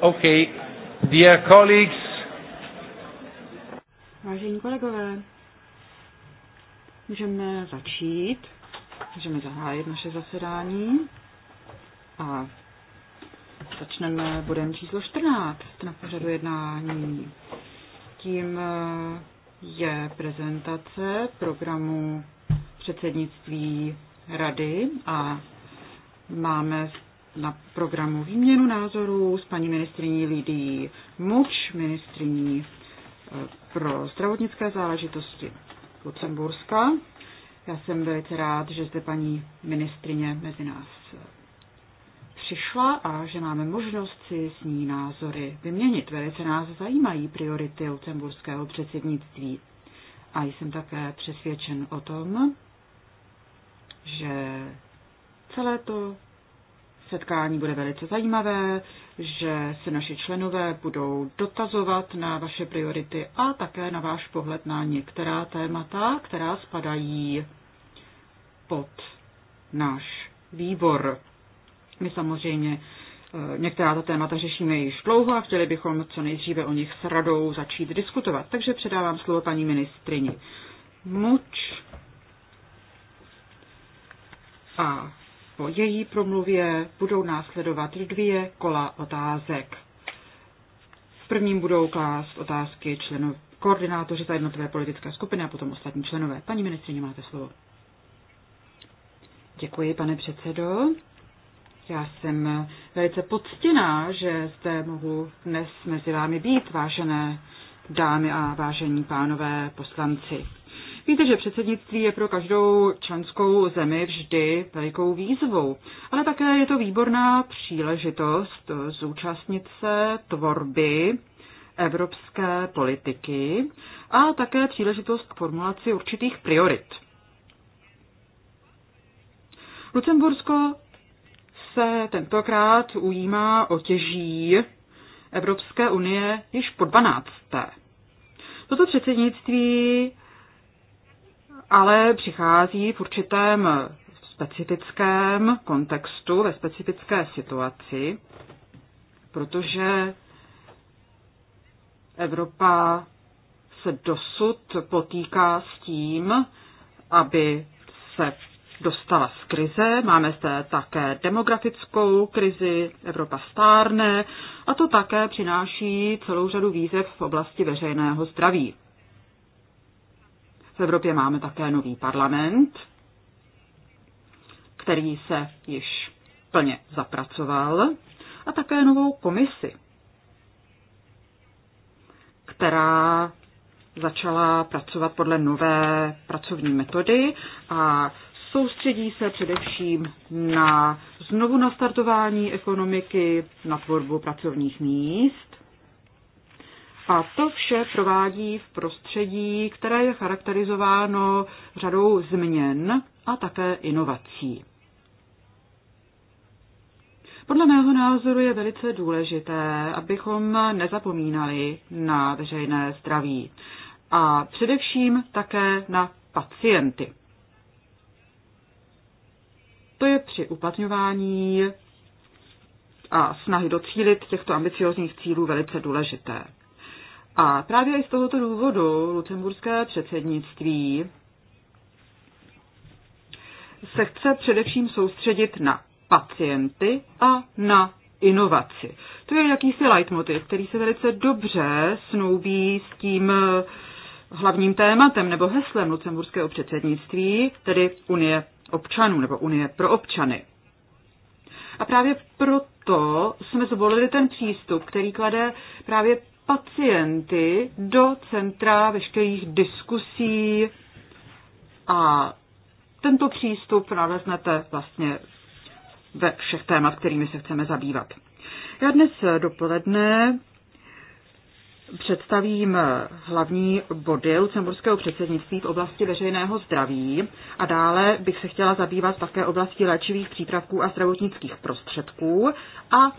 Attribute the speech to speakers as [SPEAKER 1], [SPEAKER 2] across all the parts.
[SPEAKER 1] Okay. Dear colleagues.
[SPEAKER 2] Vážení kolegové, můžeme začít, můžeme zahájit naše zasedání a začneme bodem číslo 14 na pořadu jednání. Tím eh, je prezentace programu předsednictví rady a máme na programu výměnu názorů s paní ministriní Lidí Muč, ministriní eh, pro zdravotnické záležitosti Lucemburska. Já jsem velice rád, že zde paní ministrině mezi nás eh, přišla a že máme možnost si s ní názory vyměnit. Velice nás zajímají priority lucemburského předsednictví a jsem také přesvědčen o tom, že celé to setkání bude velice zajímavé, že se naši členové budou dotazovat na vaše priority a také na váš pohled na některá témata, která spadají pod náš výbor. My samozřejmě eh, některá ta témata řešíme již dlouho a chtěli bychom co nejdříve o nich s radou začít diskutovat. Takže předávám slovo paní ministrini. Muč a po její promluvě budou následovat dvě kola otázek. V prvním budou klást otázky členů koordinátoři za jednotlivé politické skupiny a potom ostatní členové. Paní ministrině, máte slovo. Děkuji, pane předsedo. Já jsem velice poctěná, že zde mohu dnes mezi vámi být, vážené dámy a vážení pánové poslanci. Víte, že předsednictví je pro každou členskou zemi vždy velikou výzvou, ale také je to výborná příležitost zúčastnit se tvorby evropské politiky a také příležitost k formulaci určitých priorit. Lucembursko se tentokrát ujímá otěží Evropské unie již po 12. Toto předsednictví ale přichází v určitém specifickém kontextu, ve specifické situaci, protože Evropa se dosud potýká s tím, aby se dostala z krize. Máme zde také demografickou krizi, Evropa stárne a to také přináší celou řadu výzev v oblasti veřejného zdraví. V Evropě máme také nový parlament, který se již plně zapracoval, a také novou komisi, která začala pracovat podle nové pracovní metody a soustředí se především na znovu nastartování ekonomiky, na tvorbu pracovních míst a to vše provádí v prostředí, které je charakterizováno řadou změn a také inovací. Podle mého názoru je velice důležité, abychom nezapomínali na veřejné zdraví a především také na pacienty. To je při uplatňování a snahy docílit těchto ambiciozních cílů velice důležité. A právě i z tohoto důvodu lucemburské předsednictví se chce především soustředit na pacienty a na inovaci. To je jakýsi leitmotiv, který se velice dobře snoubí s tím hlavním tématem nebo heslem lucemburského předsednictví, tedy Unie občanů nebo Unie pro občany. A právě proto jsme zvolili ten přístup, který klade právě pacienty do centra veškerých diskusí a tento přístup naleznete vlastně ve všech témat, kterými se chceme zabývat. Já dnes dopoledne představím hlavní body lucemburského předsednictví v oblasti veřejného zdraví a dále bych se chtěla zabývat také oblasti léčivých přípravků a zdravotnických prostředků a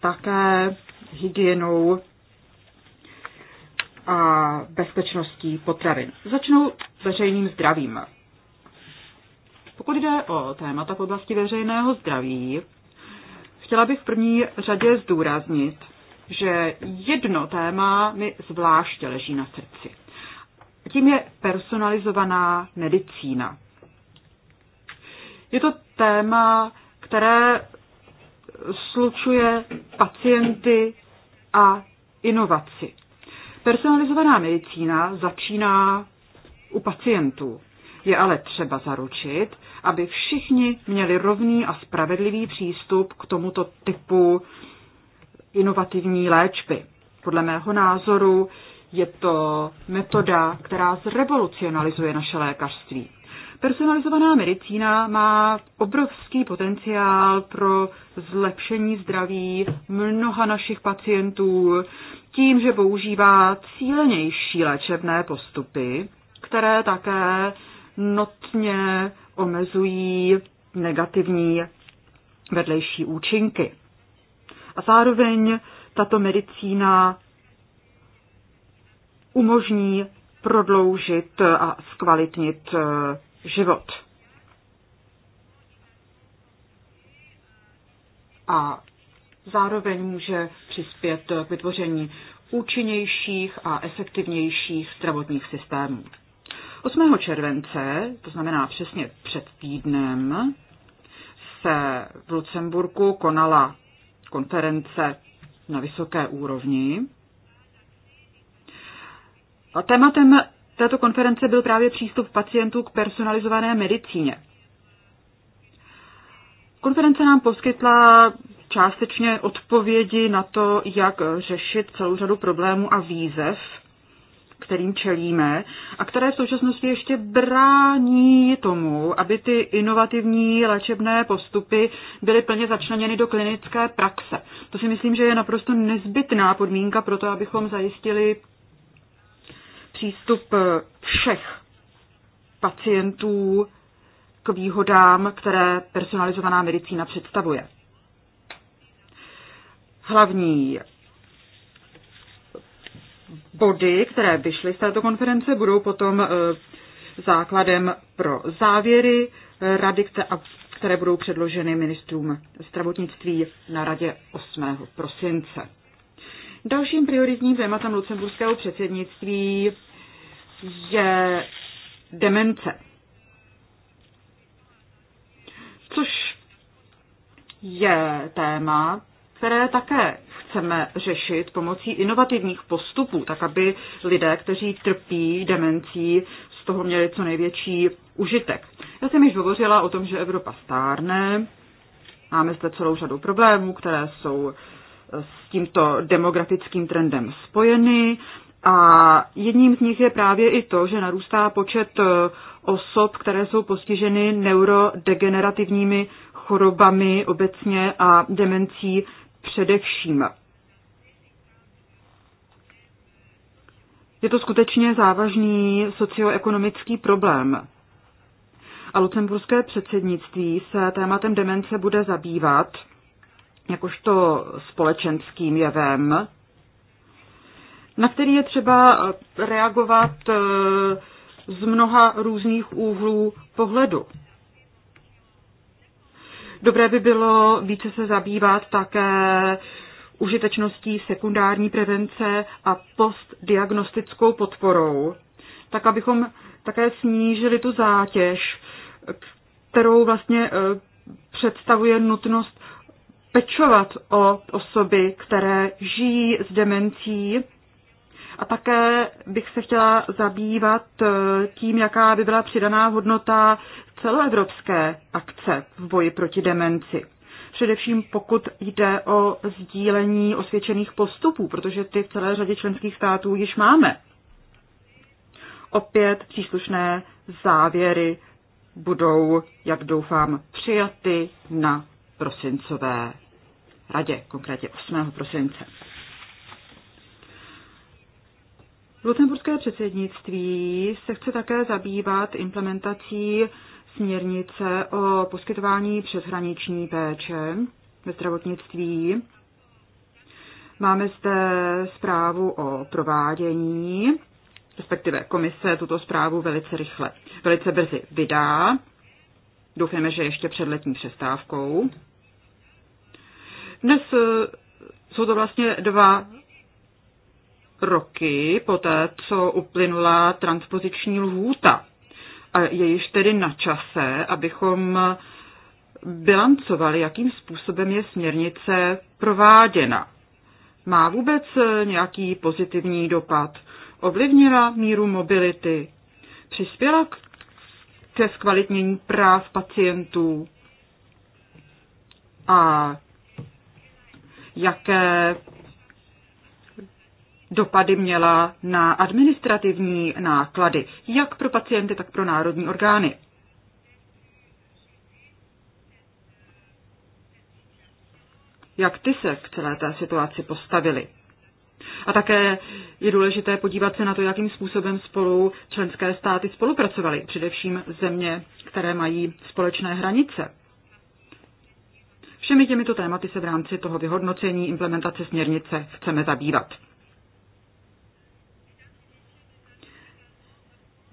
[SPEAKER 2] také hygienou a bezpečností potravin. Začnou veřejným zdravím. Pokud jde o témata v oblasti veřejného zdraví, chtěla bych v první řadě zdůraznit, že jedno téma mi zvláště leží na srdci. Tím je personalizovaná medicína. Je to téma, které slučuje pacienty a inovaci. Personalizovaná medicína začíná u pacientů. Je ale třeba zaručit, aby všichni měli rovný a spravedlivý přístup k tomuto typu inovativní léčby. Podle mého názoru je to metoda, která zrevolucionalizuje naše lékařství. Personalizovaná medicína má obrovský potenciál pro zlepšení zdraví mnoha našich pacientů tím, že používá cílenější léčebné postupy, které také notně omezují negativní vedlejší účinky. A zároveň tato medicína umožní prodloužit a zkvalitnit eh, život. A zároveň může přispět k vytvoření účinnějších a efektivnějších zdravotních systémů. 8. července, to znamená přesně před týdnem, se v Lucemburku konala konference na vysoké úrovni. A tématem této konference byl právě přístup pacientů k personalizované medicíně. Konference nám poskytla částečně odpovědi na to, jak řešit celou řadu problémů a výzev, kterým čelíme a které v současnosti ještě brání tomu, aby ty inovativní léčebné postupy byly plně začleněny do klinické praxe. To si myslím, že je naprosto nezbytná podmínka pro to, abychom zajistili přístup eh, všech pacientů k výhodám, které personalizovaná medicína představuje. Hlavní body, které vyšly z této konference, budou potom eh, základem pro závěry eh, rady, které budou předloženy ministrům zdravotnictví na radě 8. prosince. Dalším prioritním tématem lucemburského předsednictví je demence. Což je téma, které také chceme řešit pomocí inovativních postupů, tak aby lidé, kteří trpí demencí, z toho měli co největší užitek. Já jsem již hovořila o tom, že Evropa stárne, máme zde celou řadu problémů, které jsou s tímto demografickým trendem spojeny a jedním z nich je právě i to, že narůstá počet e, osob, které jsou postiženy neurodegenerativními chorobami obecně a demencí především. Je to skutečně závažný socioekonomický problém. A lucemburské předsednictví se tématem demence bude zabývat jakožto společenským jevem, na který je třeba eh, reagovat eh, z mnoha různých úhlů pohledu. Dobré by bylo více se zabývat také užitečností sekundární prevence a postdiagnostickou podporou, tak abychom také snížili tu zátěž, kterou vlastně eh, představuje nutnost pečovat o osoby, které žijí s demencí a také bych se chtěla zabývat eh, tím, jaká by byla přidaná hodnota celoevropské akce v boji proti demenci. Především pokud jde o sdílení osvědčených postupů, protože ty v celé řadě členských států již máme. Opět příslušné závěry budou, jak doufám, přijaty na prosincové radě, konkrétně 8. prosince. Lucemburské předsednictví se chce také zabývat implementací směrnice o poskytování přeshraniční péče ve zdravotnictví. Máme zde zprávu o provádění, respektive komise tuto zprávu velice rychle, velice brzy vydá. Doufáme, že ještě před letní přestávkou. Dnes eh, jsou to vlastně dva roky poté, co uplynula transpoziční lhůta. A je již tedy na čase, abychom bilancovali, jakým způsobem je směrnice prováděna. Má vůbec nějaký pozitivní dopad? Ovlivnila míru mobility? Přispěla k ke zkvalitnění práv pacientů? A jaké dopady měla na administrativní náklady, jak pro pacienty, tak pro národní orgány. Jak ty se k celé té situaci postavili? A také je důležité podívat se na to, jakým způsobem spolu členské státy spolupracovaly, především země, které mají společné hranice. Všemi těmito tématy se v rámci toho vyhodnocení implementace směrnice chceme zabývat.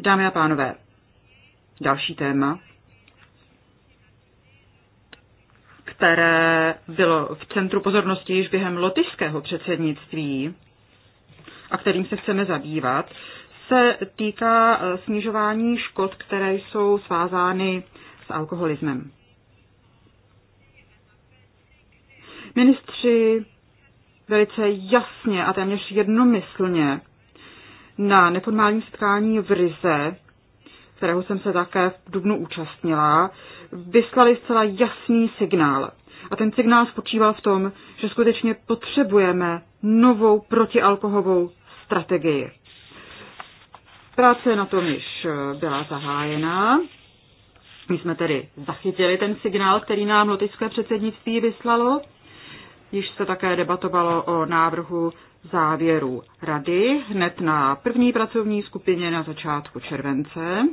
[SPEAKER 2] Dámy a pánové, další téma, které bylo v centru pozornosti již během lotyšského předsednictví a kterým se chceme zabývat, se týká eh, snižování škod, které jsou svázány s alkoholismem. Ministři velice jasně a téměř jednomyslně na neformální setkání v Rize, kterého jsem se také v Dubnu účastnila, vyslali zcela jasný signál. A ten signál spočíval v tom, že skutečně potřebujeme novou protialkohovou strategii. Práce na tom již eh, byla zahájena. My jsme tedy zachytili ten signál, který nám lotyšské předsednictví vyslalo. Již se také debatovalo o návrhu závěrů rady hned na první pracovní skupině na začátku července.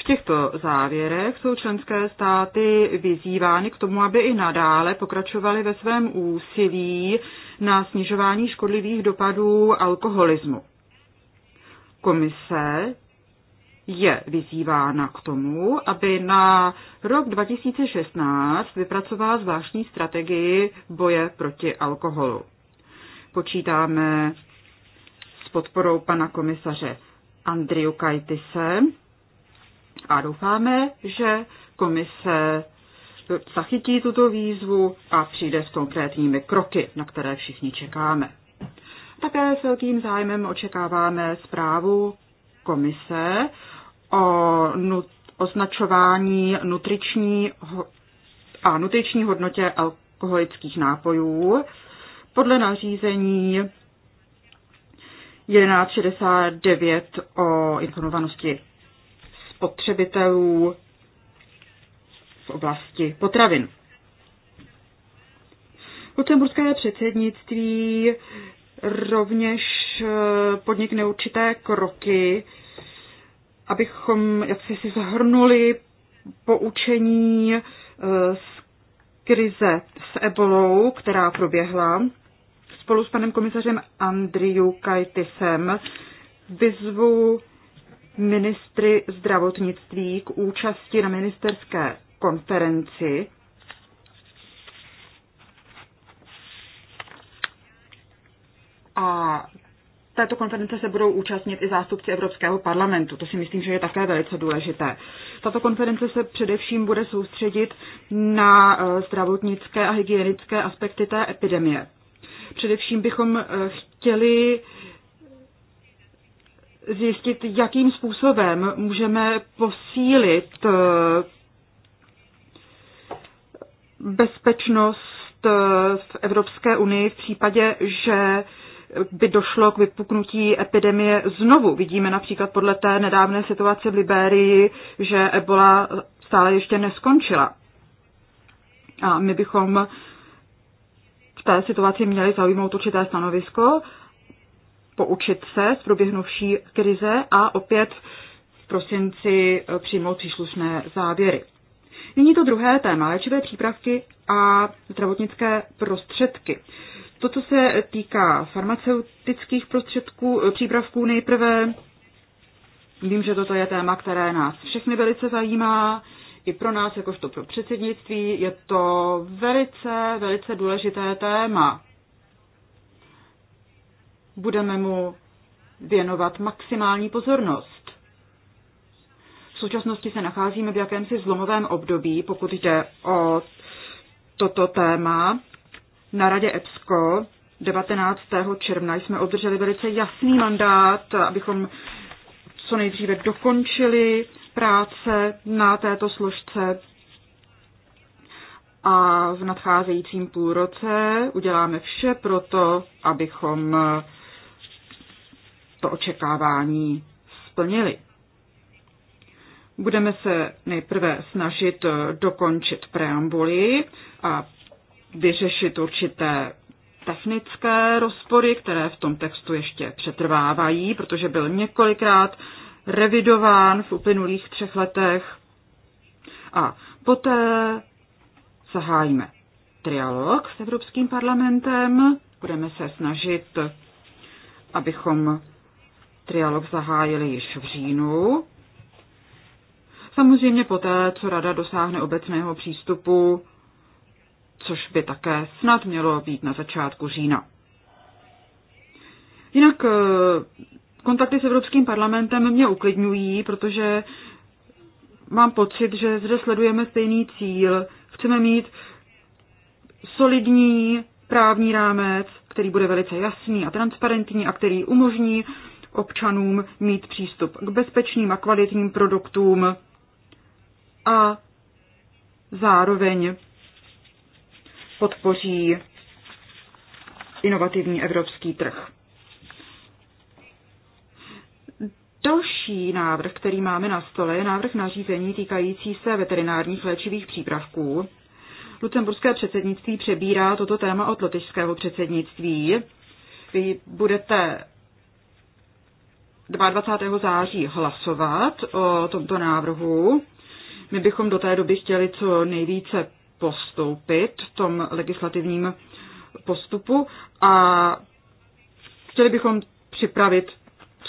[SPEAKER 2] V těchto závěrech jsou členské státy vyzývány k tomu, aby i nadále pokračovaly ve svém úsilí na snižování škodlivých dopadů alkoholismu. Komise je vyzývána k tomu, aby na rok 2016 vypracovala zvláštní strategii boje proti alkoholu. Počítáme s podporou pana komisaře Andriu Kajtise a doufáme, že komise zachytí tuto výzvu a přijde s konkrétními kroky, na které všichni čekáme. Také s velkým zájmem očekáváme zprávu komise o označování nutriční a nutriční hodnotě alkoholických nápojů podle nařízení 1169 o informovanosti spotřebitelů v oblasti potravin. Lucemburské předsednictví rovněž eh, podnikne určité kroky abychom jak si, si zhrnuli poučení eh, z krize s ebolou, která proběhla, spolu s panem komisařem Andriu Kajtisem vyzvu ministry zdravotnictví k účasti na ministerské konferenci. A této konference se budou účastnit i zástupci Evropského parlamentu. To si myslím, že je také velice důležité. Tato konference se především bude soustředit na e, zdravotnické a hygienické aspekty té epidemie. Především bychom e, chtěli zjistit, jakým způsobem můžeme posílit e, bezpečnost v Evropské unii v případě, že by došlo k vypuknutí epidemie znovu. Vidíme například podle té nedávné situace v Libérii, že ebola stále ještě neskončila. A my bychom v té situaci měli zaujmout určité stanovisko, poučit se z proběhnuvší krize a opět v prosinci přijmout příslušné závěry. Nyní to druhé téma, léčivé přípravky a zdravotnické prostředky. To, co se týká farmaceutických prostředků, eh, přípravků nejprve, vím, že toto je téma, které nás všechny velice zajímá, i pro nás, jakožto pro předsednictví, je to velice, velice důležité téma. Budeme mu věnovat maximální pozornost. V současnosti se nacházíme v jakémsi zlomovém období, pokud jde o toto téma. Na radě EPSCO 19. června jsme obdrželi velice jasný mandát, abychom co nejdříve dokončili práce na této složce a v nadcházejícím půlroce uděláme vše pro to, abychom to očekávání splnili. Budeme se nejprve snažit dokončit preambuli a vyřešit určité technické rozpory, které v tom textu ještě přetrvávají, protože byl několikrát revidován v uplynulých třech letech. A poté zahájíme trialog s Evropským parlamentem. Budeme se snažit, abychom trialog zahájili již v říjnu. Samozřejmě poté, co Rada dosáhne obecného přístupu což by také snad mělo být na začátku října. Jinak eh, kontakty s Evropským parlamentem mě uklidňují, protože mám pocit, že zde sledujeme stejný cíl. Chceme mít solidní právní rámec, který bude velice jasný a transparentní a který umožní občanům mít přístup k bezpečným a kvalitním produktům a zároveň podpoří inovativní evropský trh. Další návrh, který máme na stole, je návrh nařízení týkající se veterinárních léčivých přípravků. Lucemburské předsednictví přebírá toto téma od lotyšského předsednictví. Vy budete 22. září hlasovat o tomto návrhu. My bychom do té doby chtěli co nejvíce postoupit v tom legislativním postupu a chtěli bychom připravit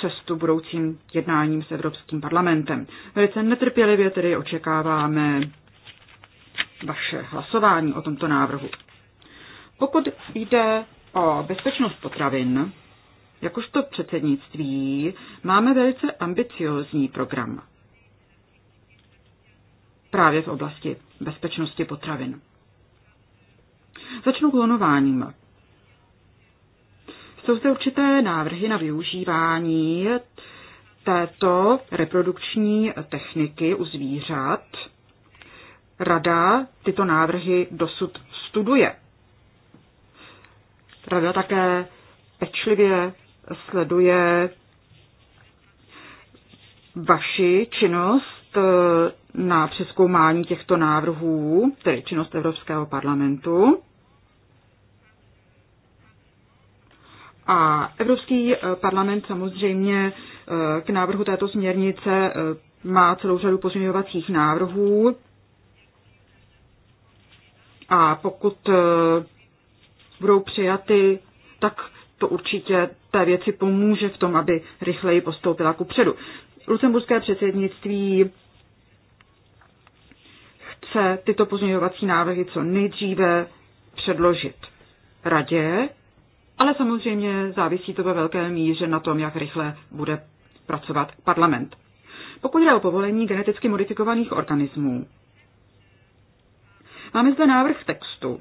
[SPEAKER 2] cestu budoucím jednáním s Evropským parlamentem. Velice netrpělivě tedy očekáváme vaše hlasování o tomto návrhu. Pokud jde o bezpečnost potravin, jakožto předsednictví máme velice ambiciozní program právě v oblasti bezpečnosti potravin. Začnu klonováním. Jsou zde určité návrhy na využívání této reprodukční techniky u zvířat. Rada tyto návrhy dosud studuje. Rada také pečlivě sleduje vaši činnost E, na přeskoumání těchto návrhů, tedy činnost Evropského parlamentu. A Evropský e, parlament samozřejmě e, k návrhu této směrnice má celou řadu pozměňovacích návrhů. A pokud budou přijaty, tak to určitě té věci pomůže v tom, aby rychleji postoupila ku předu. Lucemburské předsednictví chce tyto pozměňovací návrhy co nejdříve předložit radě, ale samozřejmě závisí to ve velké míře na tom, jak rychle bude pracovat parlament. Pokud jde o povolení geneticky modifikovaných organismů, máme zde návrh textu,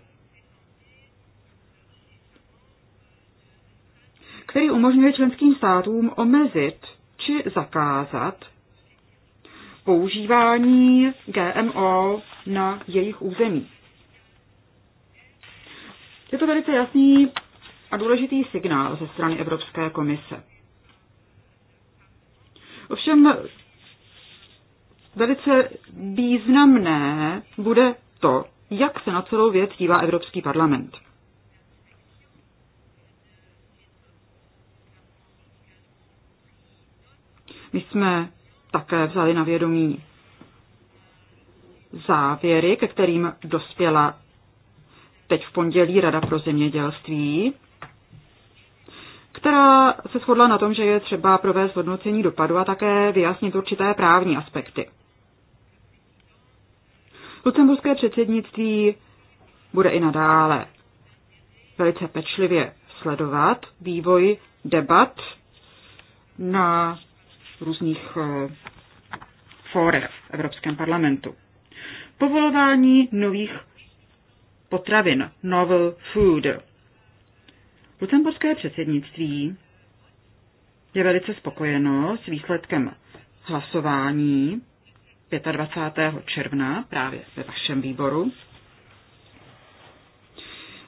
[SPEAKER 2] který umožňuje členským státům omezit či zakázat používání GMO na jejich území. Je to velice jasný a důležitý signál ze strany Evropské komise. Ovšem velice významné bude to, jak se na celou věc dívá Evropský parlament. My jsme také vzali na vědomí závěry, ke kterým dospěla teď v pondělí Rada pro zemědělství, která se shodla na tom, že je třeba provést hodnocení dopadu a také vyjasnit určité právní aspekty. Lucemburské předsednictví bude i nadále velice pečlivě sledovat vývoj debat na různých eh, fórech v Evropském parlamentu. Povolování nových potravin, novel food. Lucemburské předsednictví je velice spokojeno s výsledkem hlasování 25. června právě ve vašem výboru.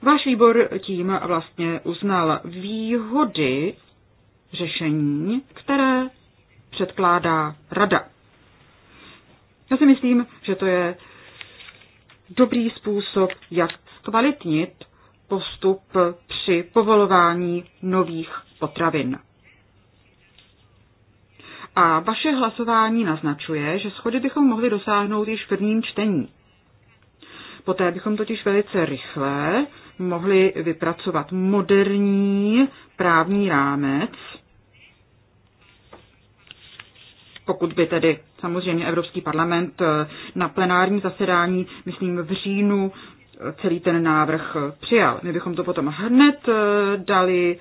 [SPEAKER 2] Váš výbor tím vlastně uznal výhody řešení, které předkládá rada. Já si myslím, že to je dobrý způsob, jak zkvalitnit postup při povolování nových potravin. A vaše hlasování naznačuje, že schody bychom mohli dosáhnout již v prvním čtení. Poté bychom totiž velice rychle mohli vypracovat moderní právní rámec, pokud by tedy samozřejmě Evropský parlament eh, na plenární zasedání, myslím v říjnu, eh, celý ten návrh eh, přijal. My bychom to potom hned dali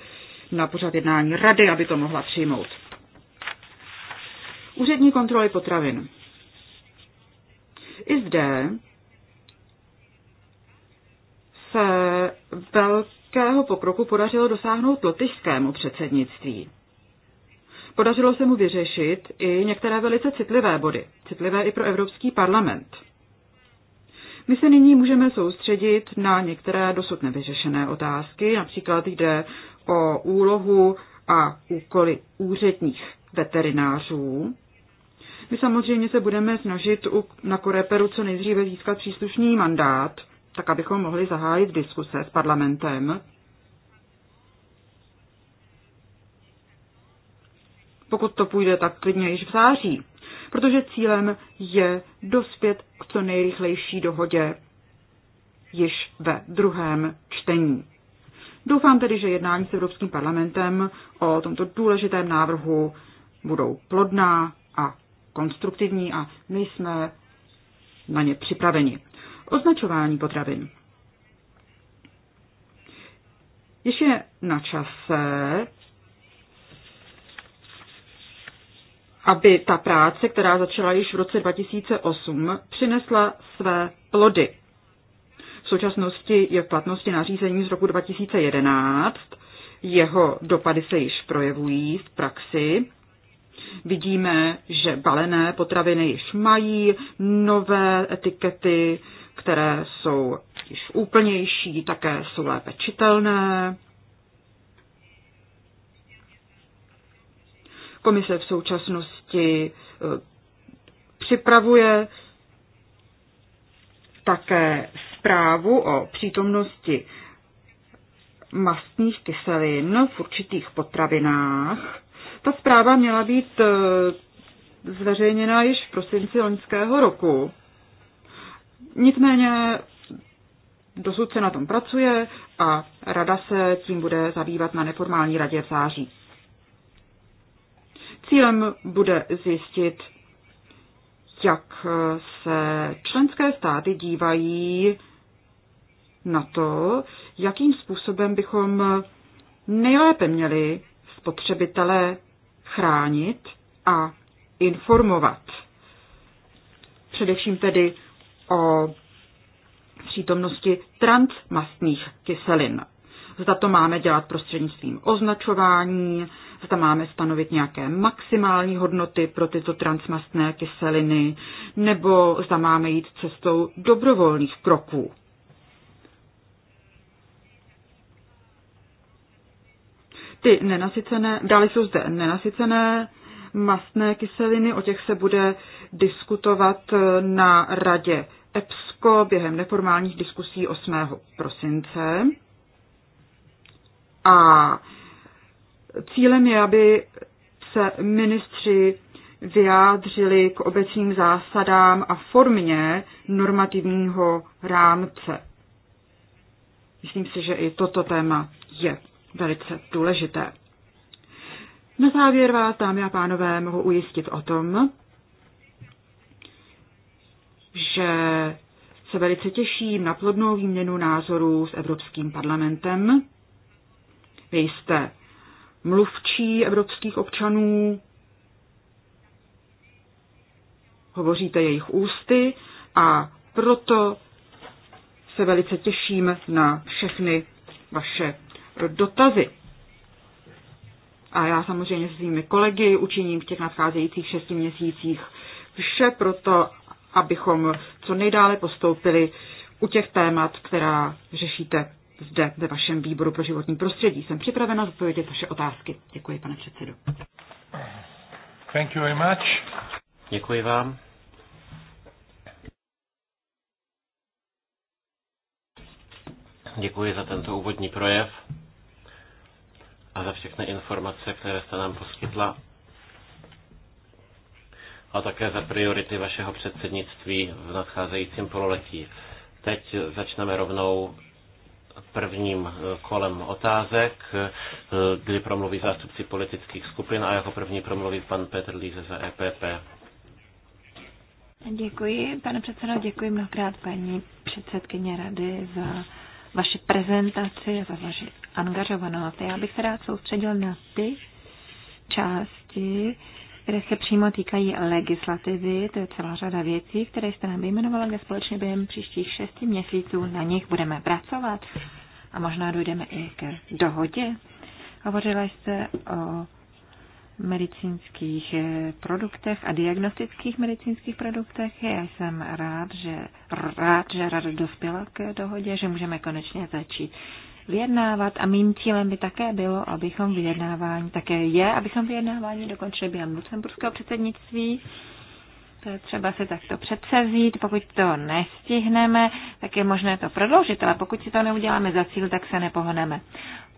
[SPEAKER 2] na pořad jednání rady, aby to mohla přijmout. Úřední kontroly potravin. I zde se velkého pokroku podařilo dosáhnout lotyšskému předsednictví. Podařilo se mu vyřešit i některé velice citlivé body, citlivé i pro Evropský parlament. My se nyní můžeme soustředit na některé dosud nevyřešené otázky, například jde o úlohu a úkoly úředních veterinářů. My samozřejmě se budeme snažit na Koreperu co nejdříve získat příslušný mandát, tak abychom mohli zahájit diskuse s parlamentem pokud to půjde, tak klidně již v září, protože cílem je dospět k co nejrychlejší dohodě již ve druhém čtení. Doufám tedy, že jednání s Evropským parlamentem o tomto důležitém návrhu budou plodná a konstruktivní a my jsme na ně připraveni. Označování potravin. Ještě na čase, aby ta práce, která začala již v roce 2008, přinesla své plody. V současnosti je v platnosti nařízení z roku 2011, jeho dopady se již projevují v praxi. Vidíme, že balené potraviny již mají nové etikety, které jsou již úplnější, také jsou lépe čitelné. Komise v současnosti eh, připravuje také zprávu o přítomnosti mastných kyselin v určitých potravinách. Ta zpráva měla být eh, zveřejněna již v prosinci loňského roku. Nicméně dosud se na tom pracuje a rada se tím bude zabývat na neformální radě v září. Cílem bude zjistit, jak se členské státy dívají na to, jakým způsobem bychom nejlépe měli spotřebitele chránit a informovat. Především tedy o přítomnosti transmastných kyselin zda to máme dělat prostřednictvím označování, zda máme stanovit nějaké maximální hodnoty pro tyto transmastné kyseliny, nebo zda máme jít cestou dobrovolných kroků. Ty nenasycené, dále jsou zde nenasycené mastné kyseliny, o těch se bude diskutovat eh, na radě EPSCO během neformálních diskusí 8. prosince. A cílem je, aby se ministři vyjádřili k obecným zásadám a formě normativního rámce. Myslím si, že i toto téma je velice důležité. Na závěr vás, dámy a pánové, mohu ujistit o tom, že se velice těším na plodnou výměnu názorů s Evropským parlamentem vy jste mluvčí evropských občanů, hovoříte jejich ústy a proto se velice těším na všechny vaše dotazy. A já samozřejmě se svými kolegy učiním v těch nadcházejících šesti měsících vše proto, abychom co nejdále postoupili u těch témat, která řešíte zde ve vašem výboru pro životní prostředí. Jsem připravena zodpovědět vaše otázky. Děkuji, pane předsedo. Thank you very much.
[SPEAKER 1] Děkuji vám. Děkuji za tento úvodní projev a za všechny informace, které jste nám poskytla a také za priority vašeho předsednictví v nadcházejícím pololetí. Teď začneme rovnou prvním eh, kolem otázek, eh, kdy promluví zástupci politických skupin a jako první promluví pan Petr Líze za EPP.
[SPEAKER 3] Děkuji, pane předsedo, děkuji mnohokrát paní předsedkyně rady za vaši prezentaci, za vaši angažovanost. Já bych se rád soustředil na ty části, které se přímo týkají legislativy. To je celá řada věcí, které jste nám vyjmenovala, kde společně během příštích šesti měsíců na nich budeme pracovat a možná dojdeme i k dohodě. Hovořila jste o medicínských eh, produktech a diagnostických medicínských produktech. Já jsem rád, že rád, že rád dospěla k dohodě, že můžeme konečně začít vyjednávat a mým cílem by také bylo, abychom vyjednávání, také je, abychom vyjednávání dokončili během lucemburského předsednictví. To je třeba se takto předsevzít, pokud to nestihneme, tak je možné to prodloužit, ale pokud si to neuděláme za cíl, tak se nepohneme.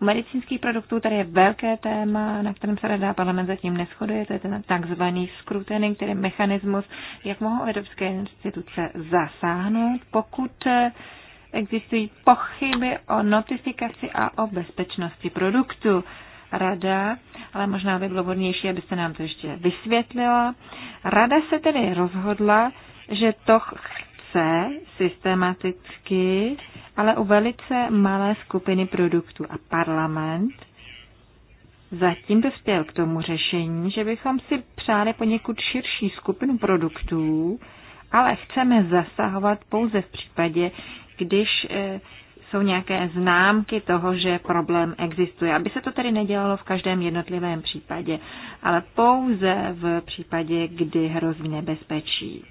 [SPEAKER 3] U medicínských produktů tady je velké téma, na kterém se rada parlament zatím neschoduje, to je ten takzvaný skrutený, který mechanismus, jak mohou evropské instituce zasáhnout, pokud existují pochyby o notifikaci a o bezpečnosti produktu. Rada, ale možná by bylo vhodnější, abyste nám to ještě vysvětlila. Rada se tedy rozhodla, že to chce systematicky, ale u velice malé skupiny produktů. A parlament zatím dospěl k tomu řešení, že bychom si přáli poněkud širší skupinu produktů, ale chceme zasahovat pouze v případě, když e, jsou nějaké známky toho, že problém existuje. Aby se to tedy nedělalo v každém jednotlivém případě, ale pouze v případě, kdy hrozí nebezpečí.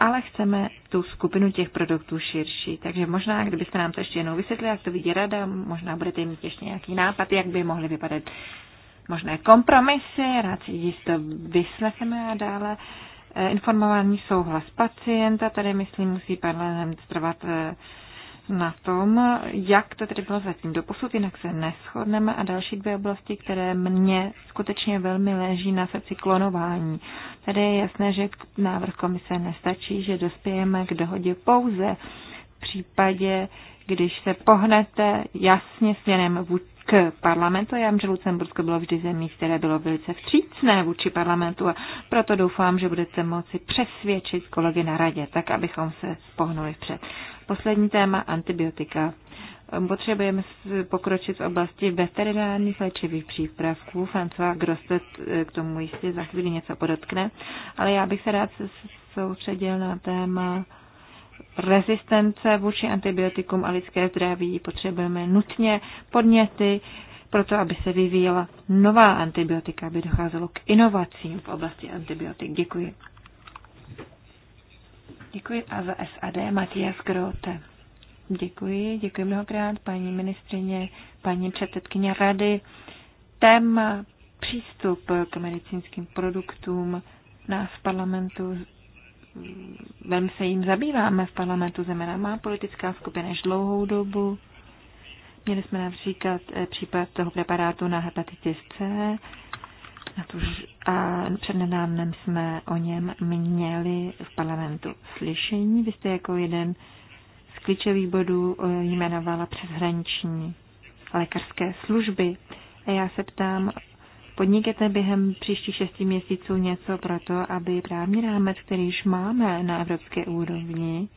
[SPEAKER 3] Ale chceme tu skupinu těch produktů širší. Takže možná, kdybyste nám to ještě jednou vysvětlili, jak to vidí rada, možná budete mít ještě nějaký nápad, jak by mohly vypadat možné kompromisy, rád si to vyslechneme a dále. Uh, Eh, informovaný souhlas pacienta, tady myslím, musí parlament trvat eh, na tom, jak to tedy bylo zatím doposud, jinak se neschodneme. A další dvě oblasti, které mně skutečně velmi leží na srdci klonování. Tady je jasné, že návrh komise nestačí, že dospějeme k dohodě pouze v případě, když se pohnete jasně směrem k parlamentu. Já vím, že Lucembursko bylo vždy zemí, které bylo velice vstřícné vůči parlamentu a proto doufám, že budete moci přesvědčit kolegy na radě, tak abychom se pohnuli vpřed. Poslední téma antibiotika. Potřebujeme pokročit v oblasti veterinárních léčivých přípravků. François Grostet eh, k tomu jistě za chvíli něco podotkne, ale já bych se rád soustředil na téma rezistence vůči antibiotikum a lidské zdraví. Potřebujeme nutně podněty pro to, aby se vyvíjela nová antibiotika, aby docházelo k inovacím v oblasti antibiotik. Děkuji. Děkuji a za SAD Matias Grote. Děkuji, děkuji mnohokrát paní ministrině, paní předsedkyně rady. Téma přístup k medicínským produktům nás v parlamentu velmi se jim zabýváme v parlamentu, Zemena. má politická skupina již dlouhou dobu. Měli jsme například eh, případ toho preparátu na hepatitis C a před nedávnem jsme o něm měli v parlamentu slyšení. Vy jste jako jeden z klíčových bodů eh, jmenovala přeshraniční lékařské služby. A já se ptám, podnikete během příštích šesti měsíců něco pro to, aby právní rámec, který už máme na evropské úrovni,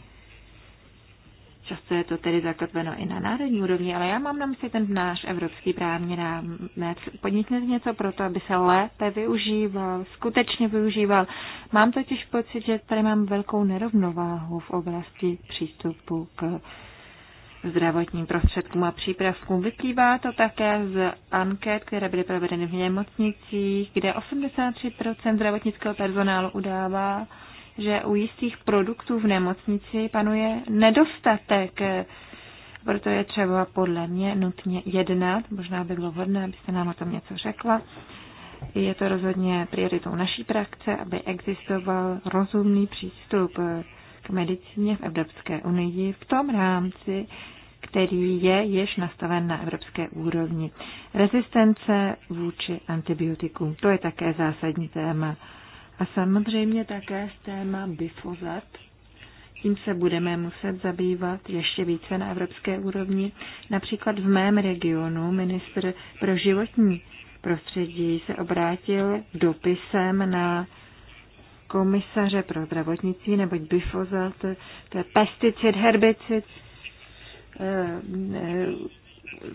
[SPEAKER 3] často je to tedy zakotveno i na národní úrovni, ale já mám na mysli ten náš evropský právní rámec. Podniknete něco pro to, aby se lépe využíval, skutečně využíval. Mám totiž pocit, že tady mám velkou nerovnováhu v oblasti přístupu k zdravotním prostředkům a přípravkům. Vyplývá to také z anket, které byly provedeny v nemocnicích, kde 83% zdravotnického personálu udává, že u jistých produktů v nemocnici panuje nedostatek. Proto je třeba podle mě nutně jednat. Možná by bylo vhodné, abyste nám o tom něco řekla. Je to rozhodně prioritou naší praxe, aby existoval rozumný přístup medicíně v Evropské unii v tom rámci, který je již nastaven na evropské úrovni. Rezistence vůči antibiotikům, to je také zásadní téma. A samozřejmě také z téma bifozat. Tím se budeme muset zabývat ještě více na evropské úrovni. Například v mém regionu ministr pro životní prostředí se obrátil dopisem na komisaře pro zdravotnictví, neboť bifozat, to, to je pesticid, herbicid, eh,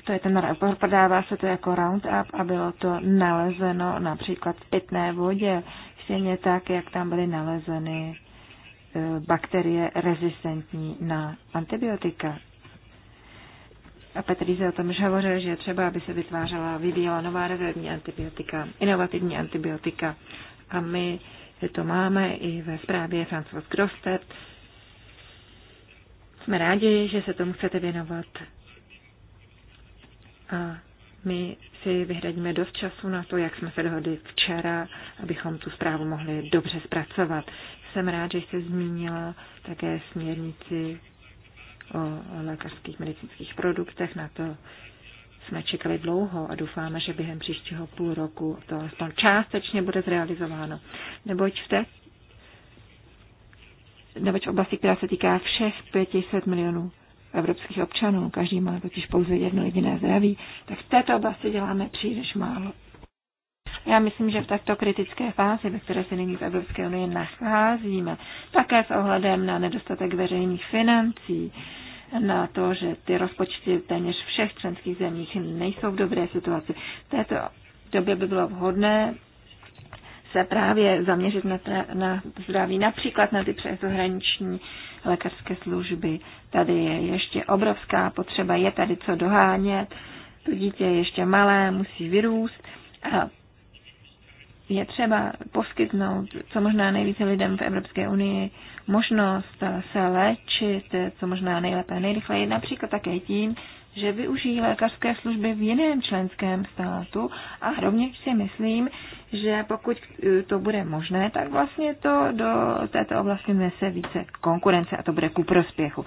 [SPEAKER 3] to je ten, prodává se to jako Roundup a bylo to nalezeno například v pitné vodě, stejně tak, jak tam byly nalezeny eh, bakterie rezistentní na antibiotika. A Petr se o tom už hovořil, že třeba, aby se vytvářela, vyvíjela nová rezervní antibiotika, inovativní antibiotika. A my to máme i ve zprávě Francois Grostet. Jsme rádi, že se tomu chcete věnovat. A my si vyhradíme dost času na to, jak jsme se dohodli včera, abychom tu zprávu mohli dobře zpracovat. Jsem rád, že jste zmínila také směrnici o lékařských medicínských produktech. Na to jsme čekali dlouho a doufáme, že během příštího půl roku to aspoň částečně bude zrealizováno. Neboť v té neboť oblasti, která se týká všech 500 milionů evropských občanů, každý má totiž pouze jedno jediné zdraví, tak v této oblasti děláme příliš málo. Já myslím, že v takto kritické fázi, ve které se nyní v Evropské unii nacházíme, také s ohledem na nedostatek veřejných financí, na to, že ty rozpočty téměř všech členských zemích nejsou v dobré situaci. V této době by bylo vhodné se právě zaměřit na, na zdraví, například na ty přeshraniční lékařské služby. Tady je ještě obrovská potřeba, je tady co dohánět, to dítě je ještě malé, musí vyrůst a je třeba poskytnout co možná nejvíce lidem v Evropské unii možnost se léčit co možná nejlépe, nejrychleji, například také tím, že využijí lékařské služby v jiném členském státu a rovněž si myslím, že pokud e, to bude možné, tak vlastně to do této oblasti nese více konkurence a to bude ku prospěchu.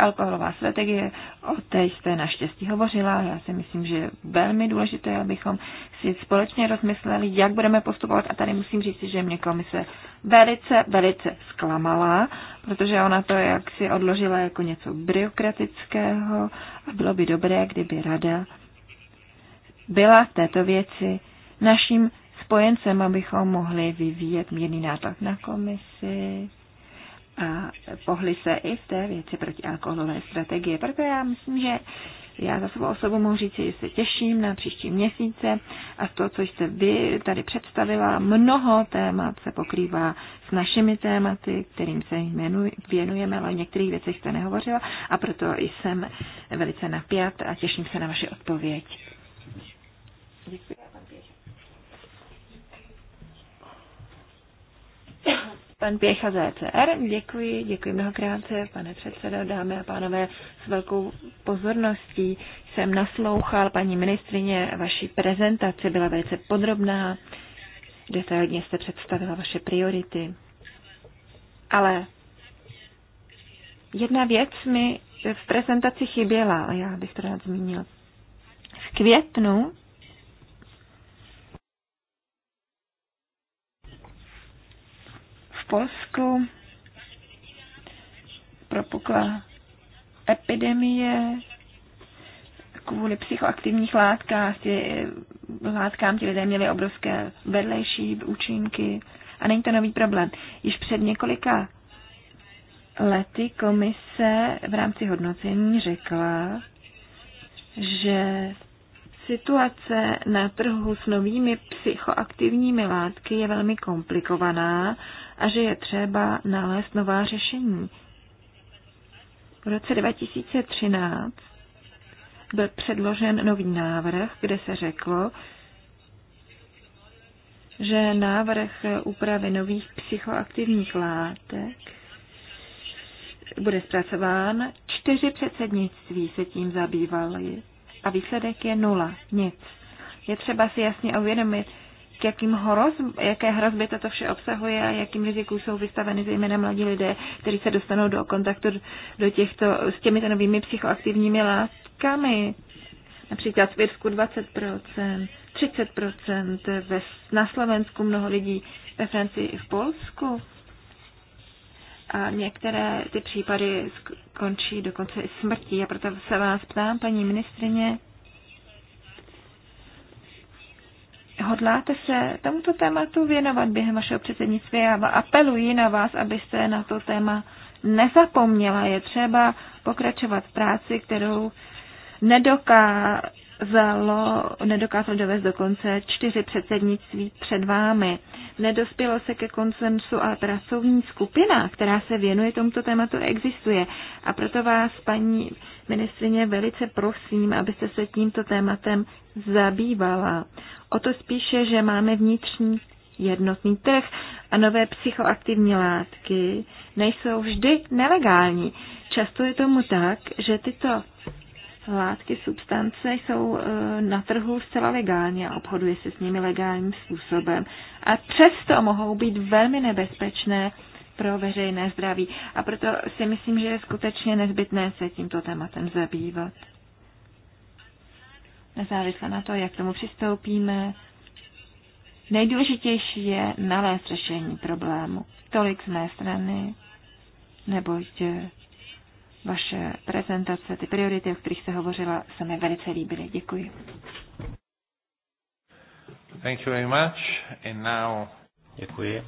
[SPEAKER 3] alkoholová strategie, o té jste naštěstí hovořila, já si myslím, že je velmi důležité, abychom si společně rozmysleli, jak budeme postupovat a tady musím říct, že mě komise velice, velice zklamala, protože ona to jak si odložila jako něco byrokratického a bylo by dobré, kdyby rada byla v této věci naším spojencem, abychom mohli vyvíjet mírný nátlak na komisi a pohli se i v té věci proti alkoholové strategie. Proto já myslím, že já za svou osobu mohu říct, že se těším na příští měsíce a to, co jste vy tady představila, mnoho témat se pokrývá s našimi tématy, kterým se věnujeme, ale o některých věcech jste nehovořila a proto jsem velice napjat a těším se na vaši odpověď. Děkuji. Pan Pěcha ZCR, e děkuji, děkuji mnohokrát, pane předsedo, dámy a pánové, s velkou pozorností jsem naslouchal paní ministrině, vaší prezentace byla velice podrobná, detailně jste představila vaše priority. Ale jedna věc mi v prezentaci chyběla, a já bych to rád zmínil. V květnu Polsku propukla epidemie kvůli psychoaktivních látkách, Ty látkám ti lidé měli obrovské vedlejší účinky a není to nový problém. Již před několika lety komise v rámci hodnocení řekla, že Situace na trhu s novými psychoaktivními látky je velmi komplikovaná a že je třeba nalézt nová řešení. V roce 2013 byl předložen nový návrh, kde se řeklo, že návrh úpravy nových psychoaktivních látek bude zpracován. Čtyři předsednictví se tím zabývaly a výsledek je nula, nic. Je třeba si jasně uvědomit, k jakým horoz, jaké hrozby toto vše obsahuje a jakým rizikům jsou vystaveny zejména mladí lidé, kteří se dostanou do kontaktu do těchto, s těmito novými psychoaktivními látkami. Například v Irsku 20%, 30% ve, na Slovensku mnoho lidí, ve Francii i v Polsku a některé ty případy skončí dokonce i smrtí. A proto se vás ptám, paní ministrině, hodláte se tomuto tématu věnovat během vašeho předsednictví? Já apeluji na vás, abyste na to téma nezapomněla. Je třeba pokračovat v práci, kterou nedokázalo, nedokázalo dovést dokonce čtyři předsednictví před vámi nedospělo se ke konsensu a pracovní skupina, která se věnuje tomuto tématu, existuje. A proto vás, paní ministrině, velice prosím, abyste se tímto tématem zabývala. O to spíše, že máme vnitřní jednotný trh a nové psychoaktivní látky nejsou vždy nelegální. Často je tomu tak, že tyto látky, substance jsou e, na trhu zcela legálně a obchoduje se s nimi legálním způsobem. A přesto mohou být velmi nebezpečné pro veřejné zdraví. A proto si myslím, že je skutečně nezbytné se tímto tématem zabývat. Nezávisle na to, jak tomu přistoupíme, nejdůležitější je nalézt řešení problému. Tolik z mé strany, neboť vaše prezentace, ty priority, o kterých se hovořila, se mi velice líbily. Děkuji.
[SPEAKER 1] Thank you very much. And now... Děkuji.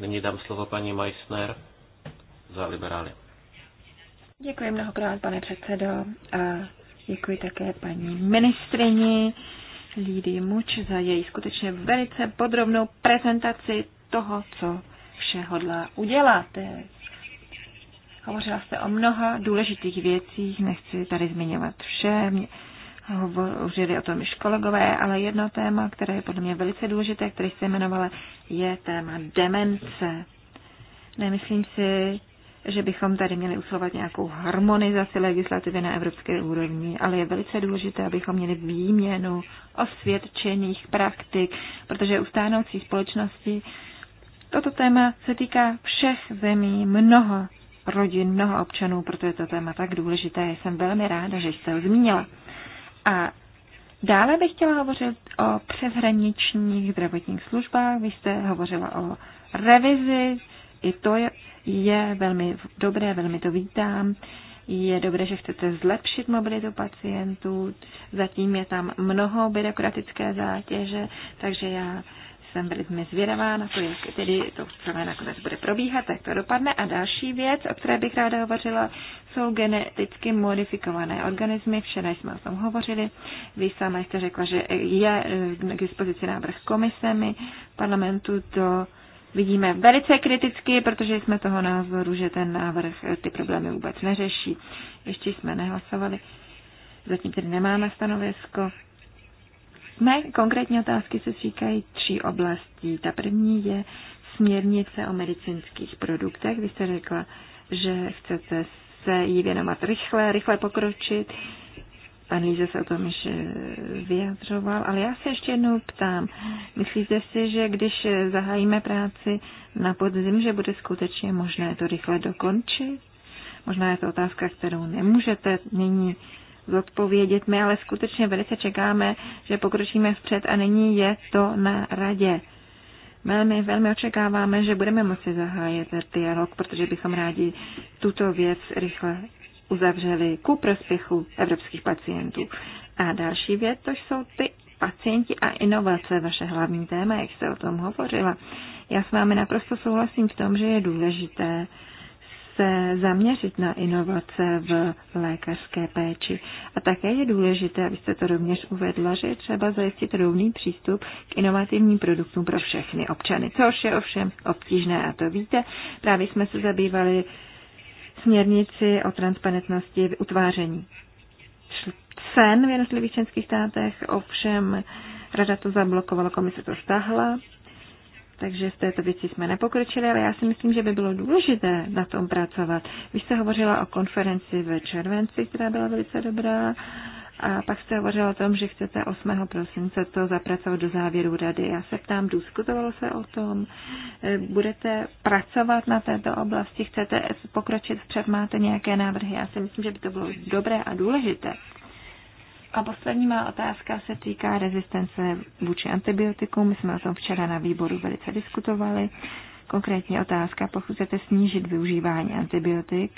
[SPEAKER 1] Nyní dám slovo paní Meissner za liberály.
[SPEAKER 3] Děkuji mnohokrát, pane předsedo, a děkuji také paní ministrini Lídy Muč za její skutečně velice podrobnou prezentaci toho, co vše hodlá udělat. Hovořila jste o mnoha důležitých věcích, nechci tady zmiňovat vše, hovořili o tom i kolegové, ale jedno téma, které je podle mě velice důležité, které jste jmenovala, je téma demence. Nemyslím si, že bychom tady měli usilovat nějakou harmonizaci legislativy na evropské úrovni, ale je velice důležité, abychom měli výměnu osvědčených praktik, protože u stánoucí společnosti toto téma se týká všech zemí, mnoho rodin, mnoha občanů, proto je to téma tak důležité. Jsem velmi ráda, že jste ho zmínila. A dále bych chtěla hovořit o přeshraničních zdravotních službách. Vy jste hovořila o revizi, i to je, je velmi dobré, velmi to vítám. Je dobré, že chcete zlepšit mobilitu pacientů, zatím je tam mnoho byrokratické zátěže, takže já jsem velmi zvědavá na to, jak tedy to celé nakonec bude probíhat, jak to dopadne. A další věc, o které bych ráda hovořila, jsou geneticky modifikované organismy. Včera jsme o tom hovořili. Vy sama jste řekla, že je eh, k dispozici návrh komisemi parlamentu. To vidíme velice kriticky, protože jsme toho názoru, že ten návrh eh, ty problémy vůbec neřeší. Ještě jsme nehlasovali. Zatím tedy nemáme stanovisko. Mé konkrétní otázky se týkají tří oblastí. Ta první je směrnice o medicinských produktech. Vy jste řekla, že chcete se jí věnovat rychle, rychle pokročit. Pan Líze se o tom již eh, vyjadřoval, ale já se ještě jednou ptám. Myslíte si, že když eh, zahájíme práci na podzim, že bude skutečně možné to rychle dokončit? Možná je to otázka, kterou nemůžete nyní zodpovědět my, ale skutečně velice čekáme, že pokročíme vpřed a nyní je to na radě. Velmi, velmi očekáváme, že budeme moci zahájit dialog, protože bychom rádi tuto věc rychle uzavřeli ku prospěchu evropských pacientů. A další věc, to jsou ty pacienti a inovace, vaše hlavní téma, jak jste o tom hovořila. Já s vámi naprosto souhlasím v tom, že je důležité, se zaměřit na inovace v lékařské péči. A také je důležité, abyste to rovněž uvedla, že je třeba zajistit rovný přístup k inovativním produktům pro všechny občany, což je ovšem obtížné a to víte. Právě jsme se zabývali směrnici o transparentnosti v utváření cen v jednotlivých členských státech, ovšem Rada to zablokovala, komise to stahla takže z této věci jsme nepokročili, ale já si myslím, že by bylo důležité na tom pracovat. Vy jste hovořila o konferenci ve červenci, která byla velice dobrá, a pak jste hovořila o tom, že chcete 8. prosince to zapracovat do závěru rady. Já se ptám, diskutovalo se o tom? Eh, budete pracovat na této oblasti? Chcete pokročit vpřed? Máte nějaké návrhy? Já si myslím, že by to bylo dobré a důležité. A poslední má otázka se týká rezistence vůči antibiotikům. My jsme o tom včera na výboru velice diskutovali. Konkrétně otázka, pokud chcete snížit využívání antibiotik,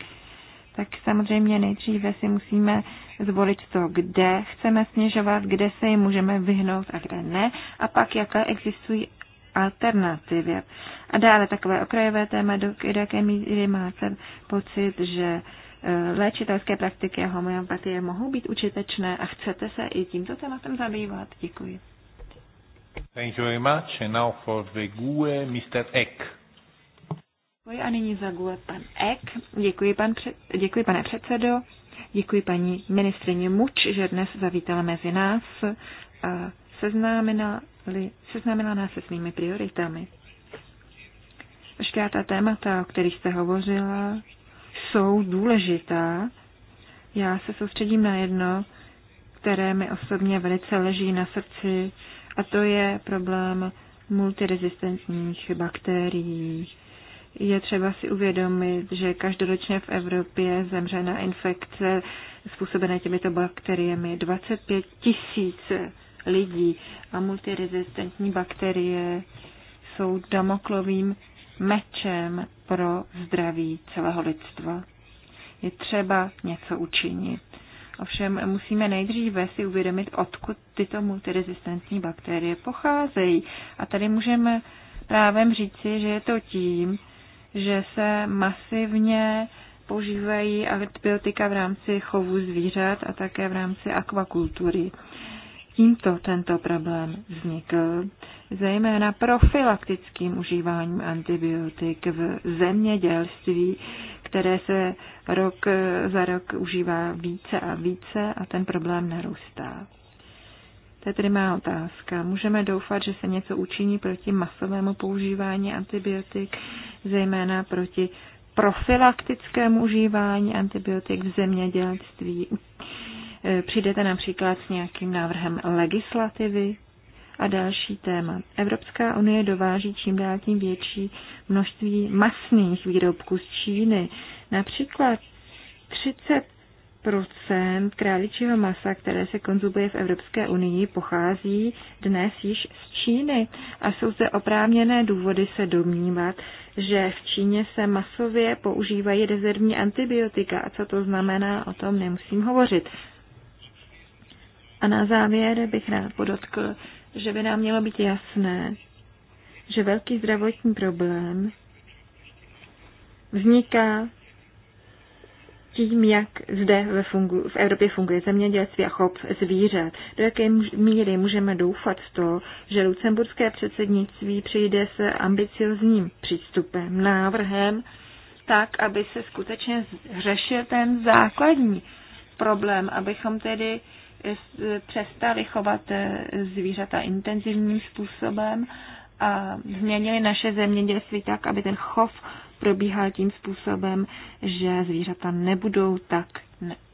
[SPEAKER 3] tak samozřejmě nejdříve si musíme zvolit to, kde chceme snižovat, kde se jim můžeme vyhnout a kde ne, a pak jaké existují alternativy. A dále takové okrajové téma, do jaké míry máte pocit, že léčitelské praktiky a homeopatie mohou být užitečné a chcete se i tímto tématem zabývat? Děkuji.
[SPEAKER 1] Thank you very much. And now for the GUE, Mr. Eck.
[SPEAKER 3] Děkuji a nyní za GUE pan Eck. Děkuji, pan před, děkuji pane předsedo. Děkuji paní ministrině Muč, že dnes zavítala mezi nás a seznámila, nás se svými prioritami. Veškerá ta témata, o kterých jste hovořila, jsou důležitá. Já se soustředím na jedno, které mi osobně velice leží na srdci, a to je problém multirezistentních bakterií. Je třeba si uvědomit, že každoročně v Evropě zemře na infekce způsobené těmito bakteriemi 25 tisíc lidí a multirezistentní bakterie jsou damoklovým mečem pro zdraví celého lidstva. Je třeba něco učinit. Ovšem musíme nejdříve si uvědomit, odkud tyto multirezistentní bakterie pocházejí. A tady můžeme právě říci, že je to tím, že se masivně používají antibiotika v rámci chovu zvířat a také v rámci akvakultury tímto tento problém vznikl, zejména profilaktickým užíváním antibiotik v zemědělství, které se rok za rok užívá více a více a ten problém narůstá. To je tedy má otázka. Můžeme doufat, že se něco učiní proti masovému používání antibiotik, zejména proti profilaktickému užívání antibiotik v zemědělství Eh, přijdete například s nějakým návrhem legislativy a další téma. Evropská unie dováží čím dál tím větší množství masných výrobků z Číny. Například 30 procent králičího masa, které se konzumuje v Evropské unii, pochází dnes již z Číny a jsou zde oprávněné důvody se domnívat, že v Číně se masově používají rezervní antibiotika a co to znamená, o tom nemusím hovořit. A na závěr bych rád podotkl, že by nám mělo být jasné, že velký zdravotní problém vzniká tím, jak zde ve fungu, v Evropě funguje zemědělství a chop zvířat. Do jaké míry můžeme doufat v to, že lucemburské předsednictví přijde s ambiciozním přístupem, návrhem, tak, aby se skutečně řešil ten základní problém, abychom tedy přestali chovat e, zvířata intenzivním způsobem a změnili naše zemědělství tak, aby ten chov probíhal tím způsobem, že zvířata nebudou tak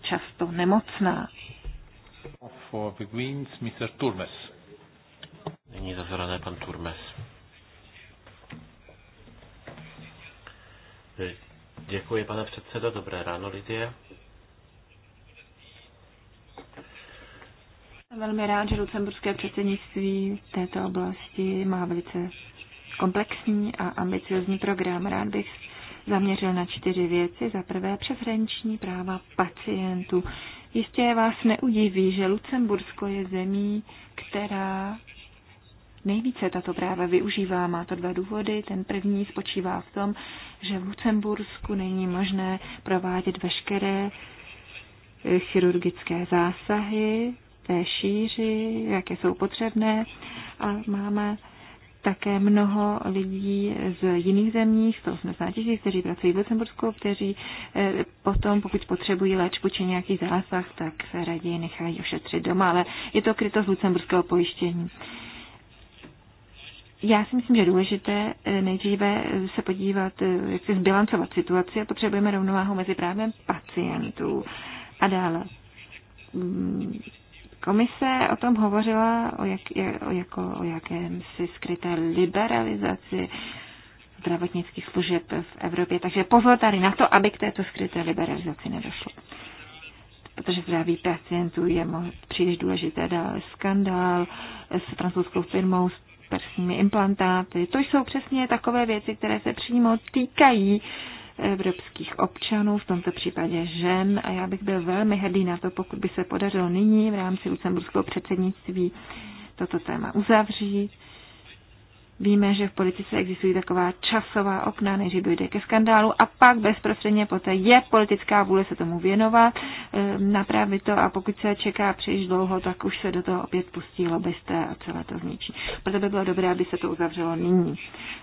[SPEAKER 3] často nemocná.
[SPEAKER 1] For the Greens, Mr. Turmes. Nyní zazrané pan Turmes. E, děkuji, pane předsedo. Dobré ráno, Lidie.
[SPEAKER 3] Jsem velmi rád, že lucemburské předsednictví v této oblasti má velice komplexní a ambiciozní program. Rád bych zaměřil na čtyři věci. Za prvé přeshraniční práva pacientů. Jistě vás neudiví, že Lucembursko je zemí, která nejvíce tato práva využívá. Má to dva důvody. Ten první spočívá v tom, že v Lucembursku není možné provádět veškeré chirurgické zásahy, té šíři, jaké jsou potřebné a máme také mnoho lidí z jiných zemí, 180 tisíc, kteří pracují v Lucembursku, kteří eh, potom, pokud potřebují léčbu či nějaký zásah, tak se raději nechají ošetřit doma, ale je to kryto z lucemburského pojištění. Já si myslím, že je důležité eh, nejdříve se podívat, eh, jak si zbilancovat situaci a potřebujeme rovnováhu mezi právem pacientů a dále mm, Komise o tom hovořila o, jak, o, jako, o jakémsi skryté liberalizaci zdravotnických služeb v Evropě. Takže pozor tady na to, aby k této skryté liberalizaci nedošlo. Protože zdraví pacientů je příliš důležité. Dál skandál s francouzskou firmou, s prsními implantáty. To jsou přesně takové věci, které se přímo týkají uh, evropských občanů, v tomto případě žen. A já bych byl velmi hrdý na to, pokud by se podařilo nyní v rámci lucemburského předsednictví toto téma uzavřít. Víme, že v politice existují taková časová okna, než dojde ke skandálu a pak bezprostředně poté je politická vůle se tomu věnovat, ehm, napravit to a pokud se čeká příliš dlouho, tak už se do toho opět pustí lobbysté a celé to zničí. Proto by bylo dobré, aby se to uzavřelo nyní.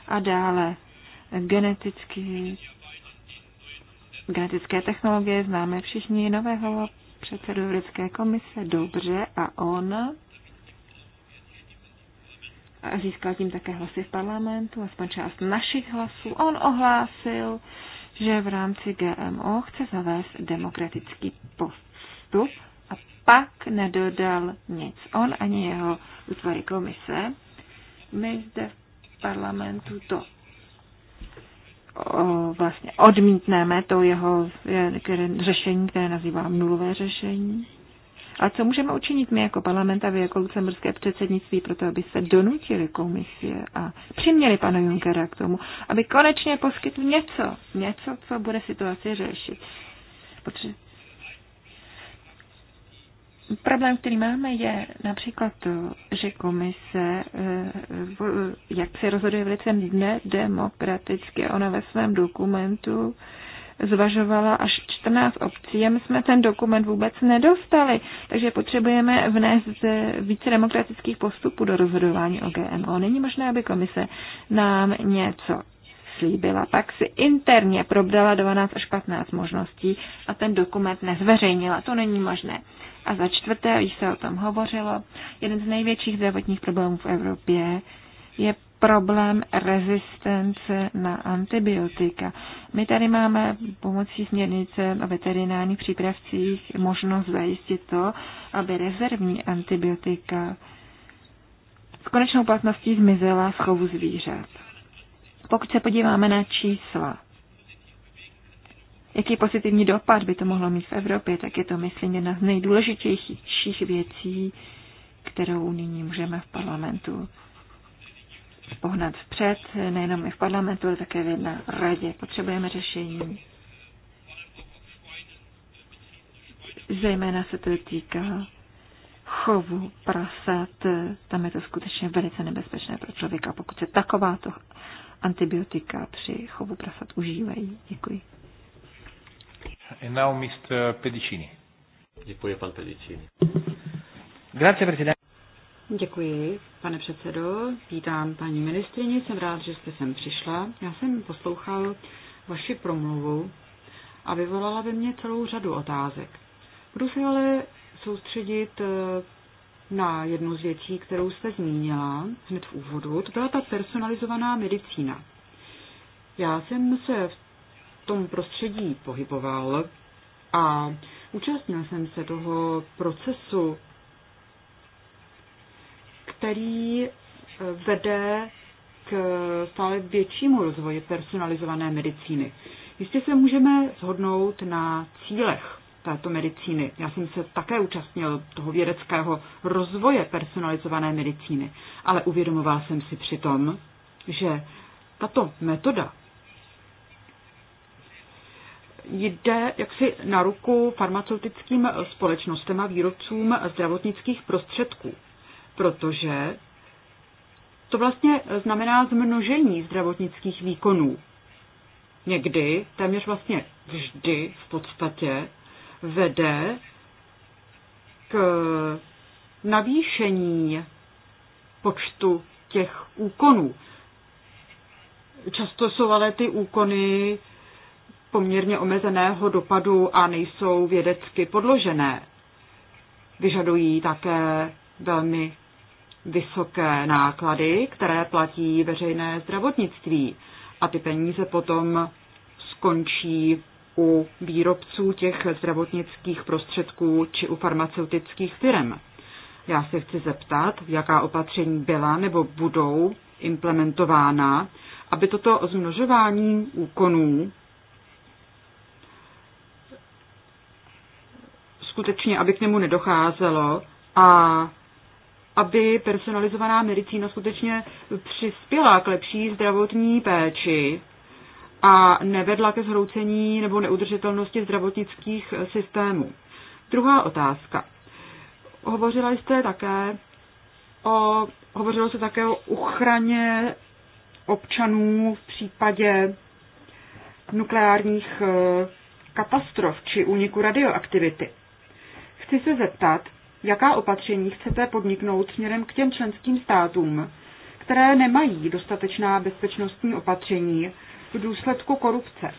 [SPEAKER 3] A dále geneticky genetické technologie, známe všichni nového předsedu Evropské komise dobře a on a získal tím také hlasy v parlamentu, aspoň část našich hlasů. On ohlásil, že v rámci GMO chce zavést demokratický postup a pak nedodal nic. On ani jeho útvary komise. My zde v parlamentu to vlastně odmítneme to jeho které, řešení, které nazývá nulové řešení. A co můžeme učinit my jako parlament a vy jako lucemburské předsednictví pro to, aby se donutili komisie a přiměli pana Junckera k tomu, aby konečně poskytl něco, něco, co bude situaci řešit. Protože Problém, který máme, je například to, že komise, eh, jak se rozhoduje velice nedemokraticky, ona ve svém dokumentu zvažovala až 14 obcí a my jsme ten dokument vůbec nedostali. Takže potřebujeme vnést více demokratických postupů do rozhodování o GMO. Není možné, aby komise nám něco slíbila. Pak si interně probdala 12 až 15 možností a ten dokument nezveřejnila. To není možné. A za čtvrté, již se o tom hovořilo, jeden z největších zdravotních problémů v Evropě je problém rezistence na antibiotika. My tady máme pomocí směrnice o veterinárních přípravcích možnost zajistit to, aby rezervní antibiotika s konečnou platností zmizela z chovu zvířat. Pokud se podíváme na čísla, jaký pozitivní dopad by to mohlo mít v Evropě, tak je to, myslím, jedna z nejdůležitějších věcí, kterou nyní můžeme v parlamentu pohnat vpřed, nejenom i v parlamentu, ale také v na radě. Potřebujeme řešení. Zejména se to týká chovu prasat. Tam je to skutečně velice nebezpečné pro člověka, pokud se takováto antibiotika při chovu prasat užívají. Děkuji.
[SPEAKER 1] And now Mr. Pedicini. Děkuji, pan Pedicini. Grazie, presidente.
[SPEAKER 2] Děkuji, pane předsedo. Vítám paní ministrině, jsem rád, že jste sem přišla. Já jsem poslouchal vaši promluvu a vyvolala ve mně celou řadu otázek. Budu se ale soustředit eh, na jednu z věcí, kterou jste zmínila hned v úvodu, to byla ta personalizovaná medicína. Já jsem se v tom prostředí pohyboval a účastnil jsem se toho procesu, který eh, vede k stále většímu rozvoji personalizované medicíny. Jistě se můžeme shodnout na cílech této medicíny. Já jsem se také účastnil toho vědeckého rozvoje personalizované medicíny, ale uvědomoval jsem si přitom, že tato metoda jde jaksi na ruku farmaceutickým společnostem a výrobcům zdravotnických prostředků, protože to vlastně znamená zmnožení zdravotnických výkonů. Někdy, téměř vlastně vždy v podstatě, vede k navýšení počtu těch úkonů. Často jsou ale ty úkony poměrně omezeného dopadu a nejsou vědecky podložené. Vyžadují také velmi vysoké náklady, které platí veřejné zdravotnictví a ty peníze potom skončí u výrobců těch zdravotnických prostředků či u farmaceutických firm. Já se chci zeptat, jaká opatření byla nebo budou implementována, aby toto zmnožování úkonů skutečně, aby k němu nedocházelo a aby personalizovaná medicína skutečně přispěla k lepší zdravotní péči a nevedla ke zhroucení nebo neudržitelnosti zdravotnických systémů. Druhá otázka. Hovořila jste také o, hovořilo se také o ochraně občanů v případě nukleárních eh, katastrof či úniku radioaktivity. Chci se zeptat, jaká opatření chcete podniknout směrem k těm členským státům, které nemají dostatečná bezpečnostní opatření v důsledku korupce.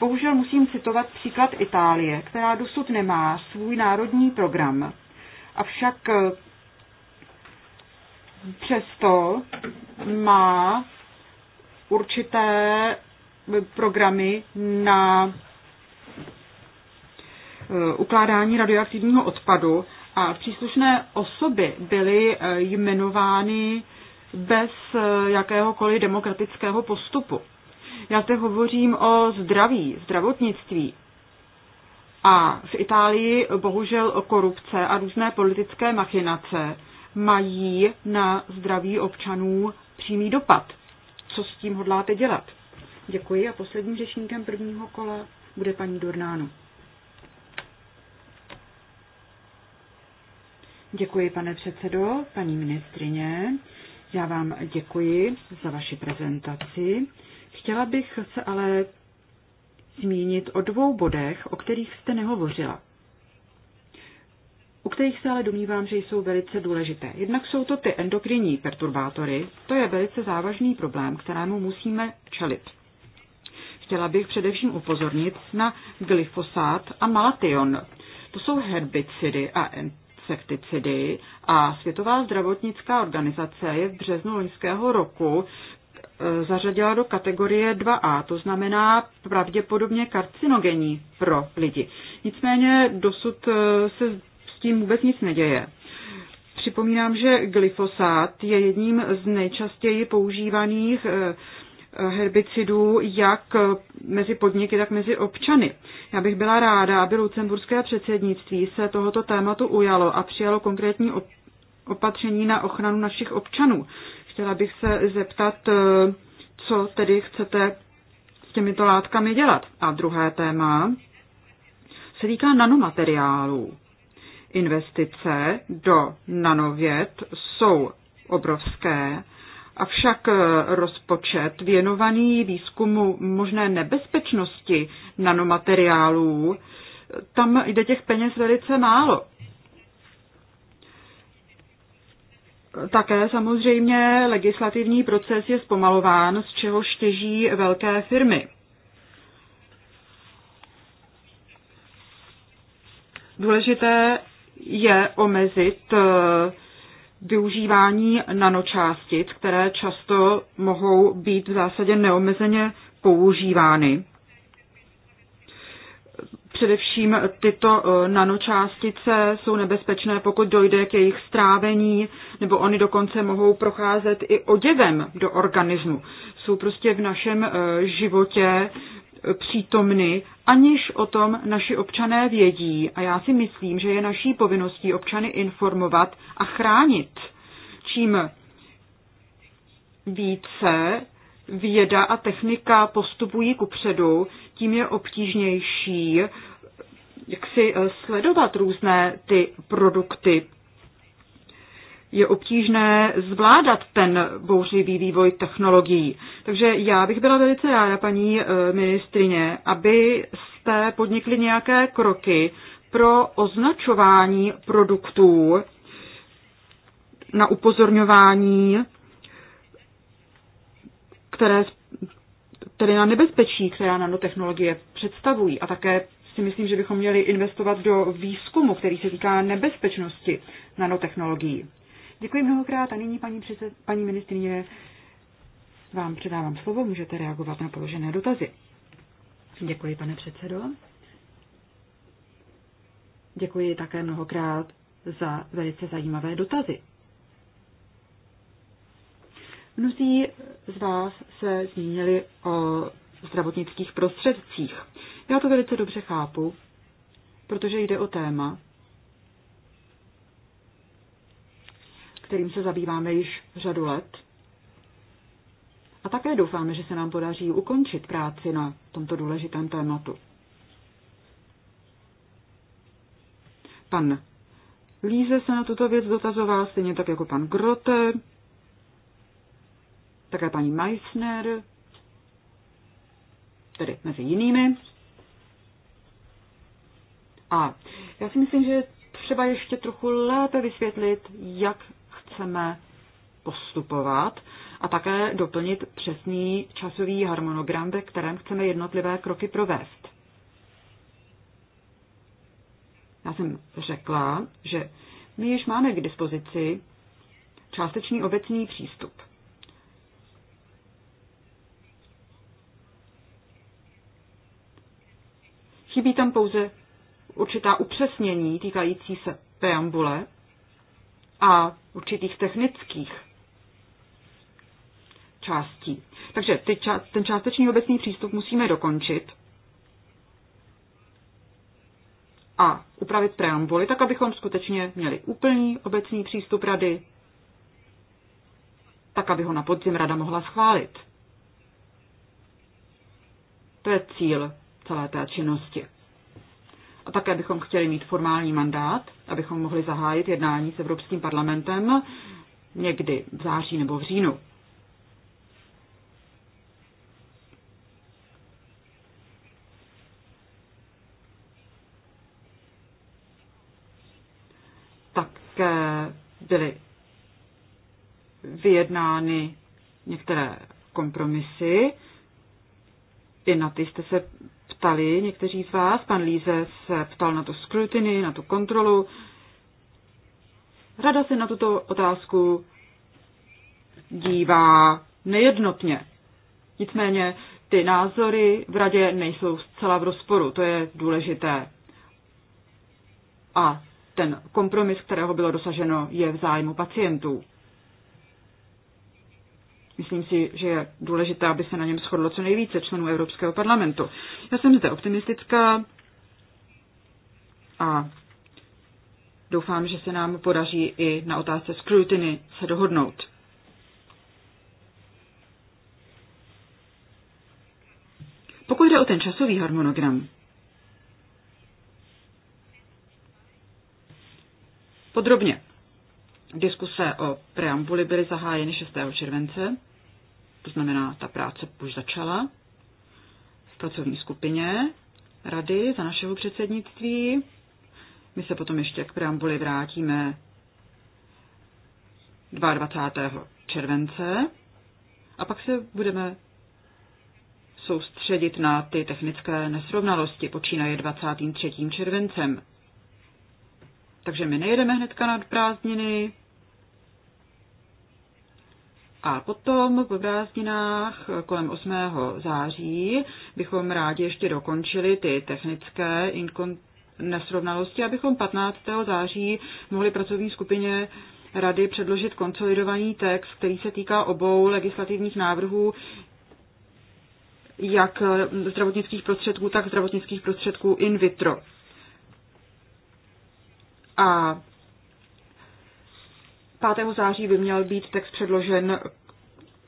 [SPEAKER 2] Bohužel musím citovat příklad Itálie, která dosud nemá svůj národní program. Avšak eh, přesto má určité eh, programy na Eh, ukládání radioaktivního odpadu a příslušné osoby byly eh, jmenovány bez eh, jakéhokoliv demokratického postupu. Já zde hovořím o zdraví, zdravotnictví. A v Itálii bohužel korupce a různé politické machinace mají na zdraví občanů přímý dopad. Co s tím hodláte dělat? Děkuji a posledním řečníkem prvního kola bude paní Dornánu. Děkuji, pane předsedo, paní ministrině. Já vám děkuji za vaši prezentaci. Chtěla bych se ale zmínit o dvou bodech, o kterých jste nehovořila. U kterých se ale domnívám, že jsou velice důležité. Jednak jsou to ty endokrinní perturbátory. To je velice závažný problém, kterému musíme čelit. Chtěla bych především upozornit na glyfosát a malation. To jsou herbicidy a insekticidy a Světová zdravotnická organizace je v březnu loňského roku e, zařadila do kategorie 2A, to znamená pravděpodobně karcinogenní pro lidi. Nicméně dosud e, se s tím vůbec nic neděje. Připomínám, že glyfosát je jedním z nejčastěji používaných e, Eh, herbicidů jak eh, mezi podniky, tak mezi občany. Já bych byla ráda, aby lucemburské předsednictví se tohoto tématu ujalo a přijalo konkrétní opatření na ochranu našich občanů. Chtěla bych se zeptat, eh, co tedy chcete s těmito látkami dělat. A druhé téma se týká nanomateriálů. Investice do nanověd jsou obrovské Avšak eh, rozpočet věnovaný výzkumu možné nebezpečnosti nanomateriálů, eh, tam jde těch peněz velice málo. Také samozřejmě legislativní proces je zpomalován, z čeho štěží velké firmy. Důležité je omezit eh, využívání nanočástic, které často mohou být v zásadě neomezeně používány. Především tyto eh, nanočástice jsou nebezpečné, pokud dojde k jejich strávení, nebo oni dokonce mohou procházet i oděvem do organismu. Jsou prostě v našem eh, životě přítomny, aniž o tom naši občané vědí. A já si myslím, že je naší povinností občany informovat a chránit. Čím více věda a technika postupují kupředu, tím je obtížnější jak si eh, sledovat různé ty produkty je obtížné zvládat ten bouřivý vývoj technologií. Takže já bych byla velice ráda, paní eh, ministrině, aby jste podnikli nějaké kroky pro označování produktů na upozorňování, které tedy na nebezpečí, která nanotechnologie představují a také si myslím, že bychom měli investovat do výzkumu, který se týká nebezpečnosti nanotechnologií. Děkuji mnohokrát a nyní paní, předsed, paní ministrině vám předávám slovo, můžete reagovat na položené dotazy. Děkuji, pane předsedo. Děkuji také mnohokrát za velice zajímavé dotazy. Mnozí z vás se zmínili o zdravotnických prostředcích. Já to velice dobře chápu, protože jde o téma, kterým se zabýváme již řadu let. A také doufáme, že se nám podaří ukončit práci na tomto důležitém tématu. Pan Líze se na tuto věc dotazoval, stejně tak jako pan Grote, také paní Meissner, tedy mezi jinými. A já si myslím, že třeba ještě trochu lépe vysvětlit, jak chceme postupovat a také doplnit přesný časový harmonogram, ve kterém chceme jednotlivé kroky provést. Já jsem řekla, že my již máme k dispozici částečný obecný přístup. Chybí tam pouze určitá upřesnění týkající se preambule a určitých technických částí. Takže ty, ten částečný obecný přístup musíme dokončit a upravit preambuly, tak abychom skutečně měli úplný obecný přístup rady, tak aby ho na podzim rada mohla schválit. To je cíl celé té činnosti. A také bychom chtěli mít formální mandát, abychom mohli zahájit jednání s Evropským parlamentem někdy v září nebo v říjnu. Také byly vyjednány některé kompromisy. I na ty jste se ptali, někteří z vás, pan Líze se ptal na to scrutiny, na tu kontrolu. Rada se na tuto otázku dívá nejednotně. Nicméně ty názory v radě nejsou zcela v rozporu, to je důležité. A ten kompromis, kterého bylo dosaženo, je v zájmu pacientů. Myslím si, že je důležité, aby se na něm shodlo co nejvíce členů Evropského parlamentu. Já jsem zde optimistická a doufám, že se nám podaří i na otázce scrutiny se dohodnout. Pokud jde o ten časový harmonogram, podrobně Diskuse o preambuli byly zahájeny 6. července, to znamená, ta práce už začala v pracovní skupině rady za našeho předsednictví. My se potom ještě k preambuli vrátíme 22. července a pak se budeme soustředit na ty technické nesrovnalosti, počínaje 23. červencem. Takže my nejedeme hnedka nad prázdniny, a potom po prázdninách kolem 8. září bychom rádi ještě dokončili ty technické inkon- nesrovnalosti, abychom 15. září mohli pracovní skupině rady předložit konsolidovaný text, který se týká obou legislativních návrhů, jak zdravotnických prostředků, tak zdravotnických prostředků in vitro. A 5. září by měl být text předložen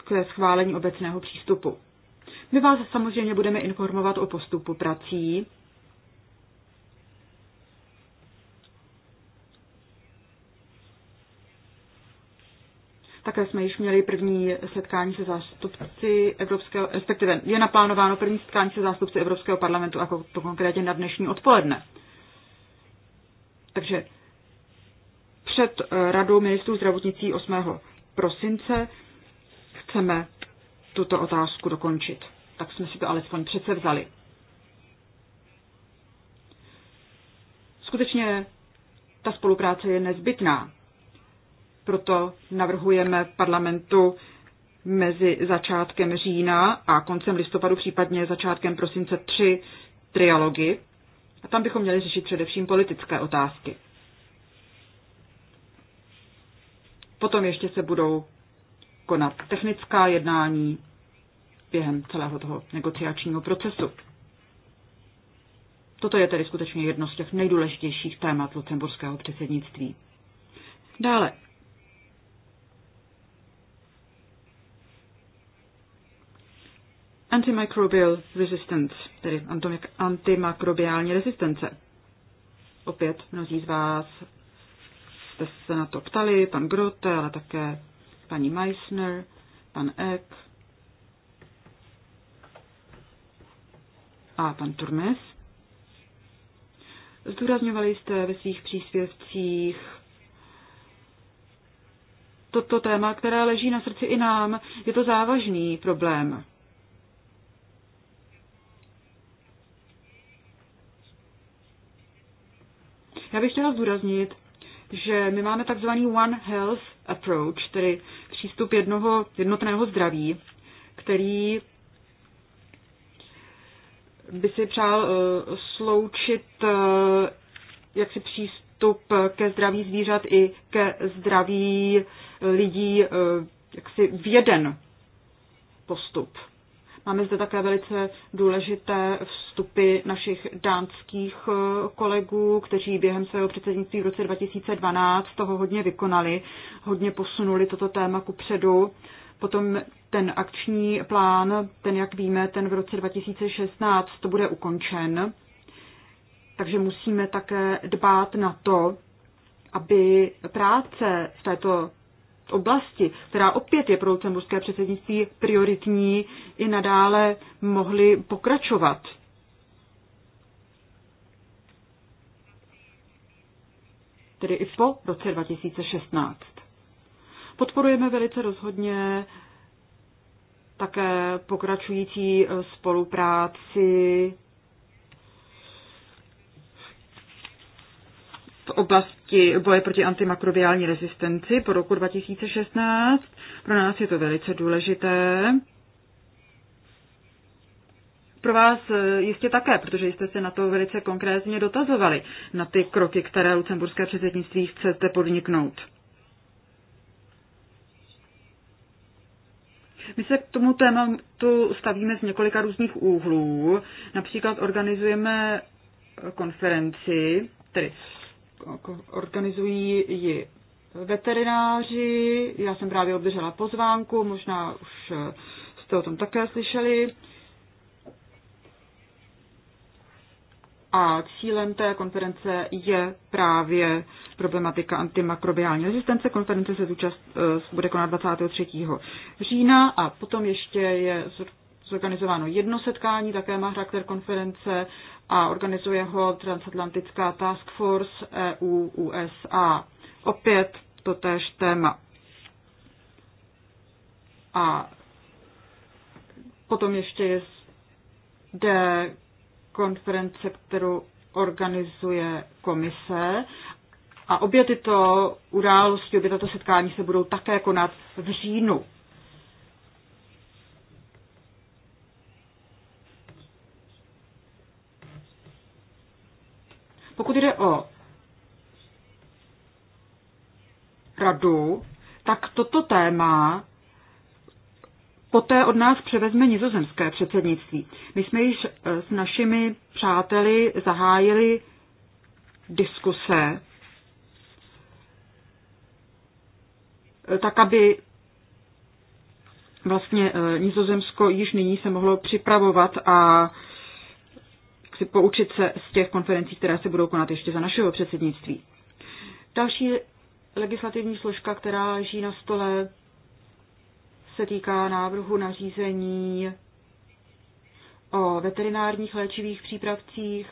[SPEAKER 2] ke schválení obecného přístupu. My vás samozřejmě budeme informovat o postupu prací. Také jsme již měli první setkání se zástupci Evropského, respektive je naplánováno první setkání se zástupci Evropského parlamentu, jako to konkrétně na dnešní odpoledne. Takže před eh, radou ministrů zdravotnicí 8. prosince chceme tuto otázku dokončit. Tak jsme si to alespoň přece vzali. Skutečně ta spolupráce je nezbytná. Proto navrhujeme parlamentu mezi začátkem října a koncem listopadu, případně začátkem prosince, tři trialogy. A tam bychom měli řešit především politické otázky. Potom ještě se budou konat technická jednání během celého toho negociačního procesu. Toto je tedy skutečně jedno z těch nejdůležitějších témat lucemburského předsednictví. Dále. Antimicrobial resistance, tedy antimikrobiální rezistence. Opět mnozí z vás jste se na to ptali, pan Grote, ale také paní Meissner, pan Eck a pan Turmes. Zdůrazňovali jste ve svých příspěvcích toto téma, které leží na srdci i nám. Je to závažný problém. Já bych chtěla zdůraznit, že my máme takzvaný One Health Approach, tedy přístup jednoho, jednotného zdraví, který by si přál eh, sloučit eh, jaksi přístup ke zdraví zvířat i ke zdraví lidí eh, jaksi v jeden postup. Máme zde také velice důležité vstupy našich dánských eh, kolegů, kteří během svého předsednictví v roce 2012 toho hodně vykonali, hodně posunuli toto téma ku předu. Potom ten akční plán, ten, jak víme, ten v roce 2016 to bude ukončen. Takže musíme také dbát na to, aby práce v této oblasti, která opět je pro lucemburské předsednictví prioritní, i nadále mohly pokračovat. Tedy i po roce 2016. Podporujeme velice rozhodně také pokračující eh, spolupráci v oblasti boje proti antimakrobiální rezistenci po roku 2016. Pro nás je to velice důležité. Pro vás eh, jistě také, protože jste se na to velice konkrétně dotazovali, na ty kroky, které lucemburské předsednictví chcete podniknout. My se k tomu tématu stavíme z několika různých úhlů. Například organizujeme konferenci, tedy jako organizují ji veterináři. Já jsem právě obdržela pozvánku, možná už jste o tom také slyšeli. A cílem té konference je právě problematika antimakrobiální rezistence. Konference se zúčast, eh, bude konat 23. října a potom ještě je zorganizováno jedno setkání, také má charakter konference a organizuje ho Transatlantická Task Force EU-USA. Opět to též téma. A potom ještě je zde konference, kterou organizuje komise a obě tyto události, obě tato setkání se budou také konat v říjnu. Pokud jde o radu, tak toto téma poté od nás převezme nizozemské předsednictví. My jsme již eh, s našimi přáteli zahájili diskuse, eh, tak aby vlastně eh, Nizozemsko již nyní se mohlo připravovat a si poučit se z těch konferencí, které se budou konat ještě za našeho předsednictví. Další legislativní složka, která leží na stole, se týká návrhu nařízení o veterinárních léčivých přípravcích.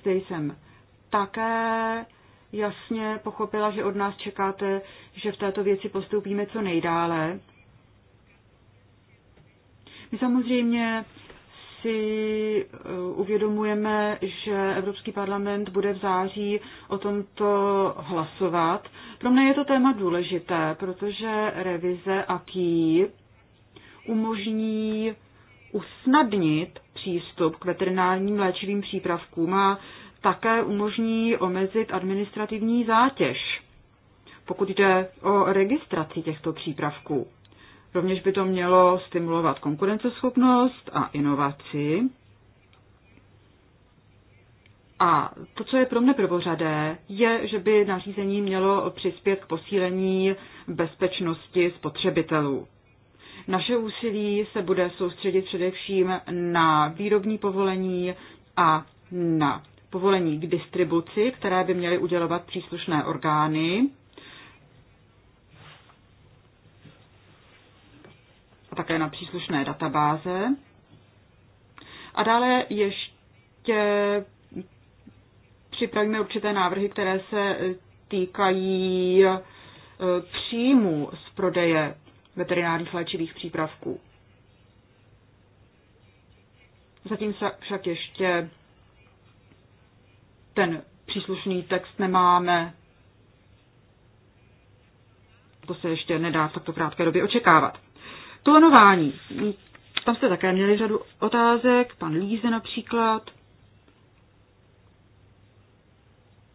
[SPEAKER 2] Zde jsem také jasně pochopila, že od nás čekáte, že v této věci postoupíme co nejdále. My samozřejmě si eh, uvědomujeme, že Evropský parlament bude v září o tomto hlasovat. Pro mě je to téma důležité, protože revize AKI umožní usnadnit přístup k veterinárním léčivým přípravkům a také umožní omezit administrativní zátěž, pokud jde o registraci těchto přípravků. Rovněž by to mělo stimulovat konkurenceschopnost a inovaci. A to, co je pro mě prvořadé, je, že by nařízení mělo přispět k posílení bezpečnosti spotřebitelů. Naše úsilí se bude soustředit především na výrobní povolení a na povolení k distribuci, které by měly udělovat příslušné orgány. a také na příslušné databáze. A dále ještě připravíme určité návrhy, které se týkají e, příjmu z prodeje veterinárních léčivých přípravků. Zatím se však ještě ten příslušný text nemáme. To se ještě nedá v takto krátké době očekávat. Klonování. Tam jste také měli řadu otázek, pan Líze například,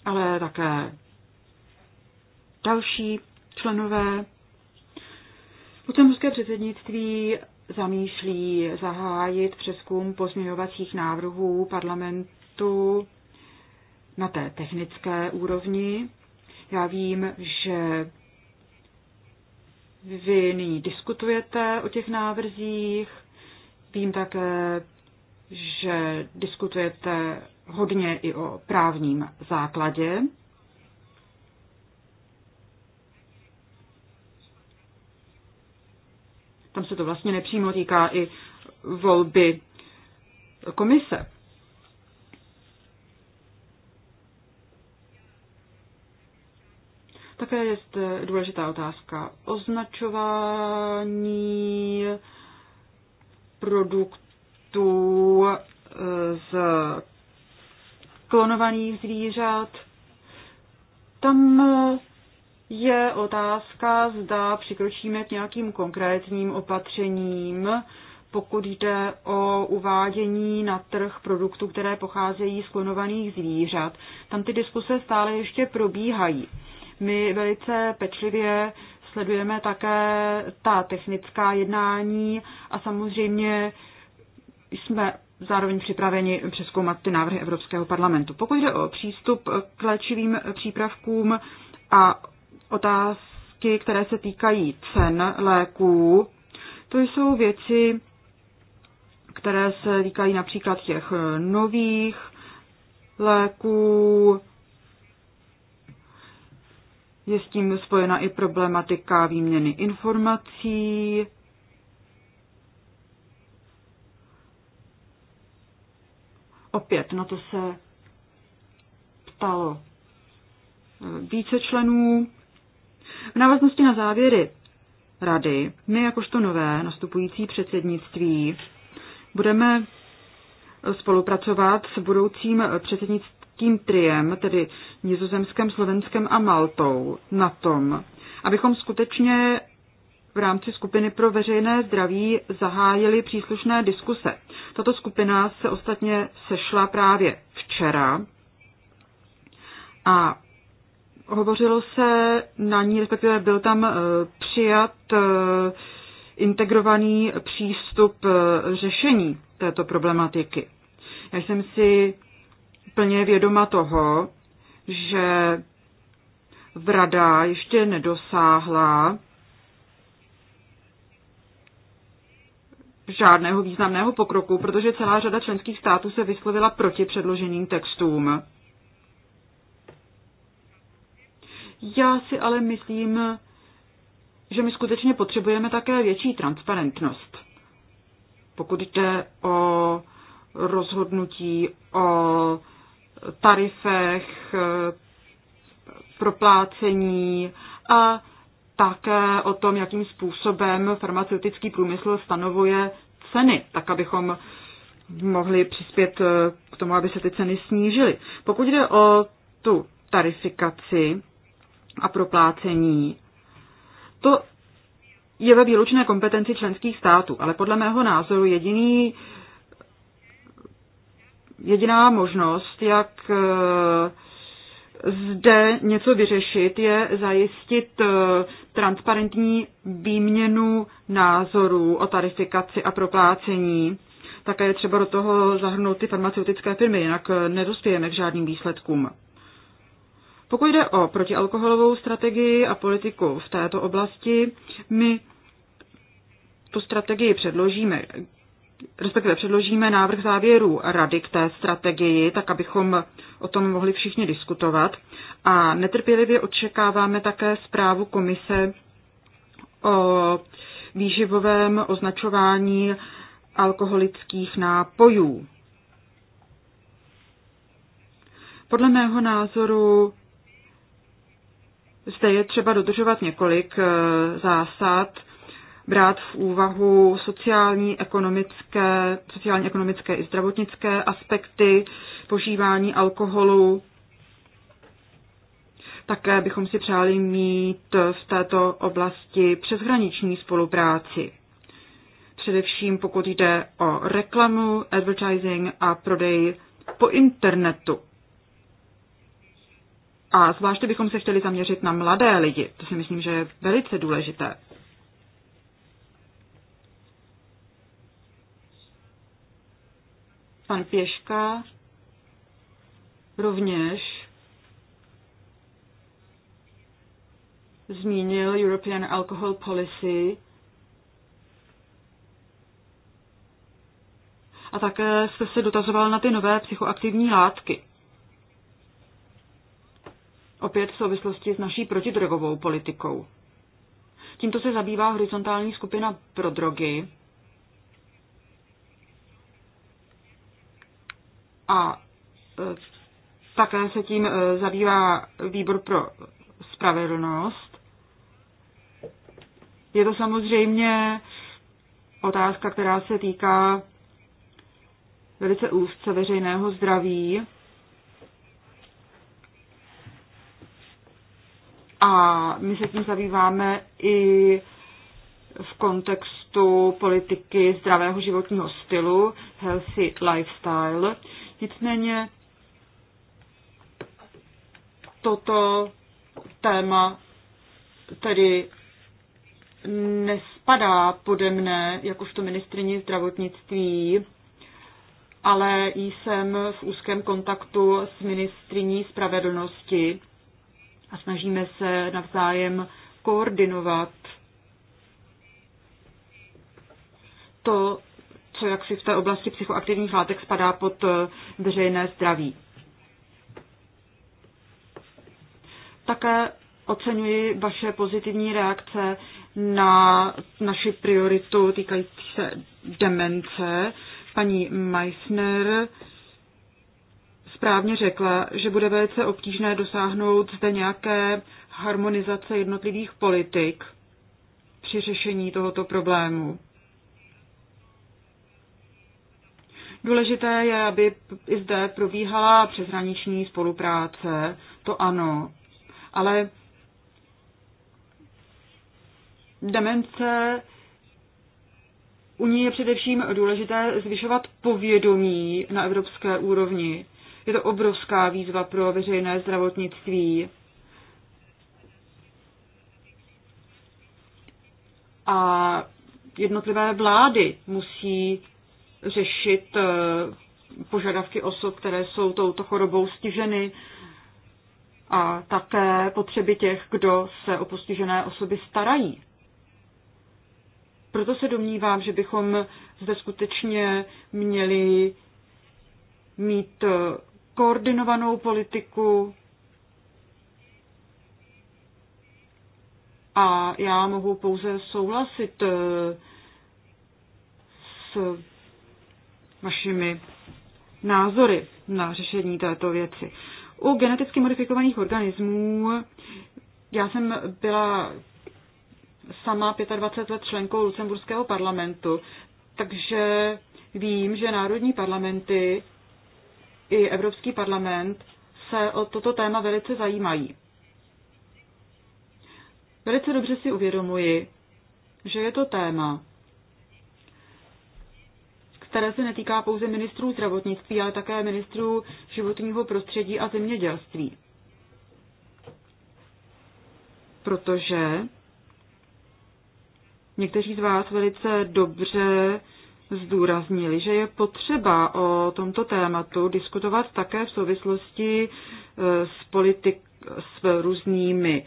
[SPEAKER 2] ale také další členové. Lucemburské předsednictví zamýšlí zahájit přeskum pozměňovacích návrhů parlamentu na té technické úrovni. Já vím, že vy nyní diskutujete o těch návrzích. Vím také, že diskutujete hodně i o právním základě. Tam se to vlastně nepřímo týká i volby komise. Také je důležitá otázka označování produktů eh, z klonovaných zvířat. Tam eh, je otázka, zda přikročíme k nějakým konkrétním opatřením, pokud jde o uvádění na trh produktů, které pocházejí z klonovaných zvířat. Tam ty diskuse stále ještě probíhají. My velice pečlivě sledujeme také ta technická jednání a samozřejmě jsme zároveň připraveni přeskoumat ty návrhy Evropského parlamentu. Pokud jde o přístup k léčivým přípravkům a otázky, které se týkají cen léků, to jsou věci, které se týkají například těch nových léků, je s tím spojena i problematika výměny informací, Opět na to se ptalo eh, více členů. V návaznosti na závěry rady, my jakožto nové nastupující předsednictví budeme spolupracovat s budoucím předsednictvím tím triem, tedy Nizozemskem, Slovenskem a Maltou, na tom, abychom skutečně v rámci skupiny pro veřejné zdraví zahájili příslušné diskuse. Tato skupina se ostatně sešla právě včera a hovořilo se na ní, respektive byl tam e, přijat e, integrovaný přístup e, řešení této problematiky. Já jsem si plně vědoma toho, že v rada ještě nedosáhla žádného významného pokroku, protože celá řada členských států se vyslovila proti předloženým textům. Já si ale myslím, že my skutečně potřebujeme také větší transparentnost. Pokud jde o rozhodnutí o tarifech, proplácení a také o tom, jakým způsobem farmaceutický průmysl stanovuje ceny, tak abychom mohli přispět k tomu, aby se ty ceny snížily. Pokud jde o tu tarifikaci a proplácení, to je ve výlučné kompetenci členských států, ale podle mého názoru jediný jediná možnost, jak eh, zde něco vyřešit, je zajistit eh, transparentní výměnu názorů o tarifikaci a proplácení. Také je třeba do toho zahrnout ty farmaceutické firmy, jinak eh, nedospějeme k žádným výsledkům. Pokud jde o protialkoholovou strategii a politiku v této oblasti, my tu strategii předložíme respektive předložíme návrh závěrů rady k té strategii, tak abychom o tom mohli všichni diskutovat. A netrpělivě očekáváme také zprávu komise o výživovém označování alkoholických nápojů. Podle mého názoru zde je třeba dodržovat několik eh, zásad, brát v úvahu sociální, ekonomické, sociální, ekonomické i zdravotnické aspekty požívání alkoholu. Také bychom si přáli mít v této oblasti přeshraniční spolupráci. Především pokud jde o reklamu, advertising a prodej po internetu. A zvláště bychom se chtěli zaměřit na mladé lidi. To si myslím, že je velice důležité. Pan Pěška rovněž zmínil European Alcohol Policy a také jste se dotazoval na ty nové psychoaktivní látky. Opět v souvislosti s naší protidrogovou politikou. Tímto se zabývá horizontální skupina pro drogy, a e, také se tím e, zabývá výbor pro spravedlnost. Je to samozřejmě otázka, která se týká velice úzce veřejného zdraví. A my se tím zabýváme i v kontextu politiky zdravého životního stylu, healthy lifestyle. Nicméně toto téma tedy nespadá pode mne, jakožto ministrině zdravotnictví, ale jsem v úzkém kontaktu s ministriní spravedlnosti a snažíme se navzájem koordinovat to, co jaksi v té oblasti psychoaktivních látek spadá pod eh, veřejné zdraví. Také oceňuji vaše pozitivní reakce na naši prioritu týkající se demence. Paní Meissner správně řekla, že bude velice obtížné dosáhnout zde nějaké harmonizace jednotlivých politik při řešení tohoto problému. Důležité je, aby i zde probíhala přeshraniční spolupráce, to ano, ale demence u ní je především důležité zvyšovat povědomí na evropské úrovni. Je to obrovská výzva pro veřejné zdravotnictví. A jednotlivé vlády musí řešit eh, požadavky osob, které jsou touto chorobou stiženy a také potřeby těch, kdo se o postižené osoby starají. Proto se domnívám, že bychom zde skutečně měli mít eh, koordinovanou politiku a já mohu pouze souhlasit eh, s vašimi názory na řešení této věci. U geneticky modifikovaných organismů já jsem byla sama 25 let členkou Lucemburského parlamentu, takže vím, že národní parlamenty i Evropský parlament se o toto téma velice zajímají. Velice dobře si uvědomuji, že je to téma, které se netýká pouze ministrů zdravotnictví, ale také ministrů životního prostředí a zemědělství. Protože někteří z vás velice dobře zdůraznili, že je potřeba o tomto tématu diskutovat také v souvislosti e, s, politik, s různými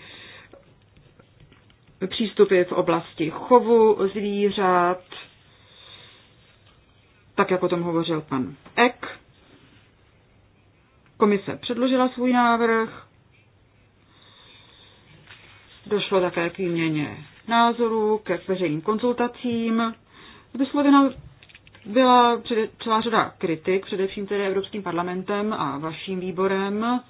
[SPEAKER 2] přístupy v oblasti chovu zvířat, tak jak o tom hovořil pan Ek. Komise předložila svůj návrh, došlo také k výměně názorů, ke veřejným konzultacím. Vyslovena byla celá řada kritik, především tedy Evropským parlamentem a vaším výborem.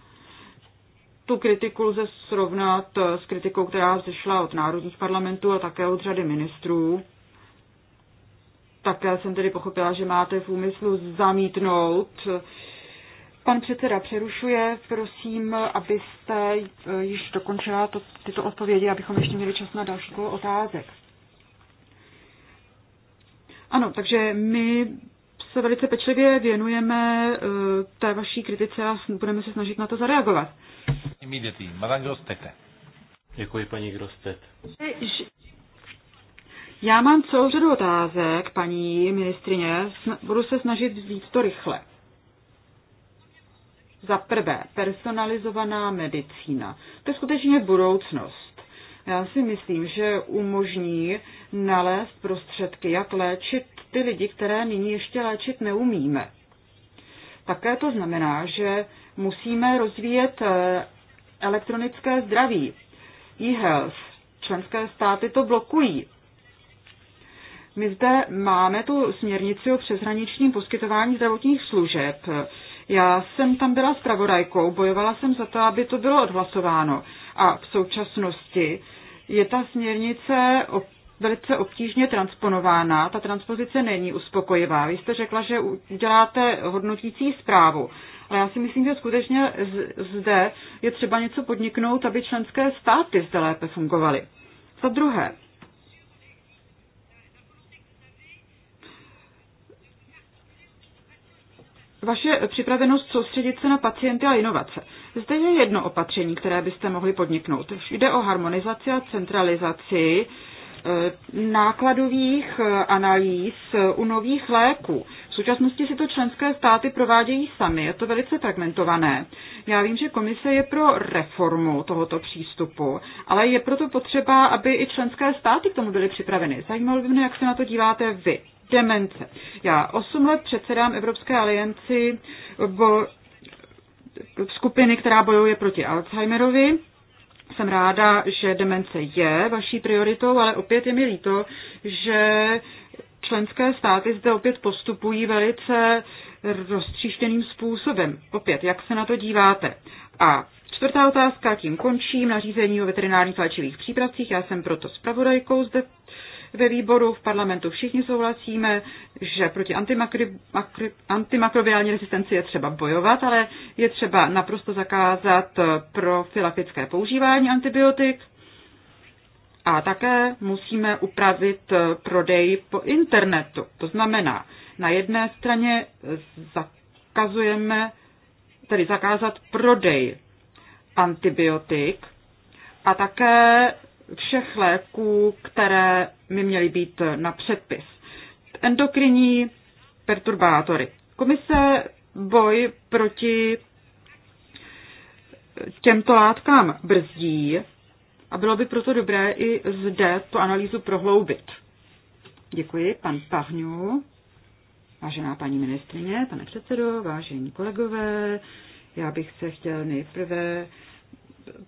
[SPEAKER 2] Tu kritiku lze srovnat s kritikou, která vzešla od národních parlamentů a také od řady ministrů také jsem tedy pochopila, že máte v úmyslu zamítnout. Pan předseda přerušuje, prosím, abyste eh, již dokončila to, tyto odpovědi, abychom ještě měli čas na další kolo otázek. Ano, takže my se velice pečlivě věnujeme eh, té vaší kritice a budeme se snažit na to zareagovat.
[SPEAKER 1] Madame Děkuji, paní Grostet.
[SPEAKER 2] Já mám celou řadu otázek, paní ministrině, budu se snažit vzít to rychle. Za prvé, personalizovaná medicína. To je skutečně budoucnost. Já si myslím, že umožní nalézt prostředky, jak léčit ty lidi, které nyní ještě léčit neumíme. Také to znamená, že musíme rozvíjet eh, elektronické zdraví. E-health. Členské státy to blokují. My zde máme tu směrnici o přeshraničním poskytování zdravotních služeb. Já jsem tam byla zpravodajkou, bojovala jsem za to, aby to bylo odhlasováno. A v současnosti je ta směrnice velice obtížně transponována. Ta transpozice není uspokojivá. Vy jste řekla, že uděláte hodnotící zprávu. Ale já si myslím, že skutečně zde je třeba něco podniknout, aby členské státy zde lépe fungovaly. Za druhé, vaše připravenost soustředit se na pacienty a inovace. Zde je jedno opatření, které byste mohli podniknout. Jde o harmonizaci a centralizaci eh, nákladových eh, analýz eh, u nových léků. V současnosti si to členské státy provádějí sami, je to velice fragmentované. Já vím, že komise je pro reformu tohoto přístupu, ale je proto potřeba, aby i členské státy k tomu byly připraveny. Zajímalo by mě, jak se na to díváte vy demence. Já osm let předsedám Evropské alianci bo, skupiny, která bojuje proti Alzheimerovi. Jsem ráda, že demence je vaší prioritou, ale opět je mi líto, že členské státy zde opět postupují velice roztříštěným způsobem. Opět, jak se na to díváte? A čtvrtá otázka, tím končím, nařízení o veterinárních léčivých přípravcích. Já jsem proto zpravodajkou zde ve výboru, v parlamentu všichni souhlasíme, že proti antimakri, makri, antimakrobiální rezistenci je třeba bojovat, ale je třeba naprosto zakázat profilaktické používání antibiotik. A také musíme upravit prodej po internetu. To znamená, na jedné straně zakazujeme, tedy zakázat prodej antibiotik a také všech léků, které mi měly být na předpis. Endokrinní perturbátory. Komise boj proti těmto látkám brzdí a bylo by proto dobré i zde tu analýzu prohloubit. Děkuji, pan Pahňu. Vážená paní ministrině, pane předsedo, vážení kolegové, já bych se chtěl nejprve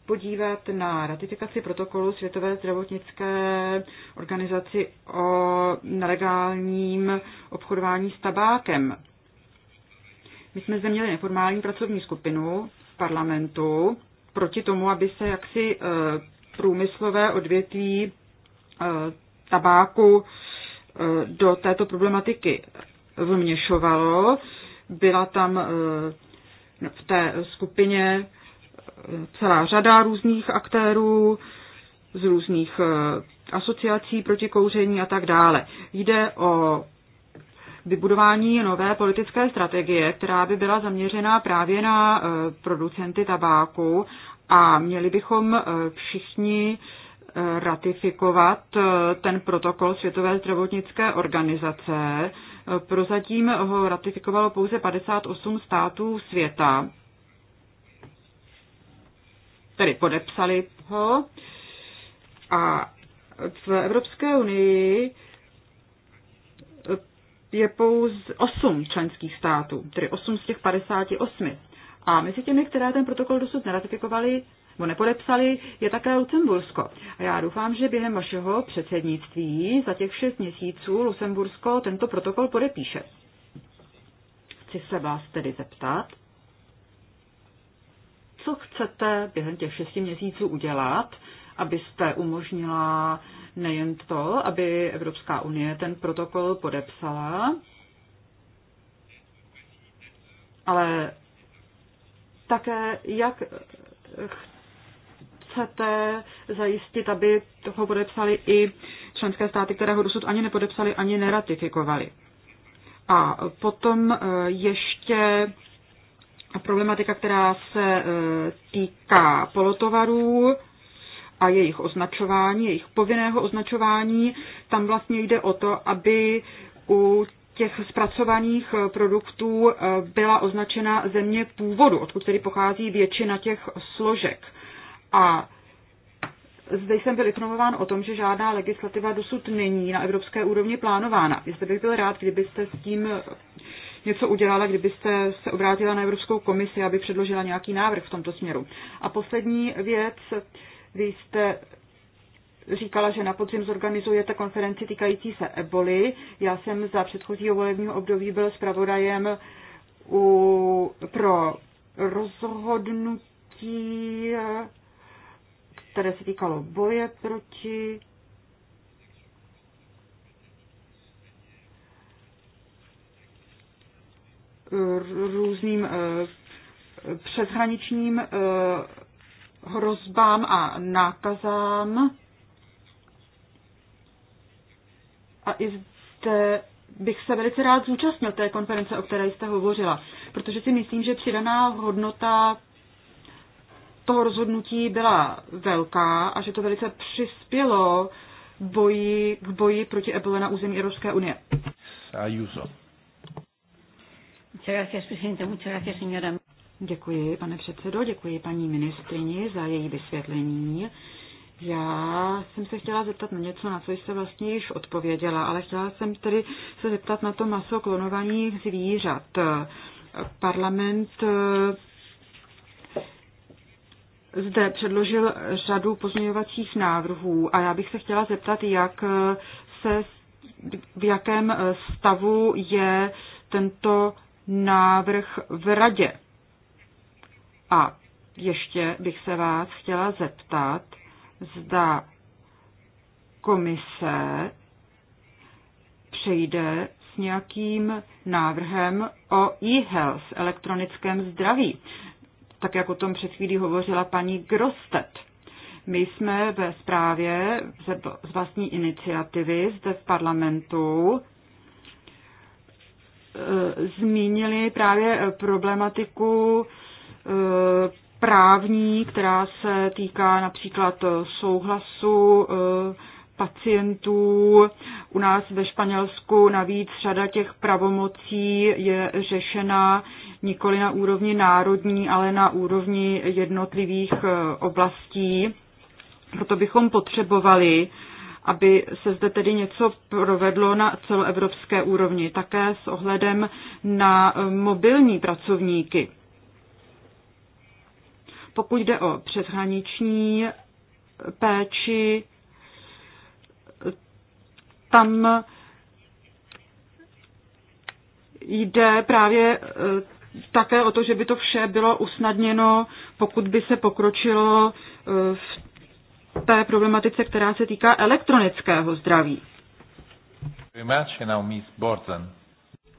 [SPEAKER 2] podívat na ratifikaci protokolu Světové zdravotnické organizaci o nelegálním obchodování s tabákem. My jsme zde měli neformální pracovní skupinu v parlamentu proti tomu, aby se jaksi eh, průmyslové odvětví eh, tabáku eh, do této problematiky vměšovalo. Byla tam v té skupině celá řada různých aktérů z různých eh, asociací proti kouření a tak dále. Jde o vybudování nové politické strategie, která by byla zaměřená právě na eh, producenty tabáku a měli bychom eh, všichni ratifikovat ten protokol Světové zdravotnické organizace. Prozatím ho ratifikovalo pouze 58 států světa tedy podepsali ho. A v Evropské unii je pouze 8 členských států, tedy 8 z těch 58. A mezi těmi, které ten protokol dosud neratifikovali nebo nepodepsali, je také Lucembursko. A já doufám, že během vašeho předsednictví za těch 6 měsíců Lucembursko tento protokol podepíše. Chci se vás tedy zeptat, co chcete během těch šesti měsíců udělat, abyste umožnila nejen to, aby Evropská unie ten protokol podepsala, ale také jak chcete zajistit, aby toho podepsali i členské státy, které ho dosud ani nepodepsali, ani neratifikovali. A potom eh, ještě problematika, která se e, týká polotovarů a jejich označování, jejich povinného označování. Tam vlastně jde o to, aby u těch zpracovaných e, produktů e, byla označena země původu, odkud tedy pochází většina těch složek. A zde jsem byl informován o tom, že žádná legislativa dosud není na evropské úrovni plánována. Zde bych byl rád, kdybyste s tím něco udělala, kdybyste se obrátila na Evropskou komisi, aby předložila nějaký návrh v tomto směru. A poslední věc, vy jste říkala, že na podzim zorganizujete konferenci týkající se eboli. Já jsem za předchozího volebního období byl zpravodajem u, pro rozhodnutí, které se týkalo boje proti různým eh, přeshraničním eh, hrozbám a nákazám. A i zde bych se velice rád zúčastnil té konference, o které jste hovořila, protože si myslím, že přidaná hodnota toho rozhodnutí byla velká a že to velice přispělo boji, k boji proti ebole na území Evropské unie. Děkuji, pane předsedo, děkuji paní ministrině za její vysvětlení. Já jsem se chtěla zeptat na něco, na co jste vlastně již odpověděla, ale chtěla jsem tedy se zeptat na to maso klonovaných zvířat. Parlament eh, zde předložil řadu pozměňovacích návrhů a já bych se chtěla zeptat, jak eh, se, v jakém eh, stavu je tento návrh v radě. A ještě bych se vás chtěla zeptat, zda komise přejde s nějakým návrhem o e-health, elektronickém zdraví, tak jak o tom před chvílí hovořila paní Grostet. My jsme ve zprávě z vlastní iniciativy zde v parlamentu Eh, zmínili právě eh, problematiku eh, právní, která se týká například souhlasu pacientů. U nás ve Španělsku navíc řada těch pravomocí je řešena nikoli na úrovni národní, ale na úrovni jednotlivých oblastí. Proto bychom potřebovali aby se zde tedy něco provedlo na celoevropské úrovni, také s ohledem na eh, mobilní pracovníky. Pokud jde o přeshraniční eh, péči, eh, tam jde právě také o to, že by to vše bylo usnadněno, pokud by se pokročilo v té problematice, která se týká elektronického zdraví.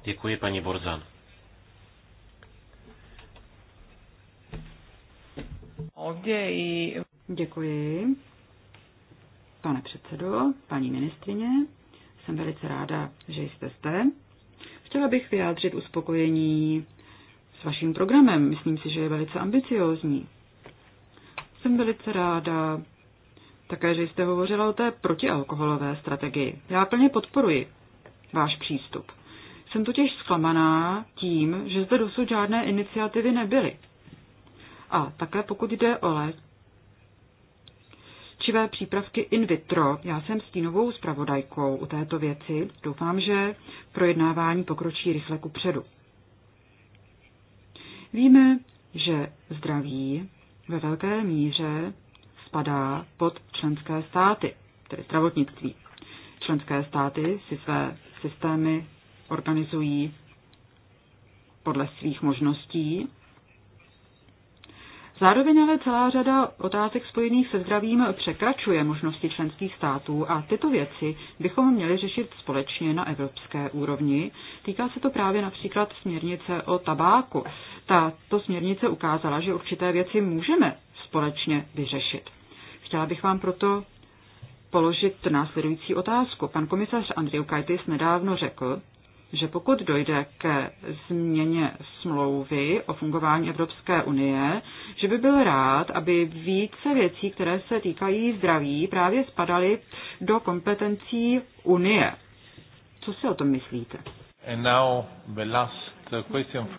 [SPEAKER 1] Děkuji, paní Borzan.
[SPEAKER 2] Děkuji. Pane předsedo, paní ministrině, jsem velice ráda, že jste zde. Chtěla bych vyjádřit uspokojení s vaším programem. Myslím si, že je velice ambiciózní. Jsem velice ráda, také, že jste hovořila o té protialkoholové strategii. Já plně podporuji váš přístup. Jsem totiž zklamaná tím, že zde dosud žádné iniciativy nebyly. A také pokud jde o léčivé přípravky in vitro, já jsem stínovou zpravodajkou u této věci. Doufám, že projednávání pokročí rychle ku předu. Víme, že zdraví ve velké míře spadá pod členské státy, tedy zdravotnictví. Členské státy si své systémy organizují podle svých možností. Zároveň ale celá řada otázek spojených se zdravím překračuje možnosti členských států a tyto věci bychom měli řešit společně na evropské úrovni. Týká se to právě například směrnice o tabáku. Tato směrnice ukázala, že určité věci můžeme společně vyřešit. Chtěla bych vám proto položit následující otázku. Pan komisař Andriu Kajtis nedávno řekl, že pokud dojde ke změně smlouvy o fungování Evropské unie, že by byl rád, aby více věcí, které se týkají zdraví, právě spadaly do kompetencí unie. Co si o tom myslíte?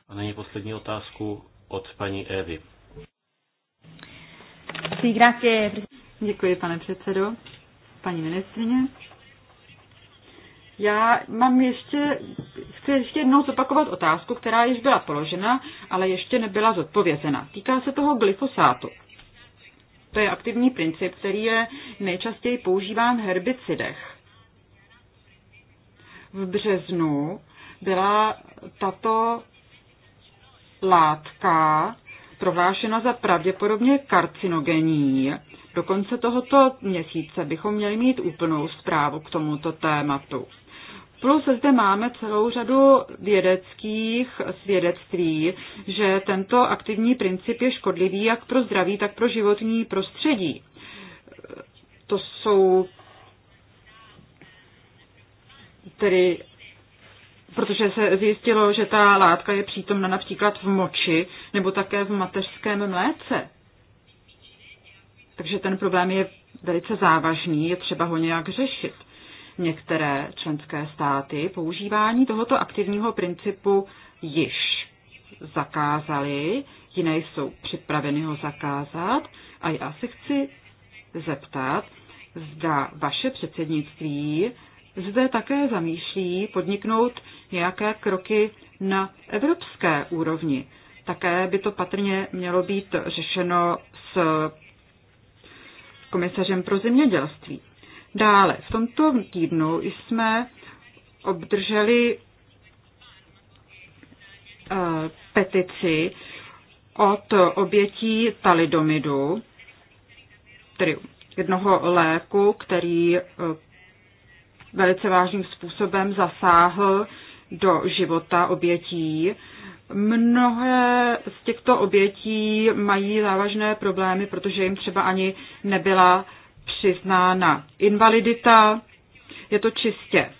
[SPEAKER 1] A nyní poslední otázku od paní Evy. Sí,
[SPEAKER 2] gracias. Děkuji, pane předsedo. Paní ministrině. Já mám ještě, chci ještě jednou zopakovat otázku, která již byla položena, ale ještě nebyla zodpovězena. Týká se toho glyfosátu. To je aktivní princip, který je nejčastěji používán v herbicidech. V březnu byla tato látka prohlášena za pravděpodobně karcinogenní do konce tohoto měsíce bychom měli mít úplnou zprávu k tomuto tématu. Plus zde máme celou řadu vědeckých svědectví, že tento aktivní princip je škodlivý jak pro zdraví, tak pro životní prostředí. To jsou tedy protože se zjistilo, že ta látka je přítomna například v moči nebo také v mateřském mléce. Takže ten problém je velice závažný, je třeba ho nějak řešit. Některé členské státy používání tohoto aktivního principu již zakázali, jiné jsou připraveny ho zakázat a já se chci zeptat, zda vaše předsednictví zde také zamýšlí podniknout nějaké kroky na evropské úrovni. Také by to patrně mělo být řešeno s komisařem pro zemědělství. Dále, v tomto týdnu jsme obdrželi eh, petici od obětí talidomidu, tedy jednoho léku, který eh, velice vážným způsobem zasáhl do života obětí. Mnohé z těchto obětí mají závažné problémy, protože jim třeba ani nebyla přiznána invalidita. Je to čistě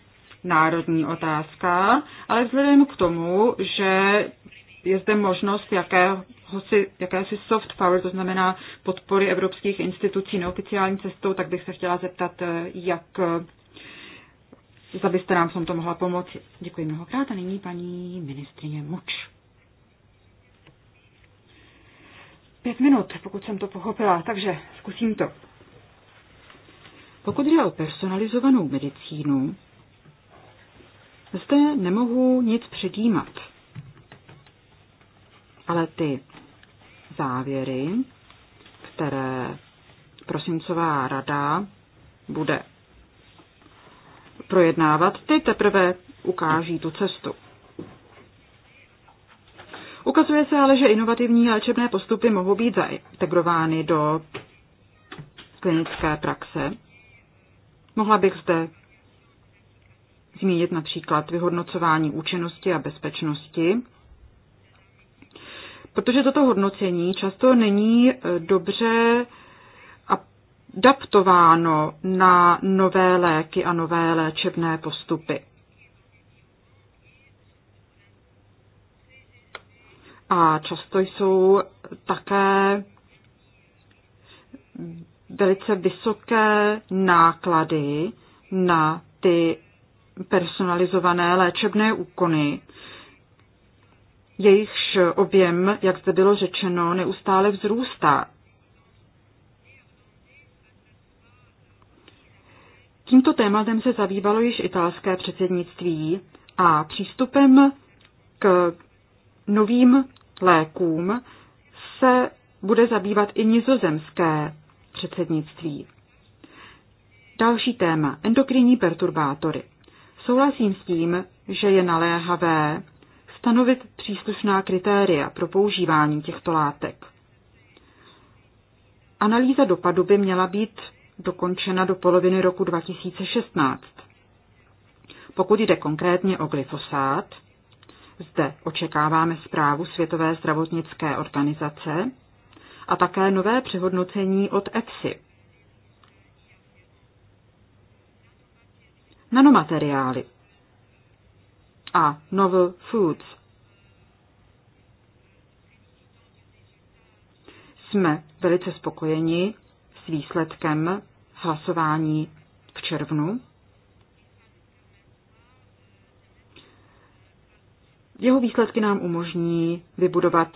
[SPEAKER 2] národní otázka, ale vzhledem k tomu, že je zde možnost jakéhosi, jakési soft power, to znamená podpory evropských institucí neoficiální cestou, tak bych se chtěla zeptat, jak zda byste nám v tomto mohla pomoci. Děkuji mnohokrát a nyní paní ministrině Muč. pět minut, pokud jsem to pochopila, takže zkusím to. Pokud jde o personalizovanou medicínu, zde nemohu nic předjímat. Ale ty závěry, které prosincová rada bude projednávat, ty teprve ukáží tu cestu. Ukazuje se ale, že inovativní léčebné postupy mohou být zaintegrovány do klinické praxe. Mohla bych zde zmínit například vyhodnocování účinnosti a bezpečnosti, protože toto hodnocení často není eh, dobře adaptováno na nové léky a nové léčebné postupy. a často jsou také velice vysoké náklady na ty personalizované léčebné úkony, jejichž objem, jak zde bylo řečeno, neustále vzrůstá. Tímto tématem se zabývalo již italské předsednictví a přístupem k novým lékům se bude zabývat i nizozemské předsednictví. Další téma. Endokrinní perturbátory. Souhlasím s tím, že je naléhavé stanovit příslušná kritéria pro používání těchto látek. Analýza dopadu by měla být dokončena do poloviny roku 2016. Pokud jde konkrétně o glyfosát, zde očekáváme zprávu Světové zdravotnické organizace a také nové přehodnocení od EFSI. Nanomateriály a Novel Foods jsme velice spokojeni s výsledkem hlasování v červnu Jeho výsledky nám umožní vybudovat